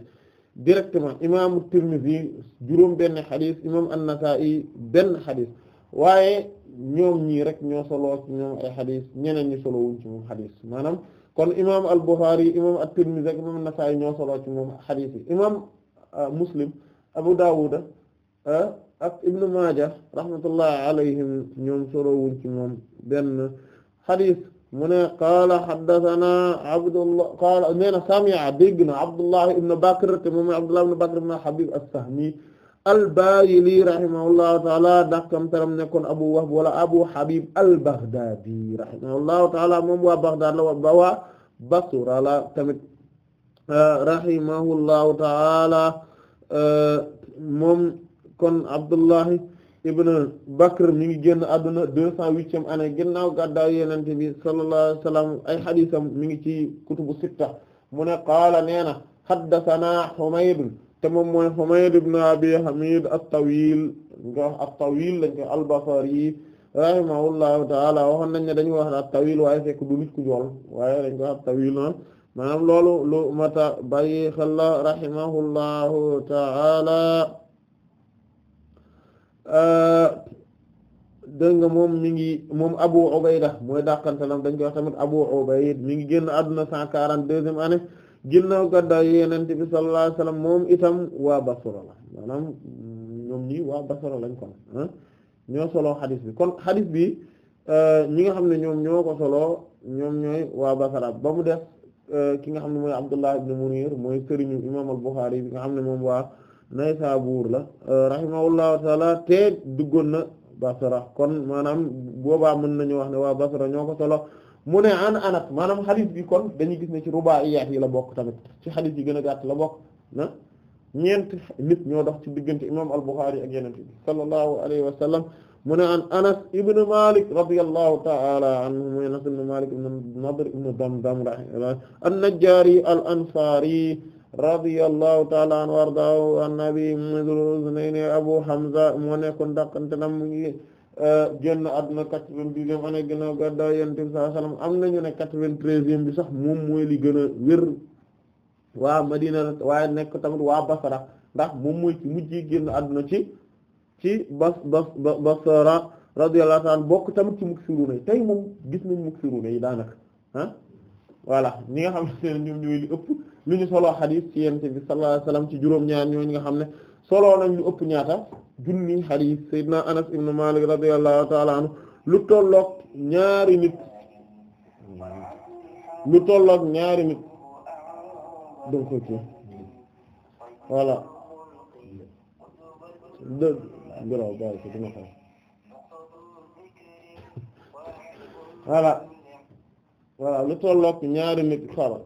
directement imam Tirmidhi juróom benn xadis imam an-Nasa'i benn xadis waaye ñoom ñii rek ñoo solo ci ñoom ay xadis ñeneen ñi ci moom xadis maanaam kon imaam al-Bukhari imam at-Tirmidhi rek imam an-Nasa'i ñoo solo ci moom xadis yi imam euh, Muslim Abu Dawud euh, ak Ibn Maaja rahmatullahi alayhim ñoom solo ci moom ben xadis mu ne qaala haddathana Abdullah qaala nee na sami'a dégg na Abdullah ibn Bakr te moom Abdullah ibn Bakr ibn Habib as-Sahmi al-Baahili rahimahullahu ta'ala dàqam taram nekkoon Abu Wahb wala Abu Habib al-Baghdadi rahimahullahu ta'ala moom waa Baghdad la waa Basra la tamit rahimahullahu ta'ala moom kon Abdullah ibn Bakr mi ngi génn àdduna deux cent huitième année ginnaaw gàddaay yenente bi sallallahu alayhi wa sallam ay xadiisam mi ngi ci kutubu sitta mu ne qaala nee na xaddasanaa Humayd te moom mooy Humayd ibn Abi Hamid at-Tawil nga at-Tawil lañ ko al-Basri rahimahullahu taala waxoon nañ ne dañu wax at-Tawil waaye fekk du nit ku jool waaye dañ ko at-Tawil noonu maanaam loolu lu mata bàyyi xel la rahimahullahu taala Euh, dégg nga moom mi ngi moom Abu Ubayda mooy dàqantalam dañ koy wax tamit Abu Ubayd mi ngi génn àdduna cent quarante-deuxième année ginnaaw gàddaay Yonent bi sallallahu alayhi wasallam moom itam waa Basra la maanaam ñoom ñii waa Basra lañ kon ah ñoo solo xadis bi kon xadis bi euh, ñi nga xam ne ñoom ñoo ko solo ñoom ñooy waa Basra ba mu def euh, ki nga xam ne mooy Abdullah ibn Munir mooy sëriñu imam al bi nga xam ne moom waa Naysaabuur la euh, rahimahullahu taala te duggoon na Basra kon maanaam boobaa mën nañu wax ne waa Basra ñoo ko solo mu ne an Anas maanaam xadis bi kon dañuy gis ne ci rubaa'iyaat yi la bokk tamit ci xadis yi gën a gàtt la bokk na ñeent nit ñoo dox ci diggante imaam al-Bukhari ak yeneen bi sallallahu alayhi wa sallam mu ne an Anas ibn Malik radiyallahu ta'ala anhu muy Anas ibn Malik ibn Nadr ibn Damdam an-Najjari al-Ansari radiyallahu ta'ala anhu wardahu annabi Dhul Huznayni Abu Hamza moo nekkoon dàqantenam mu ngi e, génn àdduna quatre-vingt-dixième année ginnaaw gàddaay Yonent bi sallallahu alayhi am nañu ne quatre-vingt-treizième bi sax moom mooy li gën a wér waa Madina waaye nekk tamit waa Basra ndax moom mooy ci mujj génn àdduna ci ci bas bas Basra radiyallahu ta'ala bokk tamit ci muksiruna yi tey moom gis nañ muksiruna yi daanaka ah. voilà ñi nga xam ne ñoom ñooy li ëpp lu ñu soloo xadis ci yent bi sallallahu alayhi ci juróom-ñaar ñoo ñi nga xam ne solo nañ lu ëpp ñaata junni xadis sayyidina Anas ibn Malik radiyallahu ta'ala lu tolloog ñaari nit lu tolloog ñaari nit donc ok voilà lu tollook ñaari nit xaaral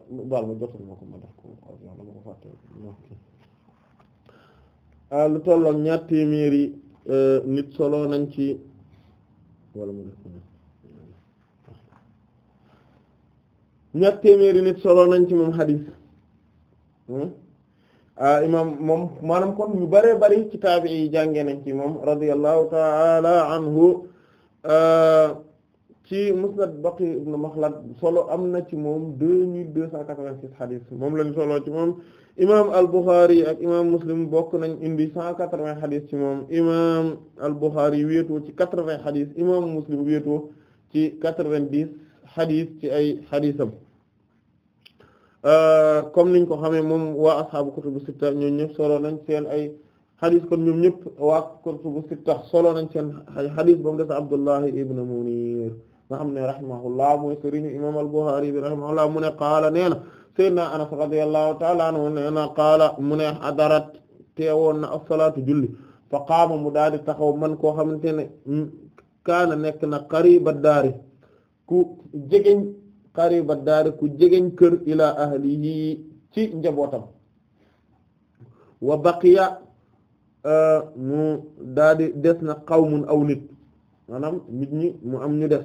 ah, lu tollook ñaar téeméeri euh, nit solo nañ ci wala ñaar téeméeri nit solo nañ ci moom xadiis hmm? ah, moom maanaam kon ñu bëree bëri ci taabi yi jàngee nañ ci moom radiyallahu ta'ala anhu ah, ci musnad Baqi ibn Makhlad solo am na ci moom deux mille moom lañu solo ci moom imam al-Bukhari ak imam Muslim bokk nañ indi cent quatre-vingts xadis ci moom imam al-Bukhari wéetoo ci quatre-vingts xadis imam Muslim wéetoo ci quatre-vingt-dix xadis ci ay xadisam euh, comme niñ ko xamee moom waa ashaabu kutubu sitta ñoom ñëpp solo nañ seen ay xadis kon ñoom ñëpp waa kutubu sitta solo nañ seen ay xadis ba mu def Abdullahi ibn Munir nga xam ne rahimahullah mooy sëriñu imam al-Bukhari mu ne qaala nee na Anas radiyallahu ta'ala anhu nee qaala mu ne hadarat teewoon na as-salaatu julli fa qaama mu daal taxaw man koo xamante ne kaana nekk na qariba daari ku jegeñ qariba daari ku jegeñ kër ilaa ahlihi ci njabootam wa baqiya euh, mu daal di des na qawmun aw nit maanaam ñi mu am ñu des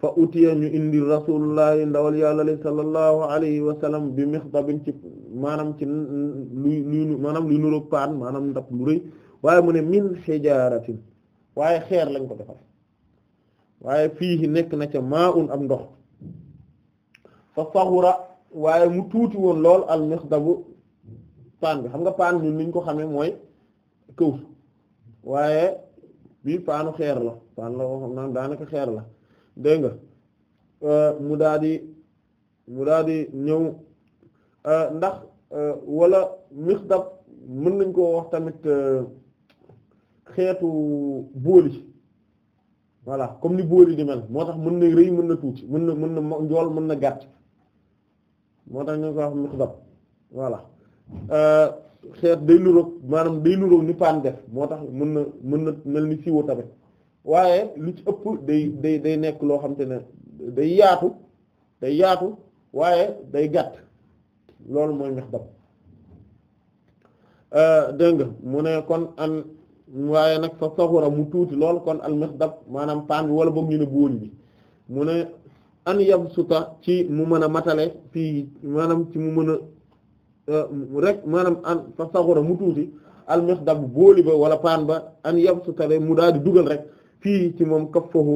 fa utiya ñu indi rasulullah ndawal yàlla li sallallahu alayhi wa sallam bi mixdabin ci maanaam ci luy luy maanaam luy nuroog paan maanaam ndab lu rëy waaye mu ne min xijaratin waaye xeer lañ ko defar waaye fiihi nekk na ca maa un am ndox fa faxura waaye mu tuuti woon lool al mixdabu paan bi xam nga paan ñun niñ ko xamee mooy këw waaye bii paanu xeer la paan la woo xam naa daanaka xeer la dégg nga euh, mu daal di mu daal ñëw euh, ndax euh, wala mixdab mën nañ koo wax tamit xeetu booli voilà comme ni booli di mel moo tax mën na rëy mën na tuuti mën na mën na njool mën na gàtt moo tax ñu ko wax mixdab voilà xeet day luroog maanaam day luroog ni paan def moo tax mën na mën na mel ni siwo tamit waaye lu ci ëpp day day day nekk loo xam te ne day yaatu day yaatu waaye day gàtt loolu mooy mixdab euh, dégg nga mu ne kon an waaye nag fa saxura mu tuuti lool kon al mixdab maanaam paan bi wala boog ñu ne bóoñ bi mu ne an yam suta ci mu mën a matale fii maanaam ci mu mën a euh, rek maanaam an fa saxura mu tuuti al mixdab bóoli ba wala paan ba an yam suta mu daal di dugal rek fii ci moom kaffahu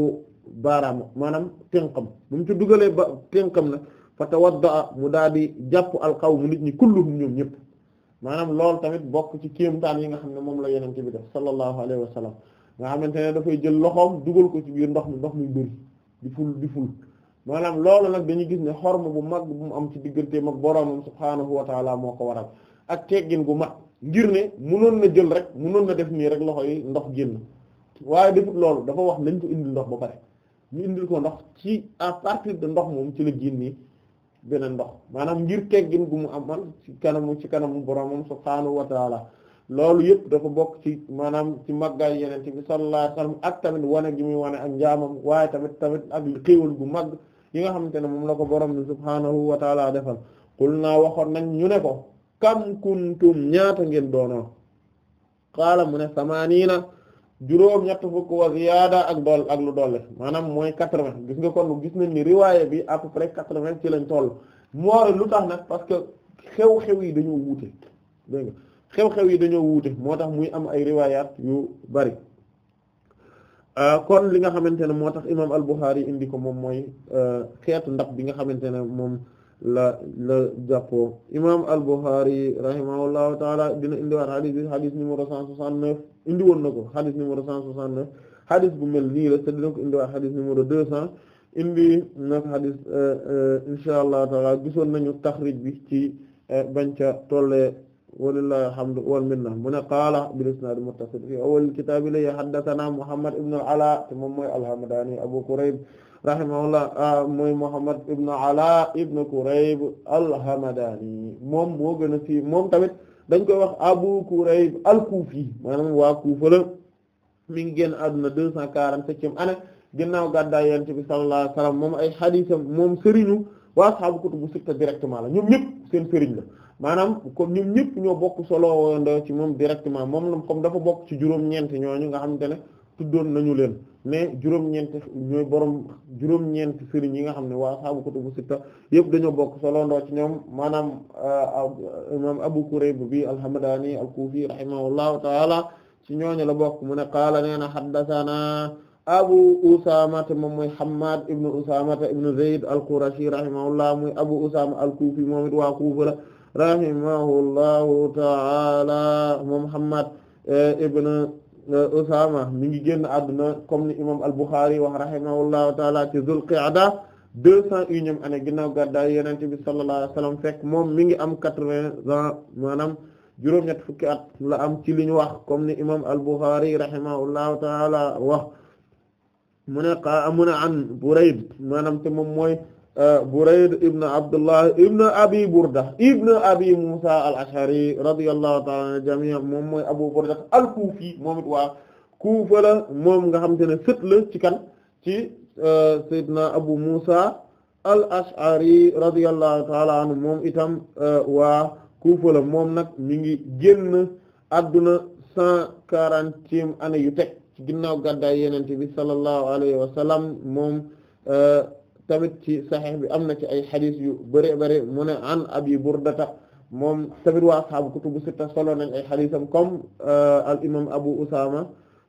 baaraam maanaam tenqam bu mu ci dugalee ba tenqam nag fa tawadda mu daal di jàpp alqawmu nit ñi kulluhum ñoom ñëpp maanaam loolu tamit bokk ci kéemtaan yi nga xam ne moom la yonent bi def sallallahu alayhi wa nga xamante ne dafay jël loxoom dugal ko ci biir ndox mi ndox mi bëri di ful di ful maanaam loolu nag dañuy gis ne xorma bu mag bu mu am ci digganteem ak boroomam subhaanahu wa taala moo ko waral ak teggin gu mag ngir ne munoon na jël rek munoon na def nii rek loxo yi ndox génn waaye defut loolu dafa wax nañ ko indil ndox ba pare mu indil ko ndox ci à partir de ndox moom ci la génnee beneen ndox maanaam ngir teggin gu mu amal ci kanamu ci kanamu boromam subhaanahu wa taala loolu yëpp dafa bokk ci maanaam ci màggaay yeneen bi sallallahu alayhi wasallam ak tamit wane gi muy wane ak njaamam waaye tamit tamit ak xéewal gu mag yi nga xamante ne moom la ko borom ni subhaanahu wa taala defal xul naa waxoon nañ ñu ne ko kam kuntum ñaata ngeen doonoon xaala mu ne samaaniina juróom ñett fukk wa ziyaada ak dool ak lu doole maanaam mooy quatre-vingts gis nga kon gis nañ ni riwaayé bi à peu près quatre-vingts ci lañ toll moore lu tax nag parce que xew-xew yi dañoo wuute dégg xew-xew yi dañoo wuute moo tax muy am ay riwaayaat yu bari euh, kon li nga xamante ne moo tax imaam al yi indi ko moom mooy euh, xeetu ndax bi nga xamante ne moom la la jàppoo imam al-Bukhari rahimahullahu taala dina indiwaat xadis xadis numéro cent neuf indi woon na ko xadis numéro cent soixante-neuf xadis bu mel nii la te dina ko indiwaat xadis numéro deux cents indi na xadis euh, euh, insha allahu taala gisoon nañu taxrij bi ci euh, banca tollee walillahi alhamdu wal minna mu ne qaala bil isnaad muttasil fi awwal kitaab li haddathana Muhammad ibn al te moom mooy al-Hamdani Abu Kurayb rahimahullah ah, mooy Muhammad ibn Ala ibn Kurayb al-Hamadani moom moo gën a fi moom tamit dañ koy wax Abu Kurayb al-Kufi maanaam waa Kufa la mi ngi génn àdduna deux cent quarante-septième année ginnaaw gàddaay Yonent bi sallallahu alayhi wa sallam moom ay xadiisam moom sëriñu waa ashaabu kutubu sitta directement la ñoom ñëpp seen sëriñ la maanaam comme ñoom ñëpp ñoo bokk solo wondo ci moom directement moom comme dafa bokk ci juróom-ñeent ñooñu nga xamante ne tuddoon nañu leen ne juróom-ñeenti ñooy borom juróom-ñeenti nga xam ne waa ashaabu kutubu sitta yëpp dañoo bokk soloondoo ci ñoom maanaam euh, imaam Abu Kurayb bi al-Hamdani al-Kufi rahimahullahu taala ci ñooñu la bokk mu ne qaala nee na haddathana Abu Usama te moom mooy Hammad ibn Usama ibn Zayd al-Qurashi rahimahullah muy Abu Usama al-Kufi moom it waa Kufa rahimahullahu taala moom Hammad euh, ibn Usaama mi ngi génn àdduna comme ni imam al-Bukhari wax rahimahullahu taala ci Zul Qi'da deux cent unième année ginnaaw gàddaay Yonent bi sallallahu alayhi wa sallam fekk moom mi ngi am quatre-vingts ans maanaam juróom-ñett fukki at la am ci li ñu wax comme ni imam al-Bukhari rahimahullahu taala wax mu ne xa mu ne an Burayd maanaam te moom mooy Burayd ibn Abdullah ibn Abi Burda ibn Abi Musa al-Ash'ari radiyallahu ta'ala anil jami' moom mooy Abu Burda al-Kufi moom it waa Kufa moom nga xamante ne sët ci kan ci euh, Seydina Abu Musa al-Ash'ari radiyallahu ta'ala anhu moom itam euh, waa Kufa moom nag mi ngi génn adduna cent quarantième année yu teg ci ginnaaw gàddaay Yonent bi sallallahu alayhi wa moom. Euh, tamit ci saxiix bi am na ci ay xadis yu bëri bëri mu ne an abi burdata moom tamit waa ashaabu kutubu sitta solo nañ ay xadisam comme euh, al imam abu usama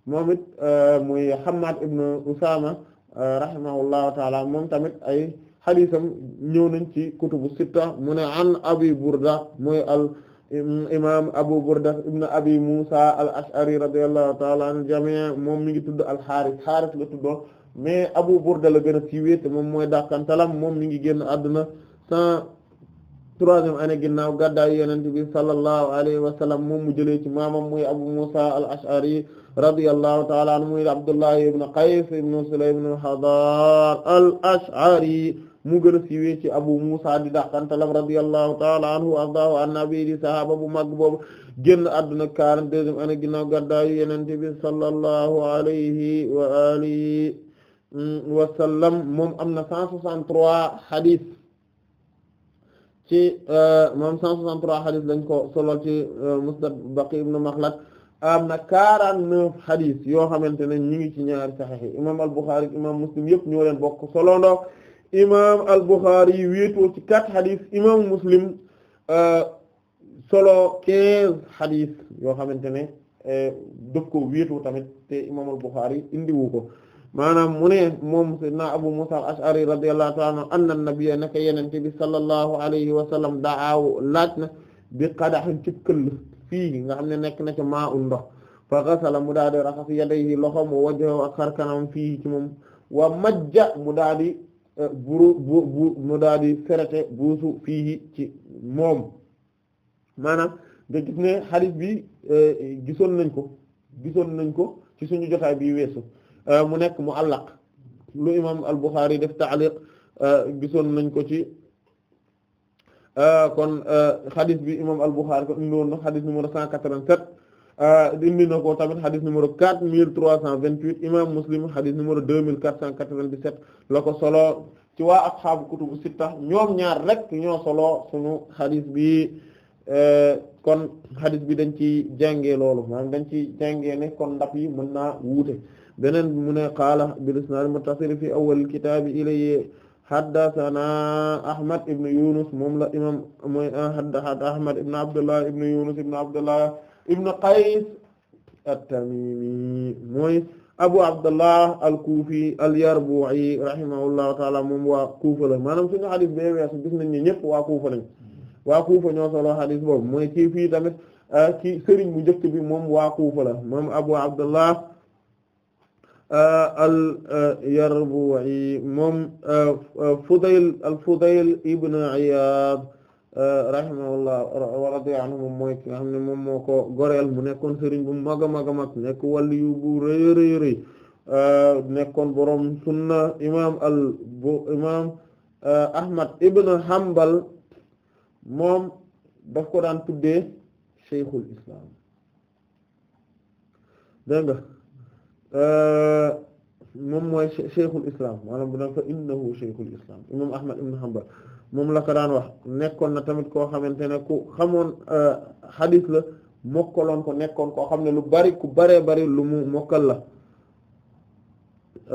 moom it euh, muy Hammad ibn usaama euh, rahimahullahu taala moom tamit ay xadisam ñëw nañ ci kutubu sitta mu ne an abi burda muy al imam abu burda ibn abi musa al ash'ari radiyallahu taala an jami' moom mi ngi tudd al xaaris xaaris la tuddoo mais Abu Burda la gën a moom mooy dàqantalam moom mi ngi génn àdduna cent troisième année ginnaaw gàddaayu yonent bi sallallahu alayhi wa sallam moom mu jëlee maamam muy Abu Musa al-Ash'ari radiyallahu ta'ala anhu muy Abdullahi ibn Qays ibn Sulaym ibn mu gën a Abu Musa di dàqantalam radiyallahu ta'ala an-nabi di bu mag boobu génn àdduna quarante-deuxième année ginnaaw gàddaayu bi sallallahu alayhi wa Mm, wa sallam moom am na 163 hadith ci euh, moom 163 hadith lañ ko solo ci euh, musnad Baqi ibn Makhlad am na 49 hadith yoo xamante ne ñu ngi ci ñaari sahih yi imaam al-Bukhari imaam Muslim yëpp ñoo leen bokk solo ndox imaam al-Bukhari yi wéetoo ci 4 hadith imaam Muslim euh, solo 15 hadith yoo xamante ne daf ko wéetoo tamit te imaam al-Bukhari indiwu ko. maanaam mu ne moom sayyidina Abu Musa al-Ash'ari radiyallahu ta'ala anna an-nabiyya naka yenente bi sallallahu alayhi wa sallam da'aaw laaj na bi qadahin ci këll fii nga xam ne nekk na ci maa un ndox fa ghasala mu daa di raxas yadayhi loxom wa wajhahu ak fii ci moom wa majja mu daa di eh, buru bu mu daa di ferete buusu fii ci moom maanaam nga gis ne hadith bi eh, gisoon nañ ko gisoon nañ ko ci suñu jotaay bi weesu Euh, mu nekk mu allaq lu imam al-Bukhari def taaliq euh, gisoon nañ ko ci euh, kon xadis bi imam al-Bukhari ko indi woon na xadis numéro 187 indi na ko tamit xadis numéro 4328 imam Muslim xadis numéro 2497 la ko solo ci waa ak asxaabu kutubu sitta ñoom ñaar rek ñoo solo suñu xadis bi kon xadis bi dañ ci jàngee loolu maanaam dañ ci jàngee ne kon ndab yi mën naa wuute beneen bi mu ne qaala bil isnaad muttasil fi awwal kitaab ilayhi haddathana Ahmad ibn Yunus moom la imam mooy haddathana ibn Abdullah ibn Yunus ibn Abdullah ibn Qays at mooy Abu Abdullah al-Kufi al-Yarbu'i ta'ala moom wa Kufa la maanaam suñu xadis bee weesu gis nañ ni ñëpp waa Kufa lañ waa Kufa solo xadis boobu mooy ci fii tamit ci ah, sëriñ bu njëkk bi moom wa Kufa moom Abu Abdullah al-Yarbu'i moom Fudayl al-Fudayl ibn Iyad rahimahullah wa radiya anhu moom mooy ki nga xam ne moom moo ko goreel mu nekkoon sëriñ bu mag a mag a nekk waliyu bu rëy euh, nekkoon borom sunna imaam al imaam euh, Ahmad ibn Hanbal moom daf ko daan tuddee Shaykhul Islam Euh, moom mooy cheikhul islam maanaam bu nag fa innahu cheikhul islam imam ahmad ibn hanbal moom la ko daan wax nekkoon na tamit koo xamante ne ku xamoon xadis euh, la mokkaloon ko nekkoon koo xam ne lu bari ku baree bari lu mu mokkal la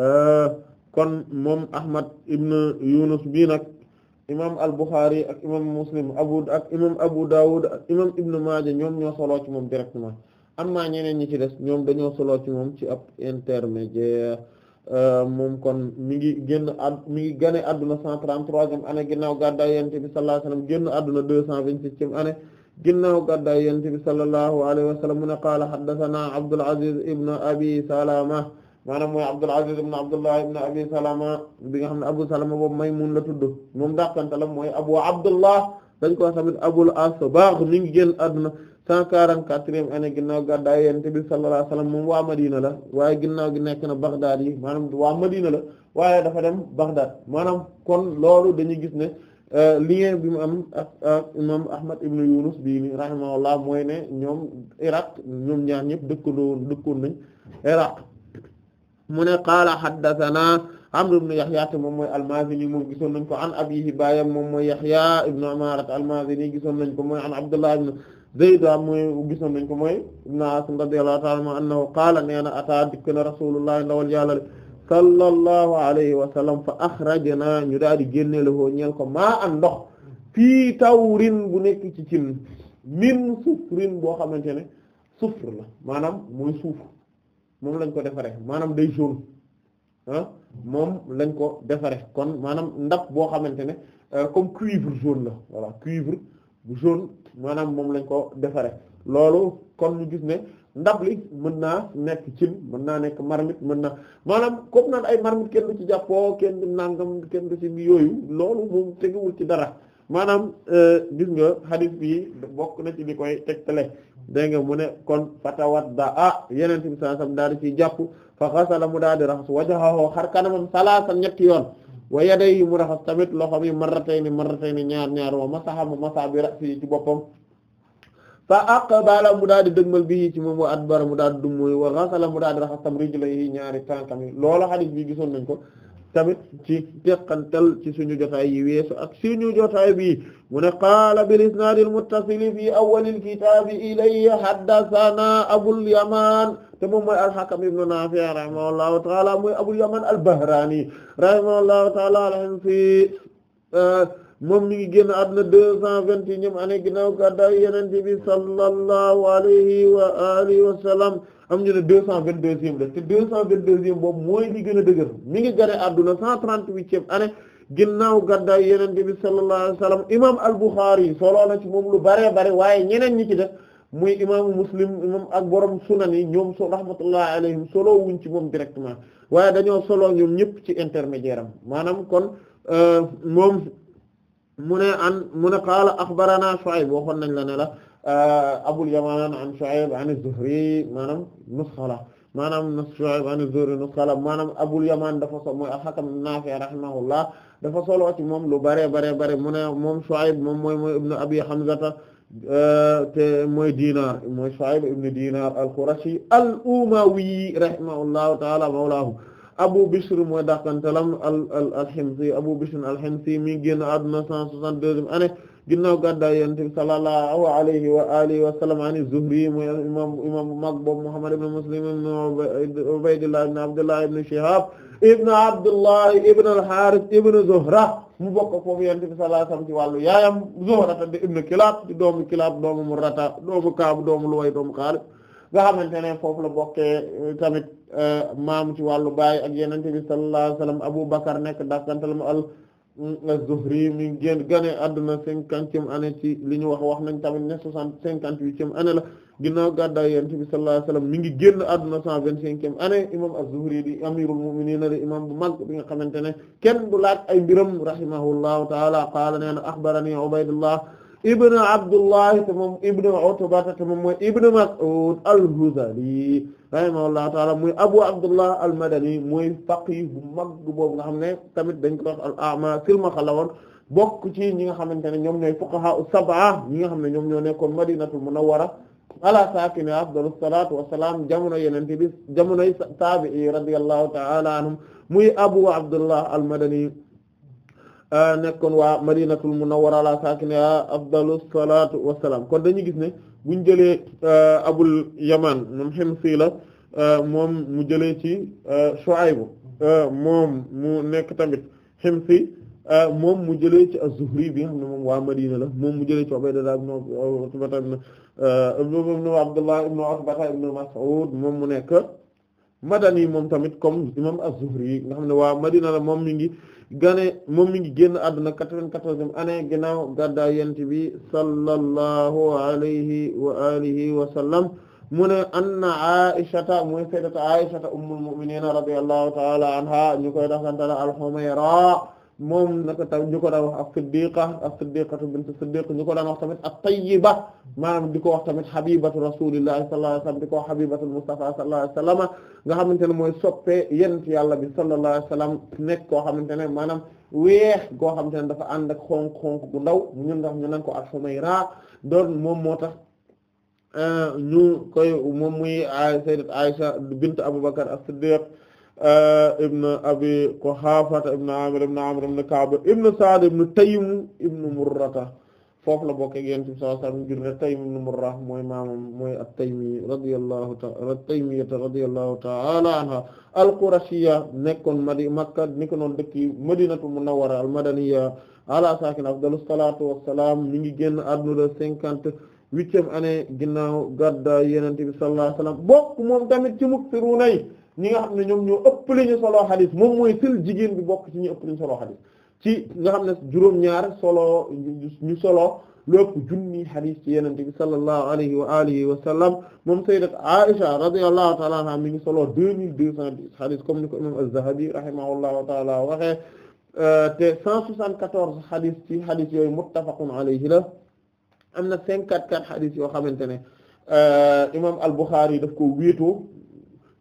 euh, kon moom ahmad ibn yunus bii nag imam al bukhari ak imam muslim abu ak imam abu dawud ak imam ibn maaja ñoom ñoo soloo ci moom directement amma ñeneen ñi ci des ñoom dañoo solo ci moom ci ab intermédiaire euh, moom kon mi ngi génn ad mi ngi gane adduna cent trente-troisième année ginnaaw gàddaay yonent bi sallallahu alayhi wasallam génn adduna deux cent vingt-sixième année ginnaaw gàddaay yonent bi sallallahu alayhi wasallam mu ne qaala haddathana Abdul Aziz ibn Abi Salama maanaam mooy Abdul Aziz ibn Abdullah ibn Abi Salama bi nga xam ne Abu Salama boobu Maymun la tudd moom dàqanta la mooy Abu Abdullah dañ ko wax tamit Abul Asbagh mi ngi génn adduna cent quarante-quatrième année ginnaaw gàddaay yonent bi sallallahu alayhi wasallam moom waa Madina la waaye ginnaaw gi nekk na Baghdad yi maanaam waa Madina la waaye dafa dem Baghdad maanaam kon loolu dañuy gis ne euh, lien bi mu am ak imam Ahmad ibn Yunus bii ni rahimahullah mooy ne ñoom Iraq ñoom ñaar ñëpp dëkkandoo dëkkoon nañ Iraq mu ne qaala haddathana Amr ibn Yahya te moom mooy al-Mazini moom gisoon nañ ko am abiihi baayam moom mooy Yahya ibn Umaara al-Mazini gisoon nañ ko mooy an Abdullah ibn Zayda mooy gisoon nañ ko mooy na Asim radiyallahu ta'ala ma annahu qaala nee na ataa dikk na Rasulullah ndawal yàlla sallallahu alayhi wa sallam fa akhrajna ñu daal di génne la ko ñeel ko maa am ndox fii tawrin bu nekk ci cin min sufrin boo xamante ne sufr la maanaam mooy suuf moom lañ ko defaree maanaam day jaune ah moom lañ ko defaree kon maanaam ndax boo xamante ne euh, comme cuivre jaune la voilà cuivre jaune. maanaam moom lañ ko defaree loolu comme ñu gis ne ndab li mën naa nekk cin mën naa nekk marmite mën naa maanaam comme naan ay marmite kenn ci jàppoo kenn du nangam kenn du ci yooyu loolu moom teguwul ci dara maanaam euh, gis nga hadith bi bokk na ci li koy tegtale dégg nga mu ne kon fatawadda ah yeneen bi sallallahu alayhi wasallam daal di ciy jàpp fa xasala mu daal di raxas wajhahu xar kanamam salaasan ñetti yoon wa yadayhi mu raxas tamit loxoom yi marratayni marratayni ñaar ñaar wa masaha mu masaha bi ra'si ci boppam fa aqbala mu daal di dëgmal bii ci moom wa bara mu daal di dummóoyu wa ghasala mu daal di raxas tam rijlayhi ñaari tànkam yi loolu xadis bi gisoon nañ ko tamit ci teqantal ci suñu jotaay yi weesu ak suñu jotaay bi mu ne qaala bil isnaad al muttasil fi awwal al kitaab ilayhi haddathana abul yaman te moom mooy al-Hakam ibn Nafi rahimahullahu ta'ala mooy abul yaman al-Bahrani rahimahullahu ta'ala al-Himsi euh, moom mi ngi génn àdduna deux cent vingt et unième année ginnaaw gàddaay Yonent bi sallallahu alayhi wa alihi wa sallam am ñu ne deux cent vingt deuxième boobu mooy li gën a dëgër mu ngi gane àdduna cent trente huitième année ginnaaw gàddaay yenente bi sallallahu alayhi wasallam imam al-Bukhari soloo na ci moom lu baree bare waaye ñeneen ñi ci def muy imaamu muslim imam ak borom sunan yi ñoom so rahmatullah alayhim solo wuñ ci moom directement waaye dañoo solo ñoom ñëpp ci intermédiaire am maanaam kon euh, moom mu ne an mu ne qaala axbarana Shu'ayb waxoon nañ la ne la Abul Yamaan an Shu'ayb an az-Zuhri maanaam nusxa la maanaam Shu'ayb an az-Zuhri nusxa la maanaam Abul Yamaan dafa so mooy al-Hakam an-Naafi' rahimahullah dafa solo ci moom lu bare bare bare mu ne moom Shu'ayb moom mooy mooy ibnu Abi Hamzata te mooy Diinaar mooy Shu'ayb ibnu Diinaar al-Qurashi al-Umawi rahimahullahu ta'ala mawlaahu Abu Bishr mooy dàqantalam al al al-Himsi Abu Bishr al-Himsi mi ngi génn àdduna 162e année ginnaaw gàddaay yonent bi sallallahu alayhi wa alihi wa sallam an zuhri mooy imam imam mag boobu Muhammad ibn Muslim ibn Ubaydillah ibn Abdullah ibn Shihab ibn Abdullah ibn al ibn Zuhra mu bokk foofu yonent bi sallallahu alayhi wa ci wàllu yaayam Zuhrata di ibn Kilab di doomu Kilab doomu Murrata doomu Kaab doomu Luway doomu Xaalid nga xamante foofu la bokkee eh, tamit eh, maam ci wàllu baay ak yonent bi sallallahu alayhi wa Abu Bakar nekk dakantalam al az-Zuhri mi ngi génn gane àdduna cinquantième année ci li ñu wax wax nañ tamit ne soixante cinquante-huitième année la ginnaaw gàddaay Yonent bi sallallahu alayhi wasallam mi ngi génn àdduna cent vingt-cinquième année imam az-Zuhri di amirul mu'minin di imam bu mag bi nga xamante ne kenn du laaj ay mbiram rahimahullahu ta'ala qaala nee na axbarani Ubaydullah ibnu Abdullahi te moom ibnu Utbata te moom mooy ibnu Mas'ud al-Hudhali rahimahullahu ta'ala muy Abu Abdullah al-Madani mooy faqih bu mag boobu nga xam ne tamit dañ ko wax al-a'ma silmaxa la woon bokk ci ñi nga xamante ne ñoom ñooy fuqaha sab'a ñi nga xam ne ñoom ñoo nekkoon Madinatul Munawwara ala saakini afdalu salaatu wa salaam jamono yeneen bi jamonoy taabi'i radiyallahu ta'ala anhum muy Abu Abdullah al-Madani nekkoon waa madinatul munawwara ala saakiniha afdalu salaatu wassalaam kon dañuy gis ne buñ jëlee abul yaman moom Himsi la moom mu jëlee ci Shuayb moom mu nekk tamit Himsi moom mu jële ci az-Zuhri bi xam ne moom waa Madina la moom mu jëlee ci Ubaydullah ibn Utbata ibn Abdullah ibn Utbata ibn Mas'ud moom mu nekk madani moom tamit comme imam az-Zuhri nga ne waa Madina la moom mi ngi gane moom mi ngi génn àdduna quatre-vingt-quatorzième année ginnaaw gàddaa yent bi sallallahu alayhi wa alihi wa sallam mu ne anna Aishata mooy sayyidatu Aishata ummul mu'minin radiyallahu ta'ala anha ñu koy daxantala al-Humayra moom naka tam ñu ko daan wax a siddiqa as-siddiqatu bint siddiq ñu ko daan wax tamit at-tayyiba maanaam di ko wax tamit habibatu rasulillahi sallallahu alayhi wasallam di ko wax habibatul mustafa sallallahu alayhi wasallam nga xamante ne mooy soppee yent yàlla bi sallallahu alayhi wasallam nekk koo xamante ne maanaam weex goo xamante ne dafa ànd ak xonq xonk bu ndaw ñun ndax ñu nan ko al-humayra doon moom moo tax euh, ñu koy moom muy euh, sayyidat Aisha bint Abubakar as-Siddiq ibn abi quhafata amir ibn amr ibn ka'b ibn sa'd ibn taym ibn murrata foofu la bokk ak yonent bi sallallahu alayhi wasallam mooy maamam mooy at-taymi radiyallahu ta'ala at-taymiyya radiyallahu ta'ala anha al-qurashiyya nekkoon madi makka ni ko noon dëkk madinatul munawwara al-madaniyya ala sakin afdalus salatu wassalam mi ngi génn àdduna cinquante huitième année ñi nga xam ne ñoom ñoo ëpp li ñu solo xadis moom mooy sël jigéen bi bokk ci ñu ëpp li ñu solo xadis ci nga xam ne juróom-ñaar solo ñu solo lépp junni xadis ci yenente bi sallallahu alayhi wa alihi wa moom sayyidat Aisha radiyallahu ta'ala anha mi ngi solo deux mille deux cent dix comme ni ko imam az-Zahabi rahimahullahu ta'ala waxee euh, te cent soixante-quatorze xadis ci xadis yooyu muttafaqun alayhi la am na cinquante-quatre xadis yoo xamante ne euh, imam al-Bukhari daf ko wéetoo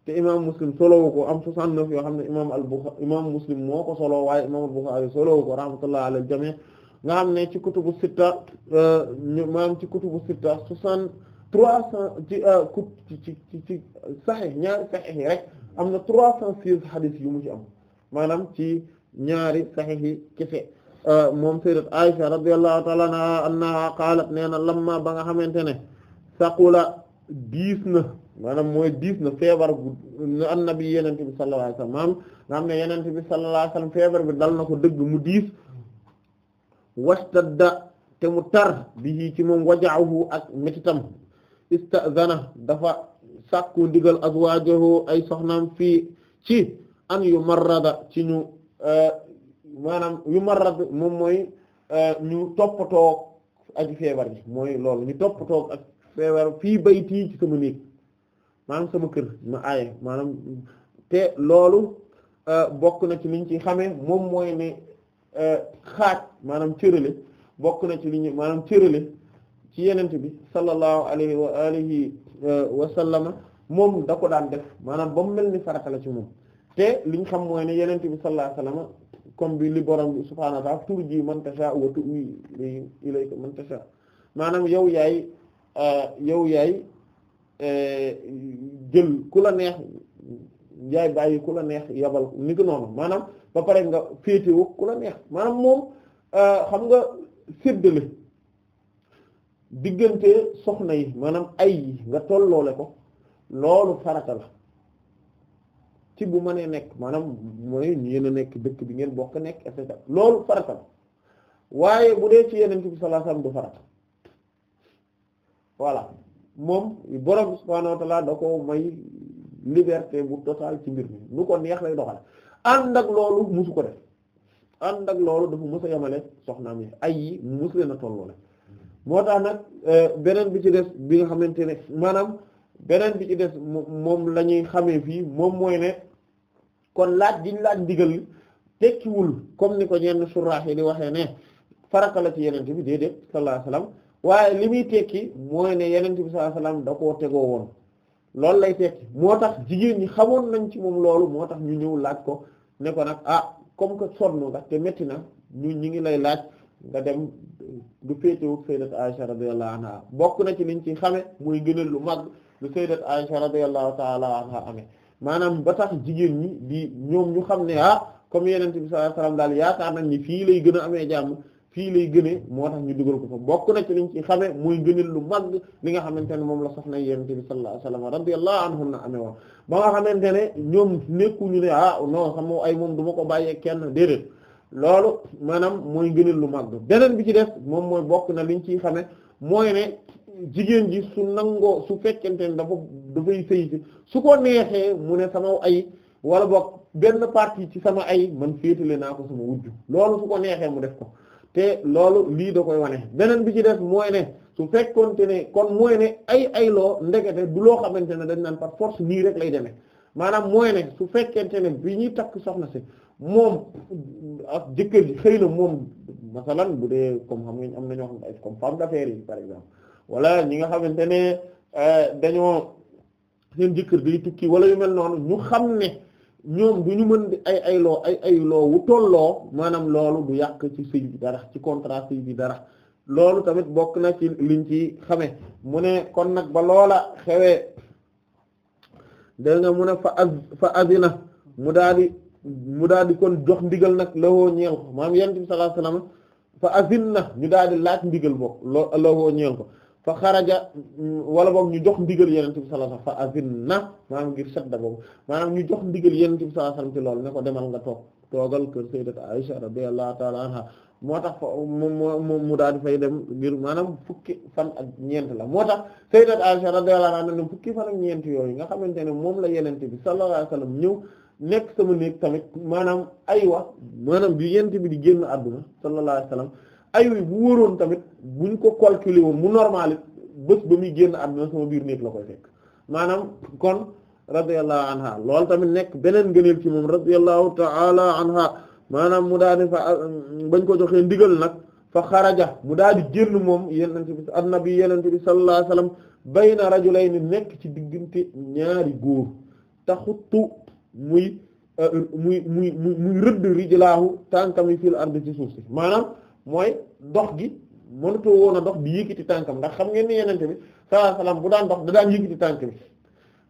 te imam muslim solowu am 69 yoo xam ne imam al-Bukhari imam muslim moo ko solo waaye imam al-Bukhari solowu ko rahmatullah al-jami' nga xam ne ci kutubu sitta euh, ñu maam ci kutubu sitta 60 300 ci euh, kut ci ci ci sahih ñaari sahih yi rek am na 306 hadith yu mu ci am maanaam ci ñaari sahih yi kese euh, moom sayyidat Aisha radiyallahu ta'ala anha annaha qaalat nee na lamma ba nga xamante ne saqula diis na maanaam mooy diis na feebar gu na nabi yenente bi sallallahu alayhi wasallam maanaam nga xam ne yenente bi sallallahu alayhi wasallam feebar bi dal na ko dëgg mu diis wastadda te mu tar bi ci moom wajaawu ak métitam istazana dafa sàkku ndigal azwaajahu ay soxnaam fii ci an yu marrada ci ñu eh, maanaam yu marrad moom mooy eh, ñu toppatoo ak feebar ji mooy loolu ñu toppatoo ak feebar fii bayti ci sama néeg maanaam sama kër ma aaye maanaam te loolu euh, bokk na ci liñ ci xamee moom mooy ne euh, xaaj maanaam cërale bokk na ci li ñu maanaam cërale ci yenent bi sallallahu alayhi wa alihi euh, wa sallama moom da ko daan def maanaam ba mu mel ni farata ci moom te liñ xam mooy ne yenent bi sallallahu alayhi comme bi li borom bi subhaanahu wa ta'ala turji man tasha wa tu'i ilayka man tasha maanaam yow yaay yow yaay Euh, jël ku la neex jaay bàyyi ku la neex yabal ni ko noonu maanaam ba pare nga féetewoo ku la neex maanaam moom euh, xam nga séddale diggante soxna yi maanaam ay yi nga tolloole ko loolu farata la ci bu ma nee nekk maanaam mooy yéen a nekk dëkk bi ngeen bokk nekk et loolu farata la waaye bu dee ci yeneen bi sallallahu alayhi du farata voilà moom borom subhaanahu wa da ko may liberté bu totale ci mbir mi nu ko neex lay doxal ànd ak loolu musu ko def ànd ak loolu dafa mës a yemale soxnaam yi ay yi mës leen a tolloo la moo tax nag euh, beneen bi ci des bi nga xamante ne maanaam beneen bi ci des moom la ñuy xamee fii moom mooy ne kon laaj diñ laaj ndigal tekkiwul comme ni ko ñenn suraax yi di waxee ne faraka la ci yenente bi déedéet sallallahu alayhi wasallam waaye li muy tekki mooy ne yeneen bi sallallahu alayhi wasallam da koo tegoo woon loolu lay tekki moo tax jigéen ñi xamoon nañ ci moom loolu moo tax ñu ñëw laaj ko ne ko nag ah comme que sonn nga te métti na ñu ñi ngi lay laaj nga dem du féetéwu sayyidat Aisha radiyallahu anha bokk na ci liñ ci xame muy gënal lu mag lu sayyidat Aisha radiyallahu ta'ala anha amee maanaam ba tax jigéen ñi di ñoom ñu xam ne ah comme yeneen bi sallallahu alayhi wasallam daal yaakaar nañ ni fii lay gën a amee jàmm fii lay gënee moo tax ñu dugal ko fa bokk na ci liñ ci xamee muy gënal lu mag li nga xamante ne moom la soxna yonent bi sallallahu alayhi wasallam radiyallahu anhum na amee woon ba nga xamante ne ñoom nekkuñu ne ah non xam ay moom du ma ko bàyyee kenn déedéet loolu maanaam mooy gënal lu mag beneen bi ci def moom mooy bokk na liñ ciy xamee mooy ne jigéen ji su nangoo su fekkente ne dafa dafay sëy ci su ko neexee mu ne sama ay wala bokk benn partie ci sama ay man féetale naa ko sama loolu su neexee mu def ko. te loolu lii da koy wane beneen bi ci def mooy ne su fekkoonte ne kon mooy ne ay ayloo loo ndekete du loo xamante ne dañ naan par force nii rek lay demee maanaam mooy ne su fekkente ne bi ñuy takk soxna si moom ak jëkkër ji xëy na moom masalan bu dee comme xam nga am na ñoo xam ne comme femme d'affaires yi par exemple wala ñi nga xamante ne euh, dañoo seen jëkkër day tukki wala yu mel noonu ñu xam ne ñoom du ñu mën di ay ay ay ay loo wu tolloo maanaam loolu du yàq ci sëy bi dara ci contrat sëy bi dara loolu tamit bokk na ci liñ ci xame mu ne kon nag ba loola xewee dégg nga mu ne fa az fa azina mu daal di mu daal di kon jox ndigal nag lawoo ñeel ko maanaam yonent bi sallallahu alayhi wasallam fa azin ñu daal di laaj ndigal bokk loo lawoo ñeel ko fa xaraja wala boog ñu jox ndigal yenente bi sallallahu alayhi wasallam fa azin na maanaam ngir shadda boobu maanaam ñu jox ndigal yenente bi sallallahu alayhi wasallam ci loolu ne ko demal nga toog toogal kër sayyidat Aisha radiyallahu ta'ala anha moo tax fa moom mu daal di fay dem ngir maanaam fukki fan ak ñeent la moo tax sayyidat Aisha radiyallahu anha ne fukki fan ak ñeent yooyu nga xamante ne moom la yenente bi sallallahu alayhi wasallam ñëw nekk sama néeg tamit maanaam aywa maanaam bi yenente bi di génn àdduna sallallahu alayhi wasallam ay wi bu wóoroon tamit buñ ko calculer woon mu normal it bés ba muy génn àdduna sama biir néeg la koy fekk maanaam kon radiyallahu anha loolu tamit nekk beneen ngëneel ci moom radiyallahu ta'ala anha maanaam mu daal di fa bañ ko joxee ndigal nag fa xaraja mu daal di génn moom yenente bi annabi yenente bi sallallahu alayhi wasallam bayna rajulayni nekk ci diggante ñaari góor taxuttu muy euh, muy muy muy rëdd rijlaahu tànkami fil ardi ci suuf si maanaam mooy dox gi mënutoo woon a dox di yëkkati tànkam ndax xam ngeen ni yenente bi sallallahu alayhi wasallam bu daan dox da daan yëkkati tànk bi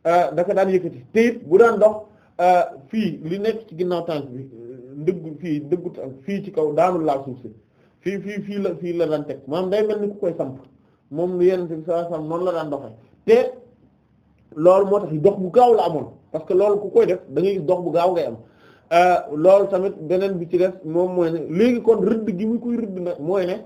euh, dafa daan yëkkati te it bu daan dox euh, fii li nekk ci ginnaaw tànk bi ndëgg fii ndëggu fii ci kaw daanul laal suuf si fii fii fii la fii la daan teg maanaam day mel ni ku koy samp moom lu yenente bi sallallahu alayhi wasallam noonu la daan doxee te loolu moo tax dox bu gaaw la amoon parce que loolu ku koy def da ngay gis dox bu gaaw ngay am Euh, loolu tamit beneen bi ci des moom mooy ne léegi kon rëdd gi mu koy rëdd nag mooy ne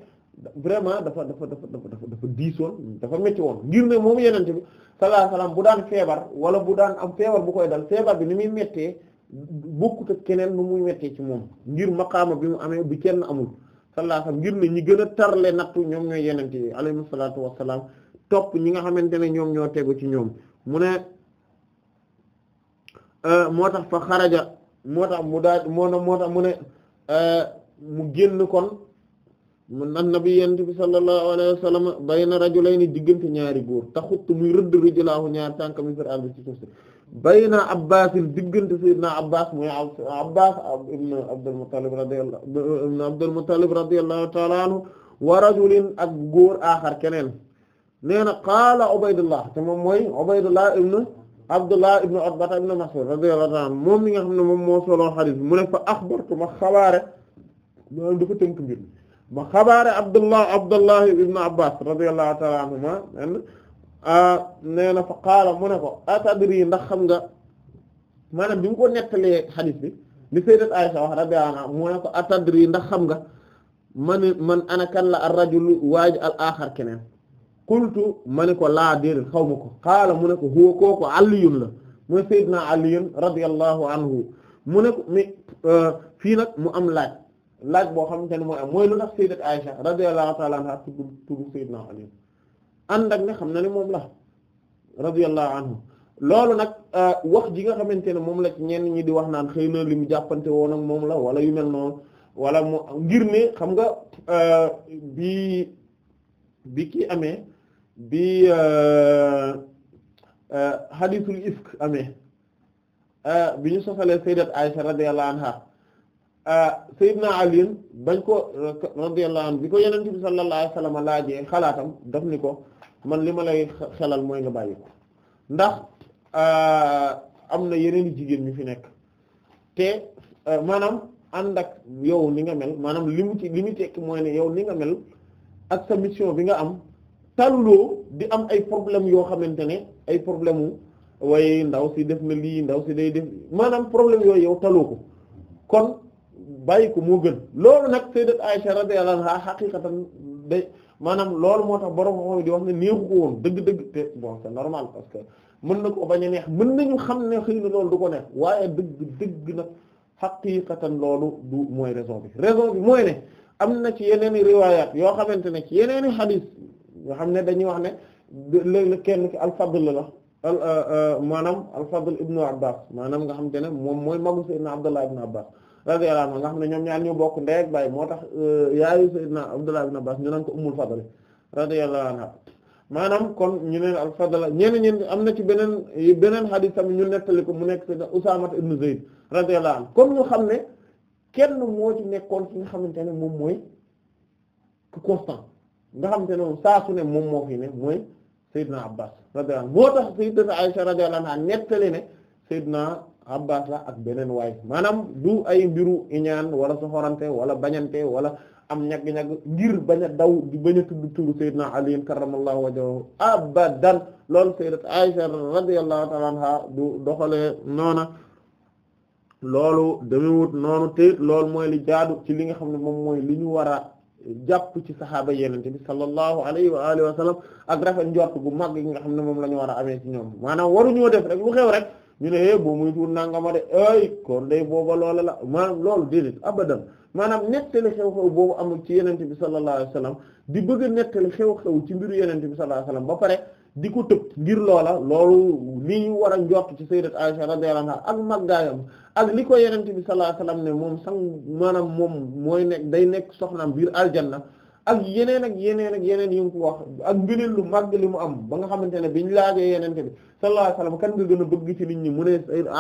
vraiment dafa dafa dafa dafa dafa diisoon dafa métti woon ngir ne moom yeneen bi sallallahu alayhi bu daan feebar wala bu daan am feebar bu koy dal feebar bi ni muy méttee bokkut ak keneen nu muy méttee ci moom ngir maqaama bi mu amee bi kenn amul sallallahu ngir ne ñi gën a tarle nattu ñoom ñooy yeneen yi alayhimu salaatu wassalaam topp ñi nga xamante ne ñoom ñoo tegu ci ñoom mu ne euh, moo tax fa moo tax mu daaj moo moo tax mu ne euh, mu génn kon mu nan nabi yent bi sallallahu alayhi wa sallam bayna rajulayni diggante ñaari góor taxut muy rëdd rijlaahu ñaari tànkam fir ardi ci suuf si bayna abbaasin diggante sayyidina abbas mu abbas ibn abdul muttalib radiyallahu ibn abdul mu radiyallahu ta'ala anhu wa rajulin ak góor aaxar keneen nee na qaala ubaydullah te moom ibn Abdullah ibn Utba ibn Mas'ud radiyallahu anhu moom mi nga xam ne moom moo solo xadis mu ne fa axbartu ma xabaare maanaam dafa tënk mbir ma xabaare Abdullah Abdullah ibn Abbas radiyallahu ta'ala anhuma nee na fa qaala mu ne ko atadri ndax xam nga maanaam bi mu ko nettalee xadis bi li sayyidat Aisha wax radiyallahu anha ne ko atadri ndax xam nga man man ana kan la ar-rajulu waaj al-axar keneen. qultu ma ne ko laa déedéet xaw ma ko xaala mu ne ko huwa kooku aliyun la mooy sayyidina aliyun radiyallahu anhu mu ne ko mais euh, fii nag mu am laaj laaj boo xamante ne mooy am mooy lu tax sayyidat Aisha radiyallahu ta'ala anha tudd tudd sayyidina aliyun ànd ak ne xam na ne moom la radiyallahu anhu loolu nag euh, wax ji nga xamante ne moom la ñenn ñi di wax naan xëy na li mu jàppante woon moom la wala yu mel noonu wala mu ngir ne xam nga euh, bi ki kii amee bi euh, euh, hadithul ifk amee euh, bi ñu soxalee sayyidat Aisha radiyallahu anha sayyidna Ali bañ ko radiyallahu anhu bi ko yenente bi sallallahu alayhi wasallam laajee xalaatam daf ni ko man li ma lay xelal mooy nga bàyyi ndax am na yeneen jigéen ñu fi nekk te maanaam ànd ak yow ni nga mel maanaam li mu ci li mu tekki mooy ne yow ni nga mel ak sa bi nga am tàlloo di am ay problème yoo xamante ne ay problème wu waaye ndaw si def na lii ndaw si day def maanaam problème yooyu yow taloo ko kon bàyyi ko moo gën loolu nag sayyidat Aisha radiyallahu anha xaqiqatan day maanaam loolu moo tax borom xam di wax ne neexu ko woon dëgg-dëgg te bon c'est normal parce que mën na ko bañ a neex mën nañu xam ne xëy na loolu du ko neex waaye dëgg dëgg nag xaqiqatan loolu du mooy raison bi raison bi mooy ne am na ci yeneen i riwaayaat yoo xamante ne yeneen i xadiis nga xam ne dañuy wax ne léegi léeg kenn ki al-Fadl la euh, euh, maanaam al-Fadl ibnu Abbas maanaam nga xam ne moom mooy magu Seydina Abdullah ibnu Abbas radiyallahu anhu nga xam ne ñoom ñaan ñu bokk ndey ak baay moo tax euh, yaayu Seydina Abdullah ibnu Abbas ñu naan ko Ummul Fadl radiyallahu anha maanaam kon ñu ne al-Fadl ñeneen ñi am na ci beneen beneen hadith tamit ñu nettali ko mu nekk Seydina Usaama ibnu Zayd radiyallahu anhu comme ñu xam ne kenn moo ci nekkoon ki nga xamante ne moom mooy ku constant nga xam te ne moom saa ne moom moo fi ne mooy Seydina Abbas radiyallahu anhu moo tax Seydina Aisha radiyallahu anha nettali ne na Abbas la ak beneen waay maanaam du ay mbiru iñaan wala soxorante wala bañante wala am ñagg-ñagg ngir bañ daw di bañ a tudd turu Seydina Ali karramallahu wajhahu abadan loolu Seydina Aisha radiyallahu ta'ala anha du doxalee noona loolu demewut noonu te loolu mooy li jaadu ci li nga xam ne moom mooy li ñu war a jàpp ci saxaaba yenente bi sallallahu alayhi wa alihi wa sallam ak rafet njort gu mag yi nga xam ne moom la ñu war a amee ci ñoom maanaam waruñoo def rek lu xew rek ñu ne eh, boo muy tuur nangama de ay kon day booba loola la maanaam loolu déedéet abadan maanaam nettali xew-xew boobu amul ci yenente bi sallallahu alayhi wa sallam di bëgg a nettali xew-xew ci mbiru yenente bi sallallahu alayhi wa sallam ba pare di ko tëb ngir loola loolu li ñu war a njort ci sayyidat Aisha radiyallahu anha ak màggaayam ak li ko yonent bi sallallahu alayhi ne moom sang maanaam moom mooy nekk day nekk soxnaam biir aljanna ak yeneen ak yeneen ak yeneen yu mu ko wax ak ngëneel lu màgg li mu am ba nga xamante ne bi ñu laajee yonent bi sallallahu alayhi wasallam kan nga gën a bëgg ci nit ñi mu ne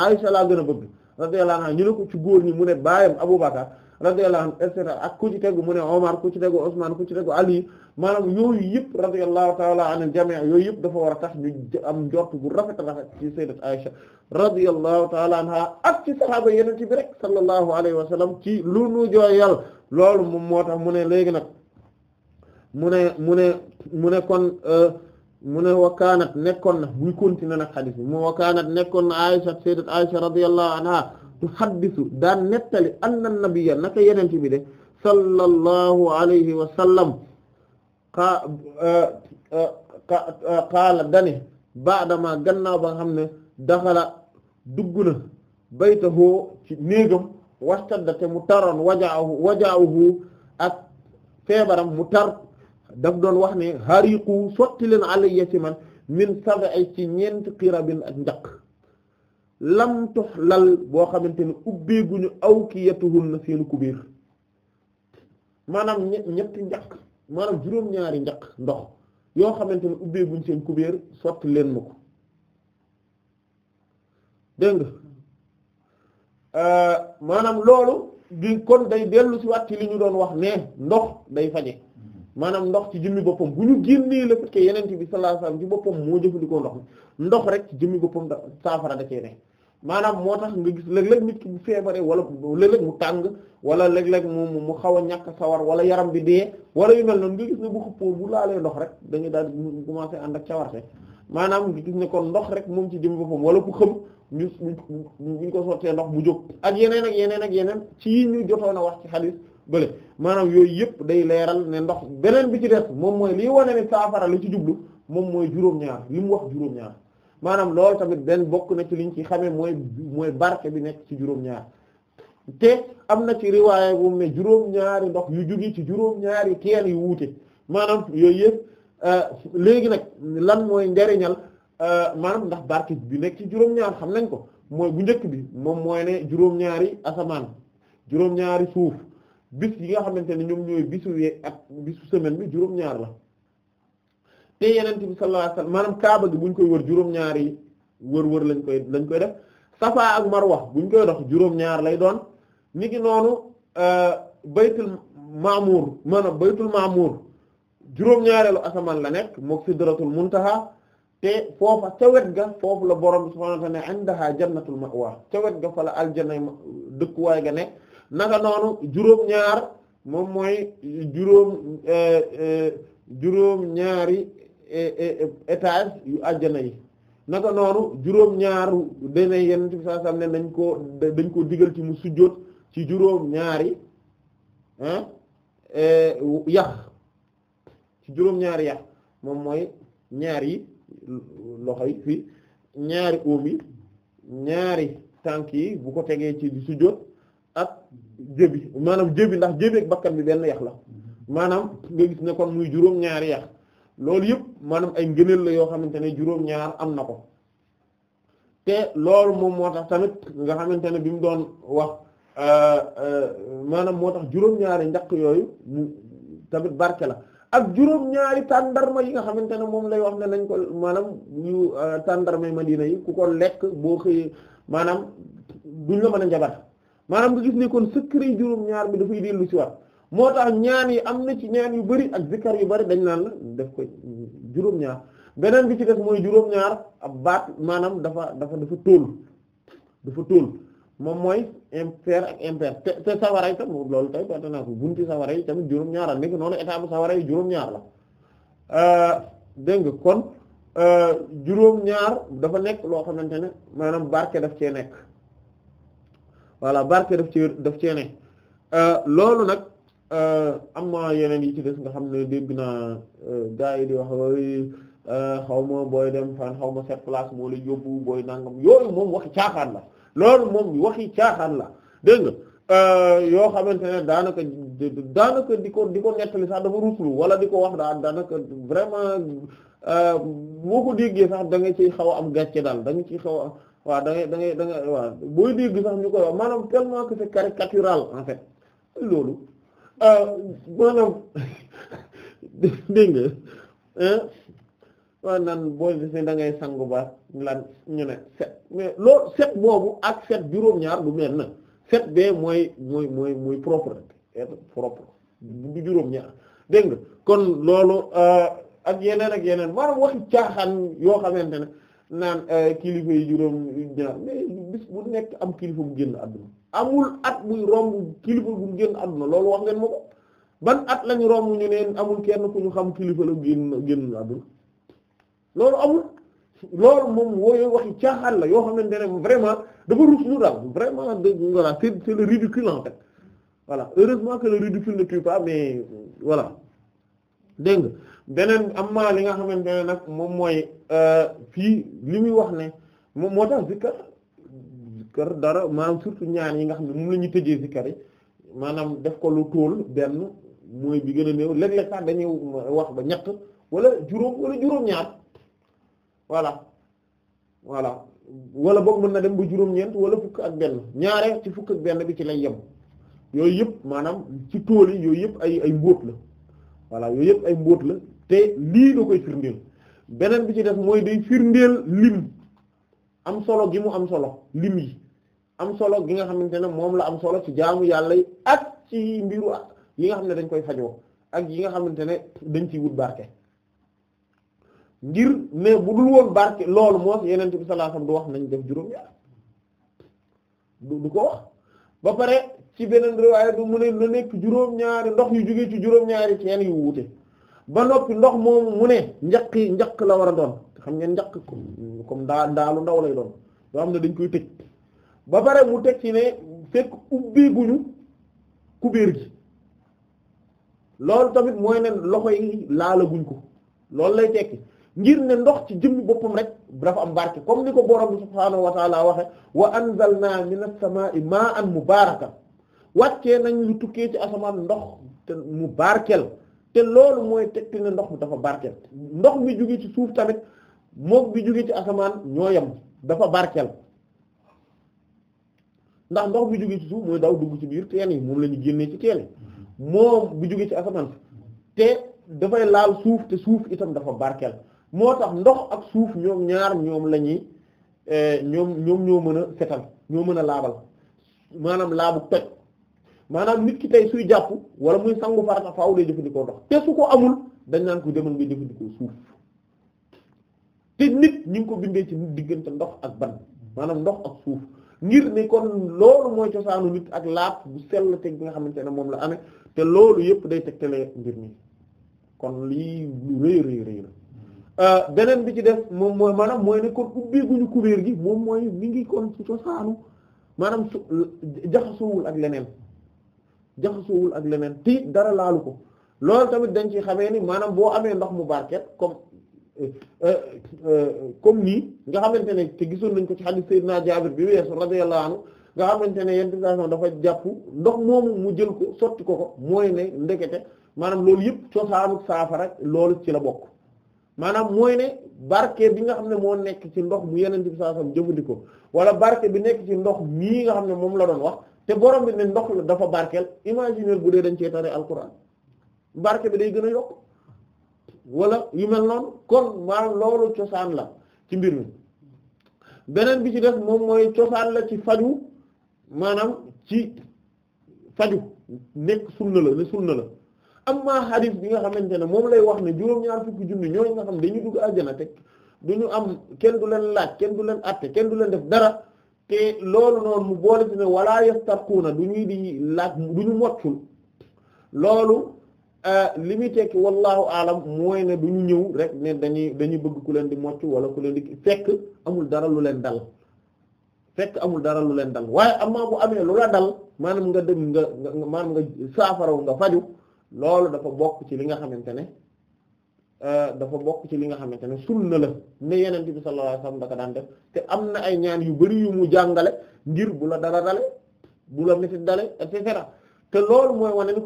Aisha laa gën a bëgg radiyallahu anha ñu ne ko ci góor ñi mu ne baayam Abubakar radiyallahu anhu et ak ku ci tegu mu ne Omar ku ci tegu Ousmane ku ci tegu Ali maanaam yooyu yëpp radiyallahu ta'ala anil jami' yooyu yëpp dafa a tax ñu am njort bu rafet rafet ci sayyidat Aisha radiyallahu ta'ala anha ak ci sahaaba yenente bi rek sallallahu alayhi wa lu nu jooyal loolu moom moo tax mu ne léegi nag ne mu ne mu ne kon euh, mu ne wakaanat nekkoon na buy continuer nag xadis wakaanat nekkoon na Aisha sayyidat Aisha radiyallahu tu xaddisu daan nettali anna nabiyya naka yenente bi de sallallahu alayhi wa sallam xaa eh, eh, eh, baadama gannaaw ba nga xam ne daxala dugg na baytahu ci néegam wastadda te mu taroon wajaahu wajaahu ak feebaram mu tar daf doon wax ne hariqu sotti leen alayya man min sab'i ci ñeent qirabin ak njaq lam lal boo xamante ne ubbeeguñu aw ki yetuhun na seenu kubéer maanaam ñetti njaq maanaam juróom-ñaari njaq ndox yoo xamante ne ubbeeguñ seen kubéer sotti leen ma ko dégg nga euh, maanaam loolu di kon day dellu ci waat ci li ñu doon wax ne ndox day faje maanaam ndox ci jëmmi boppam bu ñu génnee la fekkee yenente bi sallallahu alayhi wasallam ci boppam moo jëfandikoo ndox mi ndox rek ci jëmmi boppam da da cee maanaam moo tax nga gis léeg-léeg nit ki bu feebaree wala léeg-léeg mu tàng wala léeg-léeg mu mu xaw a ñàkk sawar wala yaram bi dee wala yu mel noonu nga gis ne bu xuppoo bu laalee ndox rek da daal di commencé ànd ak cawarte maanaam nga gis ne kon ndox rek moom ci jëmmi boppam wala ku xëm ñu ñu ko sottee ndox mu jóg ak yeneen ak yeneen ak yeneen ci ñu jotoon a wax ci hadith bële maanaam yooyu yëpp day leeral ne ndox beneen bi ci des moom mooy lii wane ne saafara li ci jublu moom mooy juróom-ñaar li mu wax juróom-ñaar maanaam loolu tamit benn bokk na ci liñ xamee mooy mooy barke bi nekk ci juróom te am na ci riwaaya bu ne juróom-ñaari ndox yu juge ci juróom-ñaari teen yu wuute maanaam yooyu yëpp euh, léegi nag lan mooy njariñal euh, maanaam ndax barke bi nekk ci juróom-ñaar xam nañ ko mooy bu njëkk bi moom mooy ne juróom-ñaari asamaan juróom-ñaari suuf bis yi nga xamante ne ñoom ñooy bisu yee ak bisu semaine bi juróom-ñaar la te yeneen bi sallallahu alayhi wasallam maanaam kaaba gi buñ koy wër juróom-ñaar yi wër-wër lañ koy lañ koy def safa ak marwa buñ koy dox juróom-ñaar lay doon ni ki noonu euh, baytul maamuur maanaam baytul maamuur juróom-ñaareelu asamaan la nekk mook sidratul muntaha te foofa ca wet ga foofu la borom subhanahu wa ta'ala indaha jannatul ma'wa ca wet ga fa la aljanna dëkkuwaay ga nekk naka noonu juróom-ñaar moom mooy juróom eh, eh, juróom-ñaari eh, étage yu àjjana yi naka noonu juróom-ñaaru dene yenn ci saa sam ne dañ koo dañ koo digal ci mu sujjóot ci juróom-ñaari yax ci juróom-ñaari yax moom mooy ñaar yi loxo yi fii ñaari óom ñaari tànk yi bu ko tegee ci di sujjóot ak jëbi maanaam jëbi ndax jëbi bakkan bi benn yax la mm-hmm. maanaam nga gis ne kon muy juróom-ñaari yax loolu yëpp maanaam ay ngëneel la yoo xamante ne juróom am na ko te loolu moom tamit nga xamante ne bi mu doon wax euh, euh, maanaam moo tax juróom njaq yooyu tamit barke la ak juróom-ñaari tàndarma yi nga xamante ne moom lay wax ne nañ ko maanaam yu euh, tàndarma Madina yi ku ko lekk boo xëyee maanaam duñ la mën a njabar maanaam nga gis ne kon secret juróom-ñaar bi dafay dellu ci war moo tax ñaan yi am na ci ñaan yu bari ak zikkar yu bari dañ naan la def ko juróom-ñaar beneen bi ci des mooy juróom-ñaar ab baat maanaam dafa dafa dafa tóol dafa tóol moom mooy impair ak te te tam loolu tey baax naa ko bunti sawara yi tamit juróom-ñaar la nekk noonu état bu sawara yi juróom-ñaar la euh, nga kon euh, juróom-ñaar dafa nekk loo xamante ne maanaam barke daf cee nekk. voilà barke def ci daf cee ne euh, loolu nag euh, am na yeneen yi ci des nga xam ne dégg naa euh, gars yi di wax xaw ma booy dem fan xaw ma set place moo lay yóbbu booy nangam yooyu moom wax caaxaan la loolu moom waxi caaxaan la dégg nga yoo xamante ne daanaka daanaka di ko di ko nettali sax dafa ruslu wala di ko wax daal daanaka vraiment boo ko déggee sax da ci ciy xaw a am gàcce daal da nga ciy xaw a waaw da ngay da ngay da booy dégg sax ñu koy wax maanaam tellement caricatural en fait loolu euh, maanaam dégg nga waaw naan booy dese da ngay sangu ba lan ñu ne set mais loolu set boobu ak set juróom-ñaar du mel na set bee mooy mooy mooy mooy propre être propre du juróom-ñaar dégg kon loolu euh, ak yeneen ak yeneen maanaam waxi caaxaan yoo xamante ne. naan eh, kilifa yi juróom-ñaar mais bis bu nekk am kilifa bu génn àdduna amul at muy romb kilifa bu génn àdduna loolu wax ngeen ma ban at lañu romb ñu neen amul kenn ku ñu xam kilifa la génn génn àdduna loolu amul loolu moom wooyee waxi caaxaan la yoo xamante ne vraiment dafa rus lu daal vraiment de voilà c'est c'est le ridicule en fait voilà heureusement que le ridicule ne tue pas mais voilà dégg nga beneen amma li nga xamante ne nag moom mooy euh, fii li muy wax ne moom moo tax zikkar zikkar dara maanaam surtout ñaan yi nga xam ne moom la ñuy tëjee zikkar yi maanaam def ko lu tóol benn mooy bi gën a néew léeg-léeg sax dañuy wax ba ñett wala juróom wala juróom-ñaar voilà voilà wala boog mën na dem ba juróom-ñeent wala fukk ak benn ñaare ci fukk ak benn bi ci lay yem yooyu yëpp maanaam ci tóol yi yooyu yëpp ay ay mbóot la voilà yooyu yëpp ay mbóot la te lii da koy firndeel beneen bi ci def mooy day firndeel lim am solo gi mu am solo lim yi am solo gi nga xamante ne moom la am solo ci jaamu yàlla yi ak ci mbiru yi nga xam ne dañ koy fajoo ak yi nga xamante ne dañ ciy wut barke ngir ne bu dul woon barke loolu moos yeneen bi sallallahu alayhi du wax nañ def juróom ñaar du ko wax ba pare ci beneen riwaaya du mu ne na nekk juróom-ñaari ndox yu jógee ci juróom-ñaari teen yu wute ba noppi ndox moom mu ne njaq yi njaq la war a doon xam ngeen njaq comme ndaa ndaalu ndaw lay doon yoo xam ne dañ koy tëj ba pare mu teg ci ne fekk ubbi guñu kubéer gi loolu tamit mooy ne loxo yi laalaguñ ko loolu lay tekki ngir ne ndox ci jëmm boppam rek dafa am barke comme ni ko borom bi subhaanahu wa taala waxe wa anzalna minas samaa'i maa'an mubaarakan wàccee nañ lu tukkee ci asamaan ndox te mu barkel te loolu mooy tekki ne ndox mi dafa barkeel ndox mi jóge ci suuf tamit moog bi jóge ci asamaan ñoo yem dafa barkeel ndax ndox mi jóge ci suuf mooy daw dugg ci biir teen yi moom lañuy ñu génnee ci teen moom bi jóge ci asamaan te dafay laal suuf te suuf itam dafa barkeel moo tax ndox ak suuf ñoom ñaar ñoom la ñuy eh, ñoom ñoo mën a setal ñoo mën a laabal maanaam laabu toj maanaam nit ki tey suy jàpp wala muy sangu farata faaw lay jëfandikoo ndox te su ko amul dañ naan ko demal nga jëfandikoo suuf te nit ñu ko bindee ci diggante ndox ak ban maanaam ndox ak suuf ngir ne kon loolu mooy cosaanu nit ak laap bu sell te gi nga xamante ne moom la amee te loolu yëpp day tegtale mbir mi kon lii lu rëy rëy rëy la euh, beneen bi ci def moom mooy maanaam mooy ne kon ubbeeguñu kubéer gi moom mooy mi ngi kon ci cosaanu maanaam su ak leneen jaxasoowul ak leneen ti dara laalu ko loolu tamit dañ ci xamee ni maanaam boo amee ndox mu barket comme euh, euh, comme nii nga xamante ne te gisoon nañ ko ci hadith Seydina Jaabir bi weesu radiyallahu nga xamante ne yenn situation dafa jàpp ndox moomu mu jël ko sotti ko mooy ne ndekete maanaam loolu yëpp cosaanu saafara loolu ci la bokk maanaam mooy ne barke bi nga xam ne moo nekk ci ndox mu yeneen bi saa sam jëfandikoo wala barke bi nekk ci ndox mii nga xam ne moom la doon wax te borom bi ne ndox la dafa barkeel imaginer bu dee dañ cee tare alquran barke bi day gën a yokk wala yu mel noonu kon maanaam loolu cosaan la ci mbir mi beneen bi ci def moom mooy cosaan la ci faju maanaam ci faju nekk sunna la ne sunna la am amma hadith bi nga xamante ne moom lay wax ne juróom-ñaar fukki junni ñooñu nga xam dañu dugg àjjana te du ñu am kenn du leen laaj kenn du leen àtte kenn du leen def dara te loolu noonu mu boole ci ne wala yastarquuna du ñuy di laaj du ñu moccul loolu euh, li muy tekki wallahu alam mooy ne du ñëw rek ne dañuy dañuy bëgg ku leen di mocc wala ku leen di fekk amul dara lu leen dal fekk amul dara lu leen dal waaye am amaa bu amee lu la dal maanaam nga dem nga maanaam nga saafaraw nga faju loolu dafa bokk ci li nga xamante ne Euh, dafa bokk ci li nga xamante ne sunna la ne yeneen bi sallallahu alayhi wasallam daka daan def te am na ay ñaan yu bari yu mu jàngale ngir bu la dara dale bu la metti dale et cetera te loolu mooy wane ni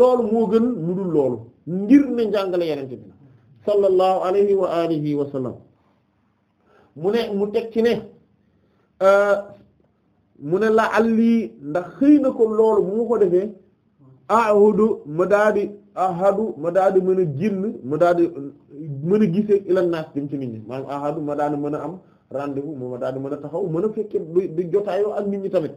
loolu moo gën lu dul loolu ngir ne jàngale yeneen bi sallallahu alayhi wa alihi wa sallam mu ne mu teg ci ne euh, mu ne la alli ndax xëy na ko loolu bu mu ko defee ahudu ma daadi ahadu ma daal di mën a génn ma daal di uh, mën a gisee ilan naas jëm ci nit ñi maanaam ahadu ma daal di mën a am rendez ma daal di mën a taxaw mën a fekkee di jotaayoo ak nit ñi tamit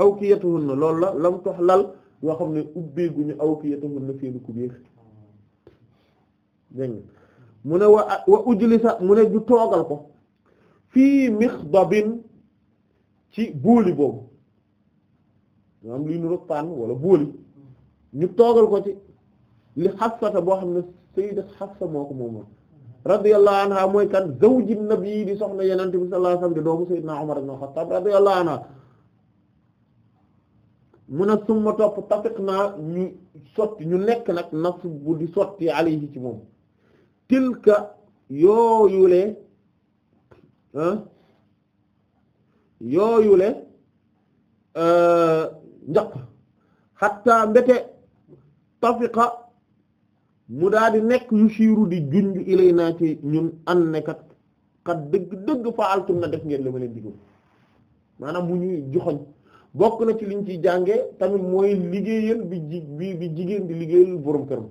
aw ki yatuhun na loolu la lam tox lal yoo xam ne ubbeeguñu aw ki yatuhun na seeni kubéer dégg mu ne wa wa ujlisa mu ne ju toogal ko fii mixdabin ci booli boobu maanaam lii niroog paan wala booli ñu toogal ko ci li Hafsa boo xam ne sayyidat Hafsa moo ko moomoon radiyallahu anha mooy kan zawji nabi di soxna Yonent bi sallallahu alayhi wasallam di doomu sayyidina Umar ibn Khattab radiyallahu anha mun a summa topp tafiq naa ñu sotti ñu nekk nag nas bu di sotti alayhi ci moom tilka yooyule ah, yooyule euh, njaq xatta mbete tafiqa mu daa di nekk yu siiru di junj ilay naa ci ñun an nekat kat dëgg dëgg faaltum na def ngeen li ma leen digoon maanaam mu ñuy joxoñ bokk na ci liñ ciy jànge tamit mooy liggéeyal bi bi jigéen di liggéeyal borom këram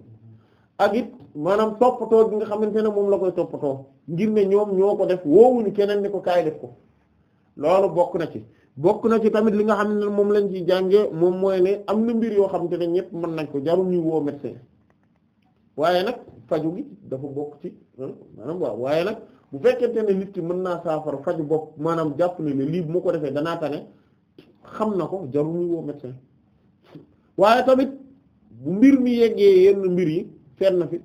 ak it maanaam toppatoo bi nga xamante ne moom la koy toppatoo ngir ne ñoom ñoo ko def woowuñu keneen ni ko kaay def ko loolu bokk na ci bokk na ci tamit li nga xam ne moom lañ ci jànge moom mooy ne am na mbir yoo xam te ne ñépp mën nañ ko jarul ñuy woo médecin waaye nag faju gi dafa bokk ci waaw waaye nag bu fekkente ne nit ki mën naa saafara faju bopp maanaam jàpp ne ne lii bu ma ko defee danaa tane xam na ko jarul ñuy woo médecin waaye tamit bu mbir mi yeggee yenn mbir yi fenn fi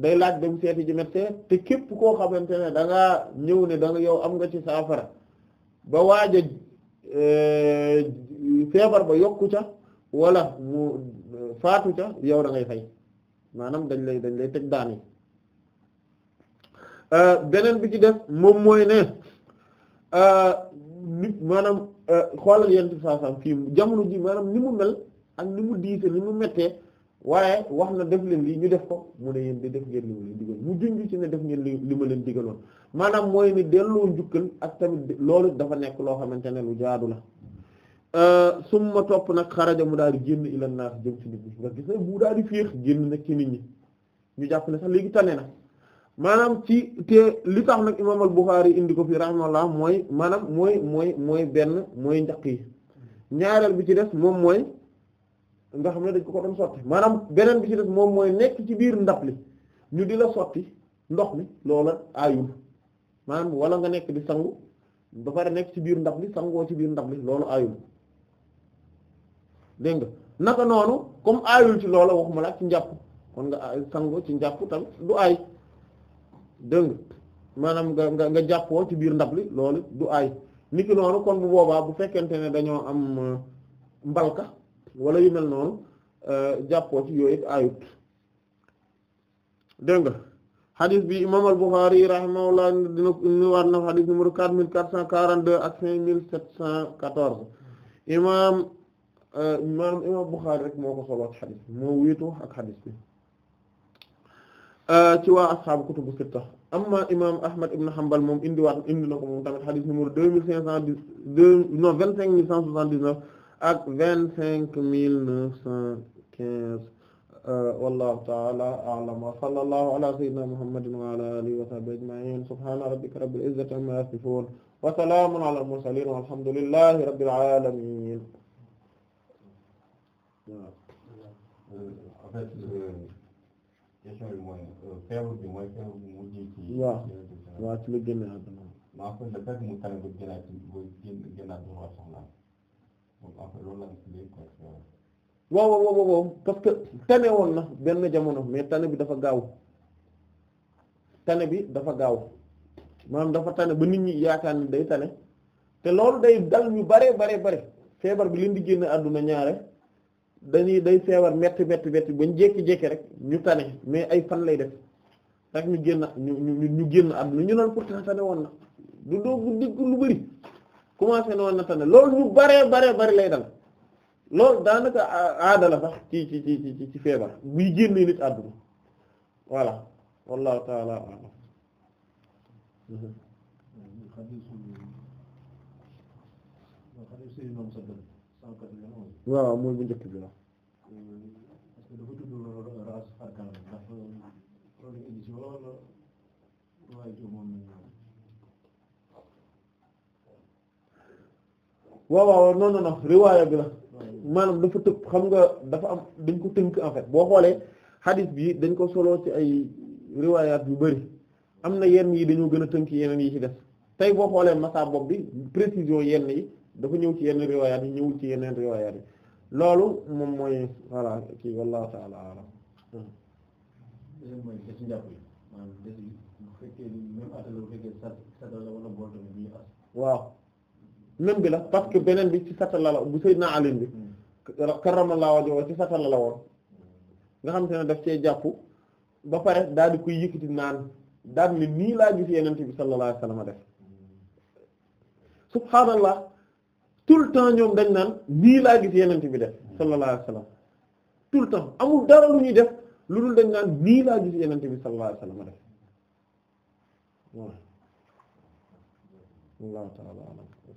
day laaj dem seeti ji médecin te képp koo xamante ne da ngaa ñëw ne da yow am nga ci saafara ba waaj feebar ba yokku ca wala mu euh, faatu ca yow da ngay fay maanaam dañ lay dañ lay teg daan beneen bi ci def moom mooy ne nit maanaam xoolal yenn saa saa fii jamono ji maanaam ni mu mel ak ni mu diise ni mu mettee waaye wax na def leen lii ñu def ko mu ne yéen di def ngeen li ma leen digal mu junj ci ne def ngeen li ma leen digaloon maanaam mooy ni delloo njukkal ak tamit loolu dafa nekk loo xamante ne lu jaadu la euh, summa topp nag xaraja mu daal di génn ila naas jëm ci nit ñi nga gis ne bu daal di génn nag ci nit ñi ñu jàpp ne sax léegi tane na maanaam ci te li tax nag imaam al indi ko fi rahimahullah mooy maanaam mooy mooy mooy benn mooy njaq yi ñaareel bi ci def moom mooy nga xam ne dañ ko ko doon sotti maanaam beneen bi ci def moom mooy nekk ci biir ndab li ñu di la sotti ndox mi loola aayul maanaam wala nga nekk di sangu ba pare nekk ci biir ndab li sangoo ci biir ndab li loolu aayul dégg nga naka noonu comme aayul ci loola waxuma la ci njàpp kon nga sango ci njàpp tam du aay dégg nga maanaam nga nga nga jàppoo ci biir ndab li loolu du aay niki noonu kon bu boobaa bu fekkente ne dañoo am mbalka wala yu mel noonu euh, jàppoo ci yooyu ayut dégg xadis bi imam al-Bukhari rahimahullah dina ñëwaat na xadis numéro 4442 ak 5714 imam euh, imam imam Bukhari rek moo ko solo xadis moo wéetoo ak xadis bi euh, ci waa asxaabu kutubu sitta amma imam Ahmad ibn Hanbal moom indiwaat indi na ko moom tamit xadis numéro 2510 non 25179 ak vingt cinq mille neuf cent quinze euh, wallahu ta'ala a'lam wa sallallahu ala sayyidina muhammadin wa ala alihi wa sahbihi ajma'in subhana rabbika rabbil izzati amma yasifun wa salamun ala al mursalin walhamdulillahi rabbil alamin en fait euh, question bi mooy euh, feebar bi mooy feebar bi mu ji ci waaw waaw ci la génne àdduna maa ko le fait mu tane bu génnaat bu génnaat bu soxla Ah, waaw waaw waaw waaw parce que tane woon na benn jamono mais tane bi dafa gaaw tane bi dafa gaaw maanaam dafa tane ba nit ñi yaakaar ni day tane te loolu day dal ñu bare bare bare feebar bi leen di génne àdduna ñaare dañuy day feebar metti metti metti bañ jékki-jékki rek ñu tane mais ay fan lay def rek ñu génn ñu ñu ñu génn àdduna ñu naan pourtant tane woon na du doo du digg lu bari commencé noonu na tane loolu ñu baree baree bari lay dal loolu daanaka aada la sax ci ci ci feebar buy génnee nit àdduna wallahu taala alam njëkk bi waaw waaw noonu non non riwaaya bi la maanaam dafa tëb xam nga dafa am dañ ko tënk en fait boo xoolee xadis bi dañ ko solo ci ay riwaayaat yu bari am na yenn yi dañoo gën a tënk yeneen yi ci def tey boo xoolee massa bopp bi précision yenn yi dafa ñëw ci yenn riwaayaat yi ñëwul ci yeneen riwaayaat yi loolu moom mooy voilà kii wallahu ta'ala alam hmm. waaw même bi la parce que beneen bi ci satala la bu Seydina Ali bi hmm. karramallahu wajhahu ci satala la hmm. nga xam te ne def cee jàpp ba pare daal di koy yëkkati naan daal ne nii laa gis yenente bi sallallahu alayhi wasallam def hmm. subhaanallah tout le temps ñoom dañ naan nii laa gis yenente bi def sallallahu alayhi wasallam tout le temps amul dara lu def lu dul dañ naan nii laa gis yenente bi sallallahu alayhi wasallam def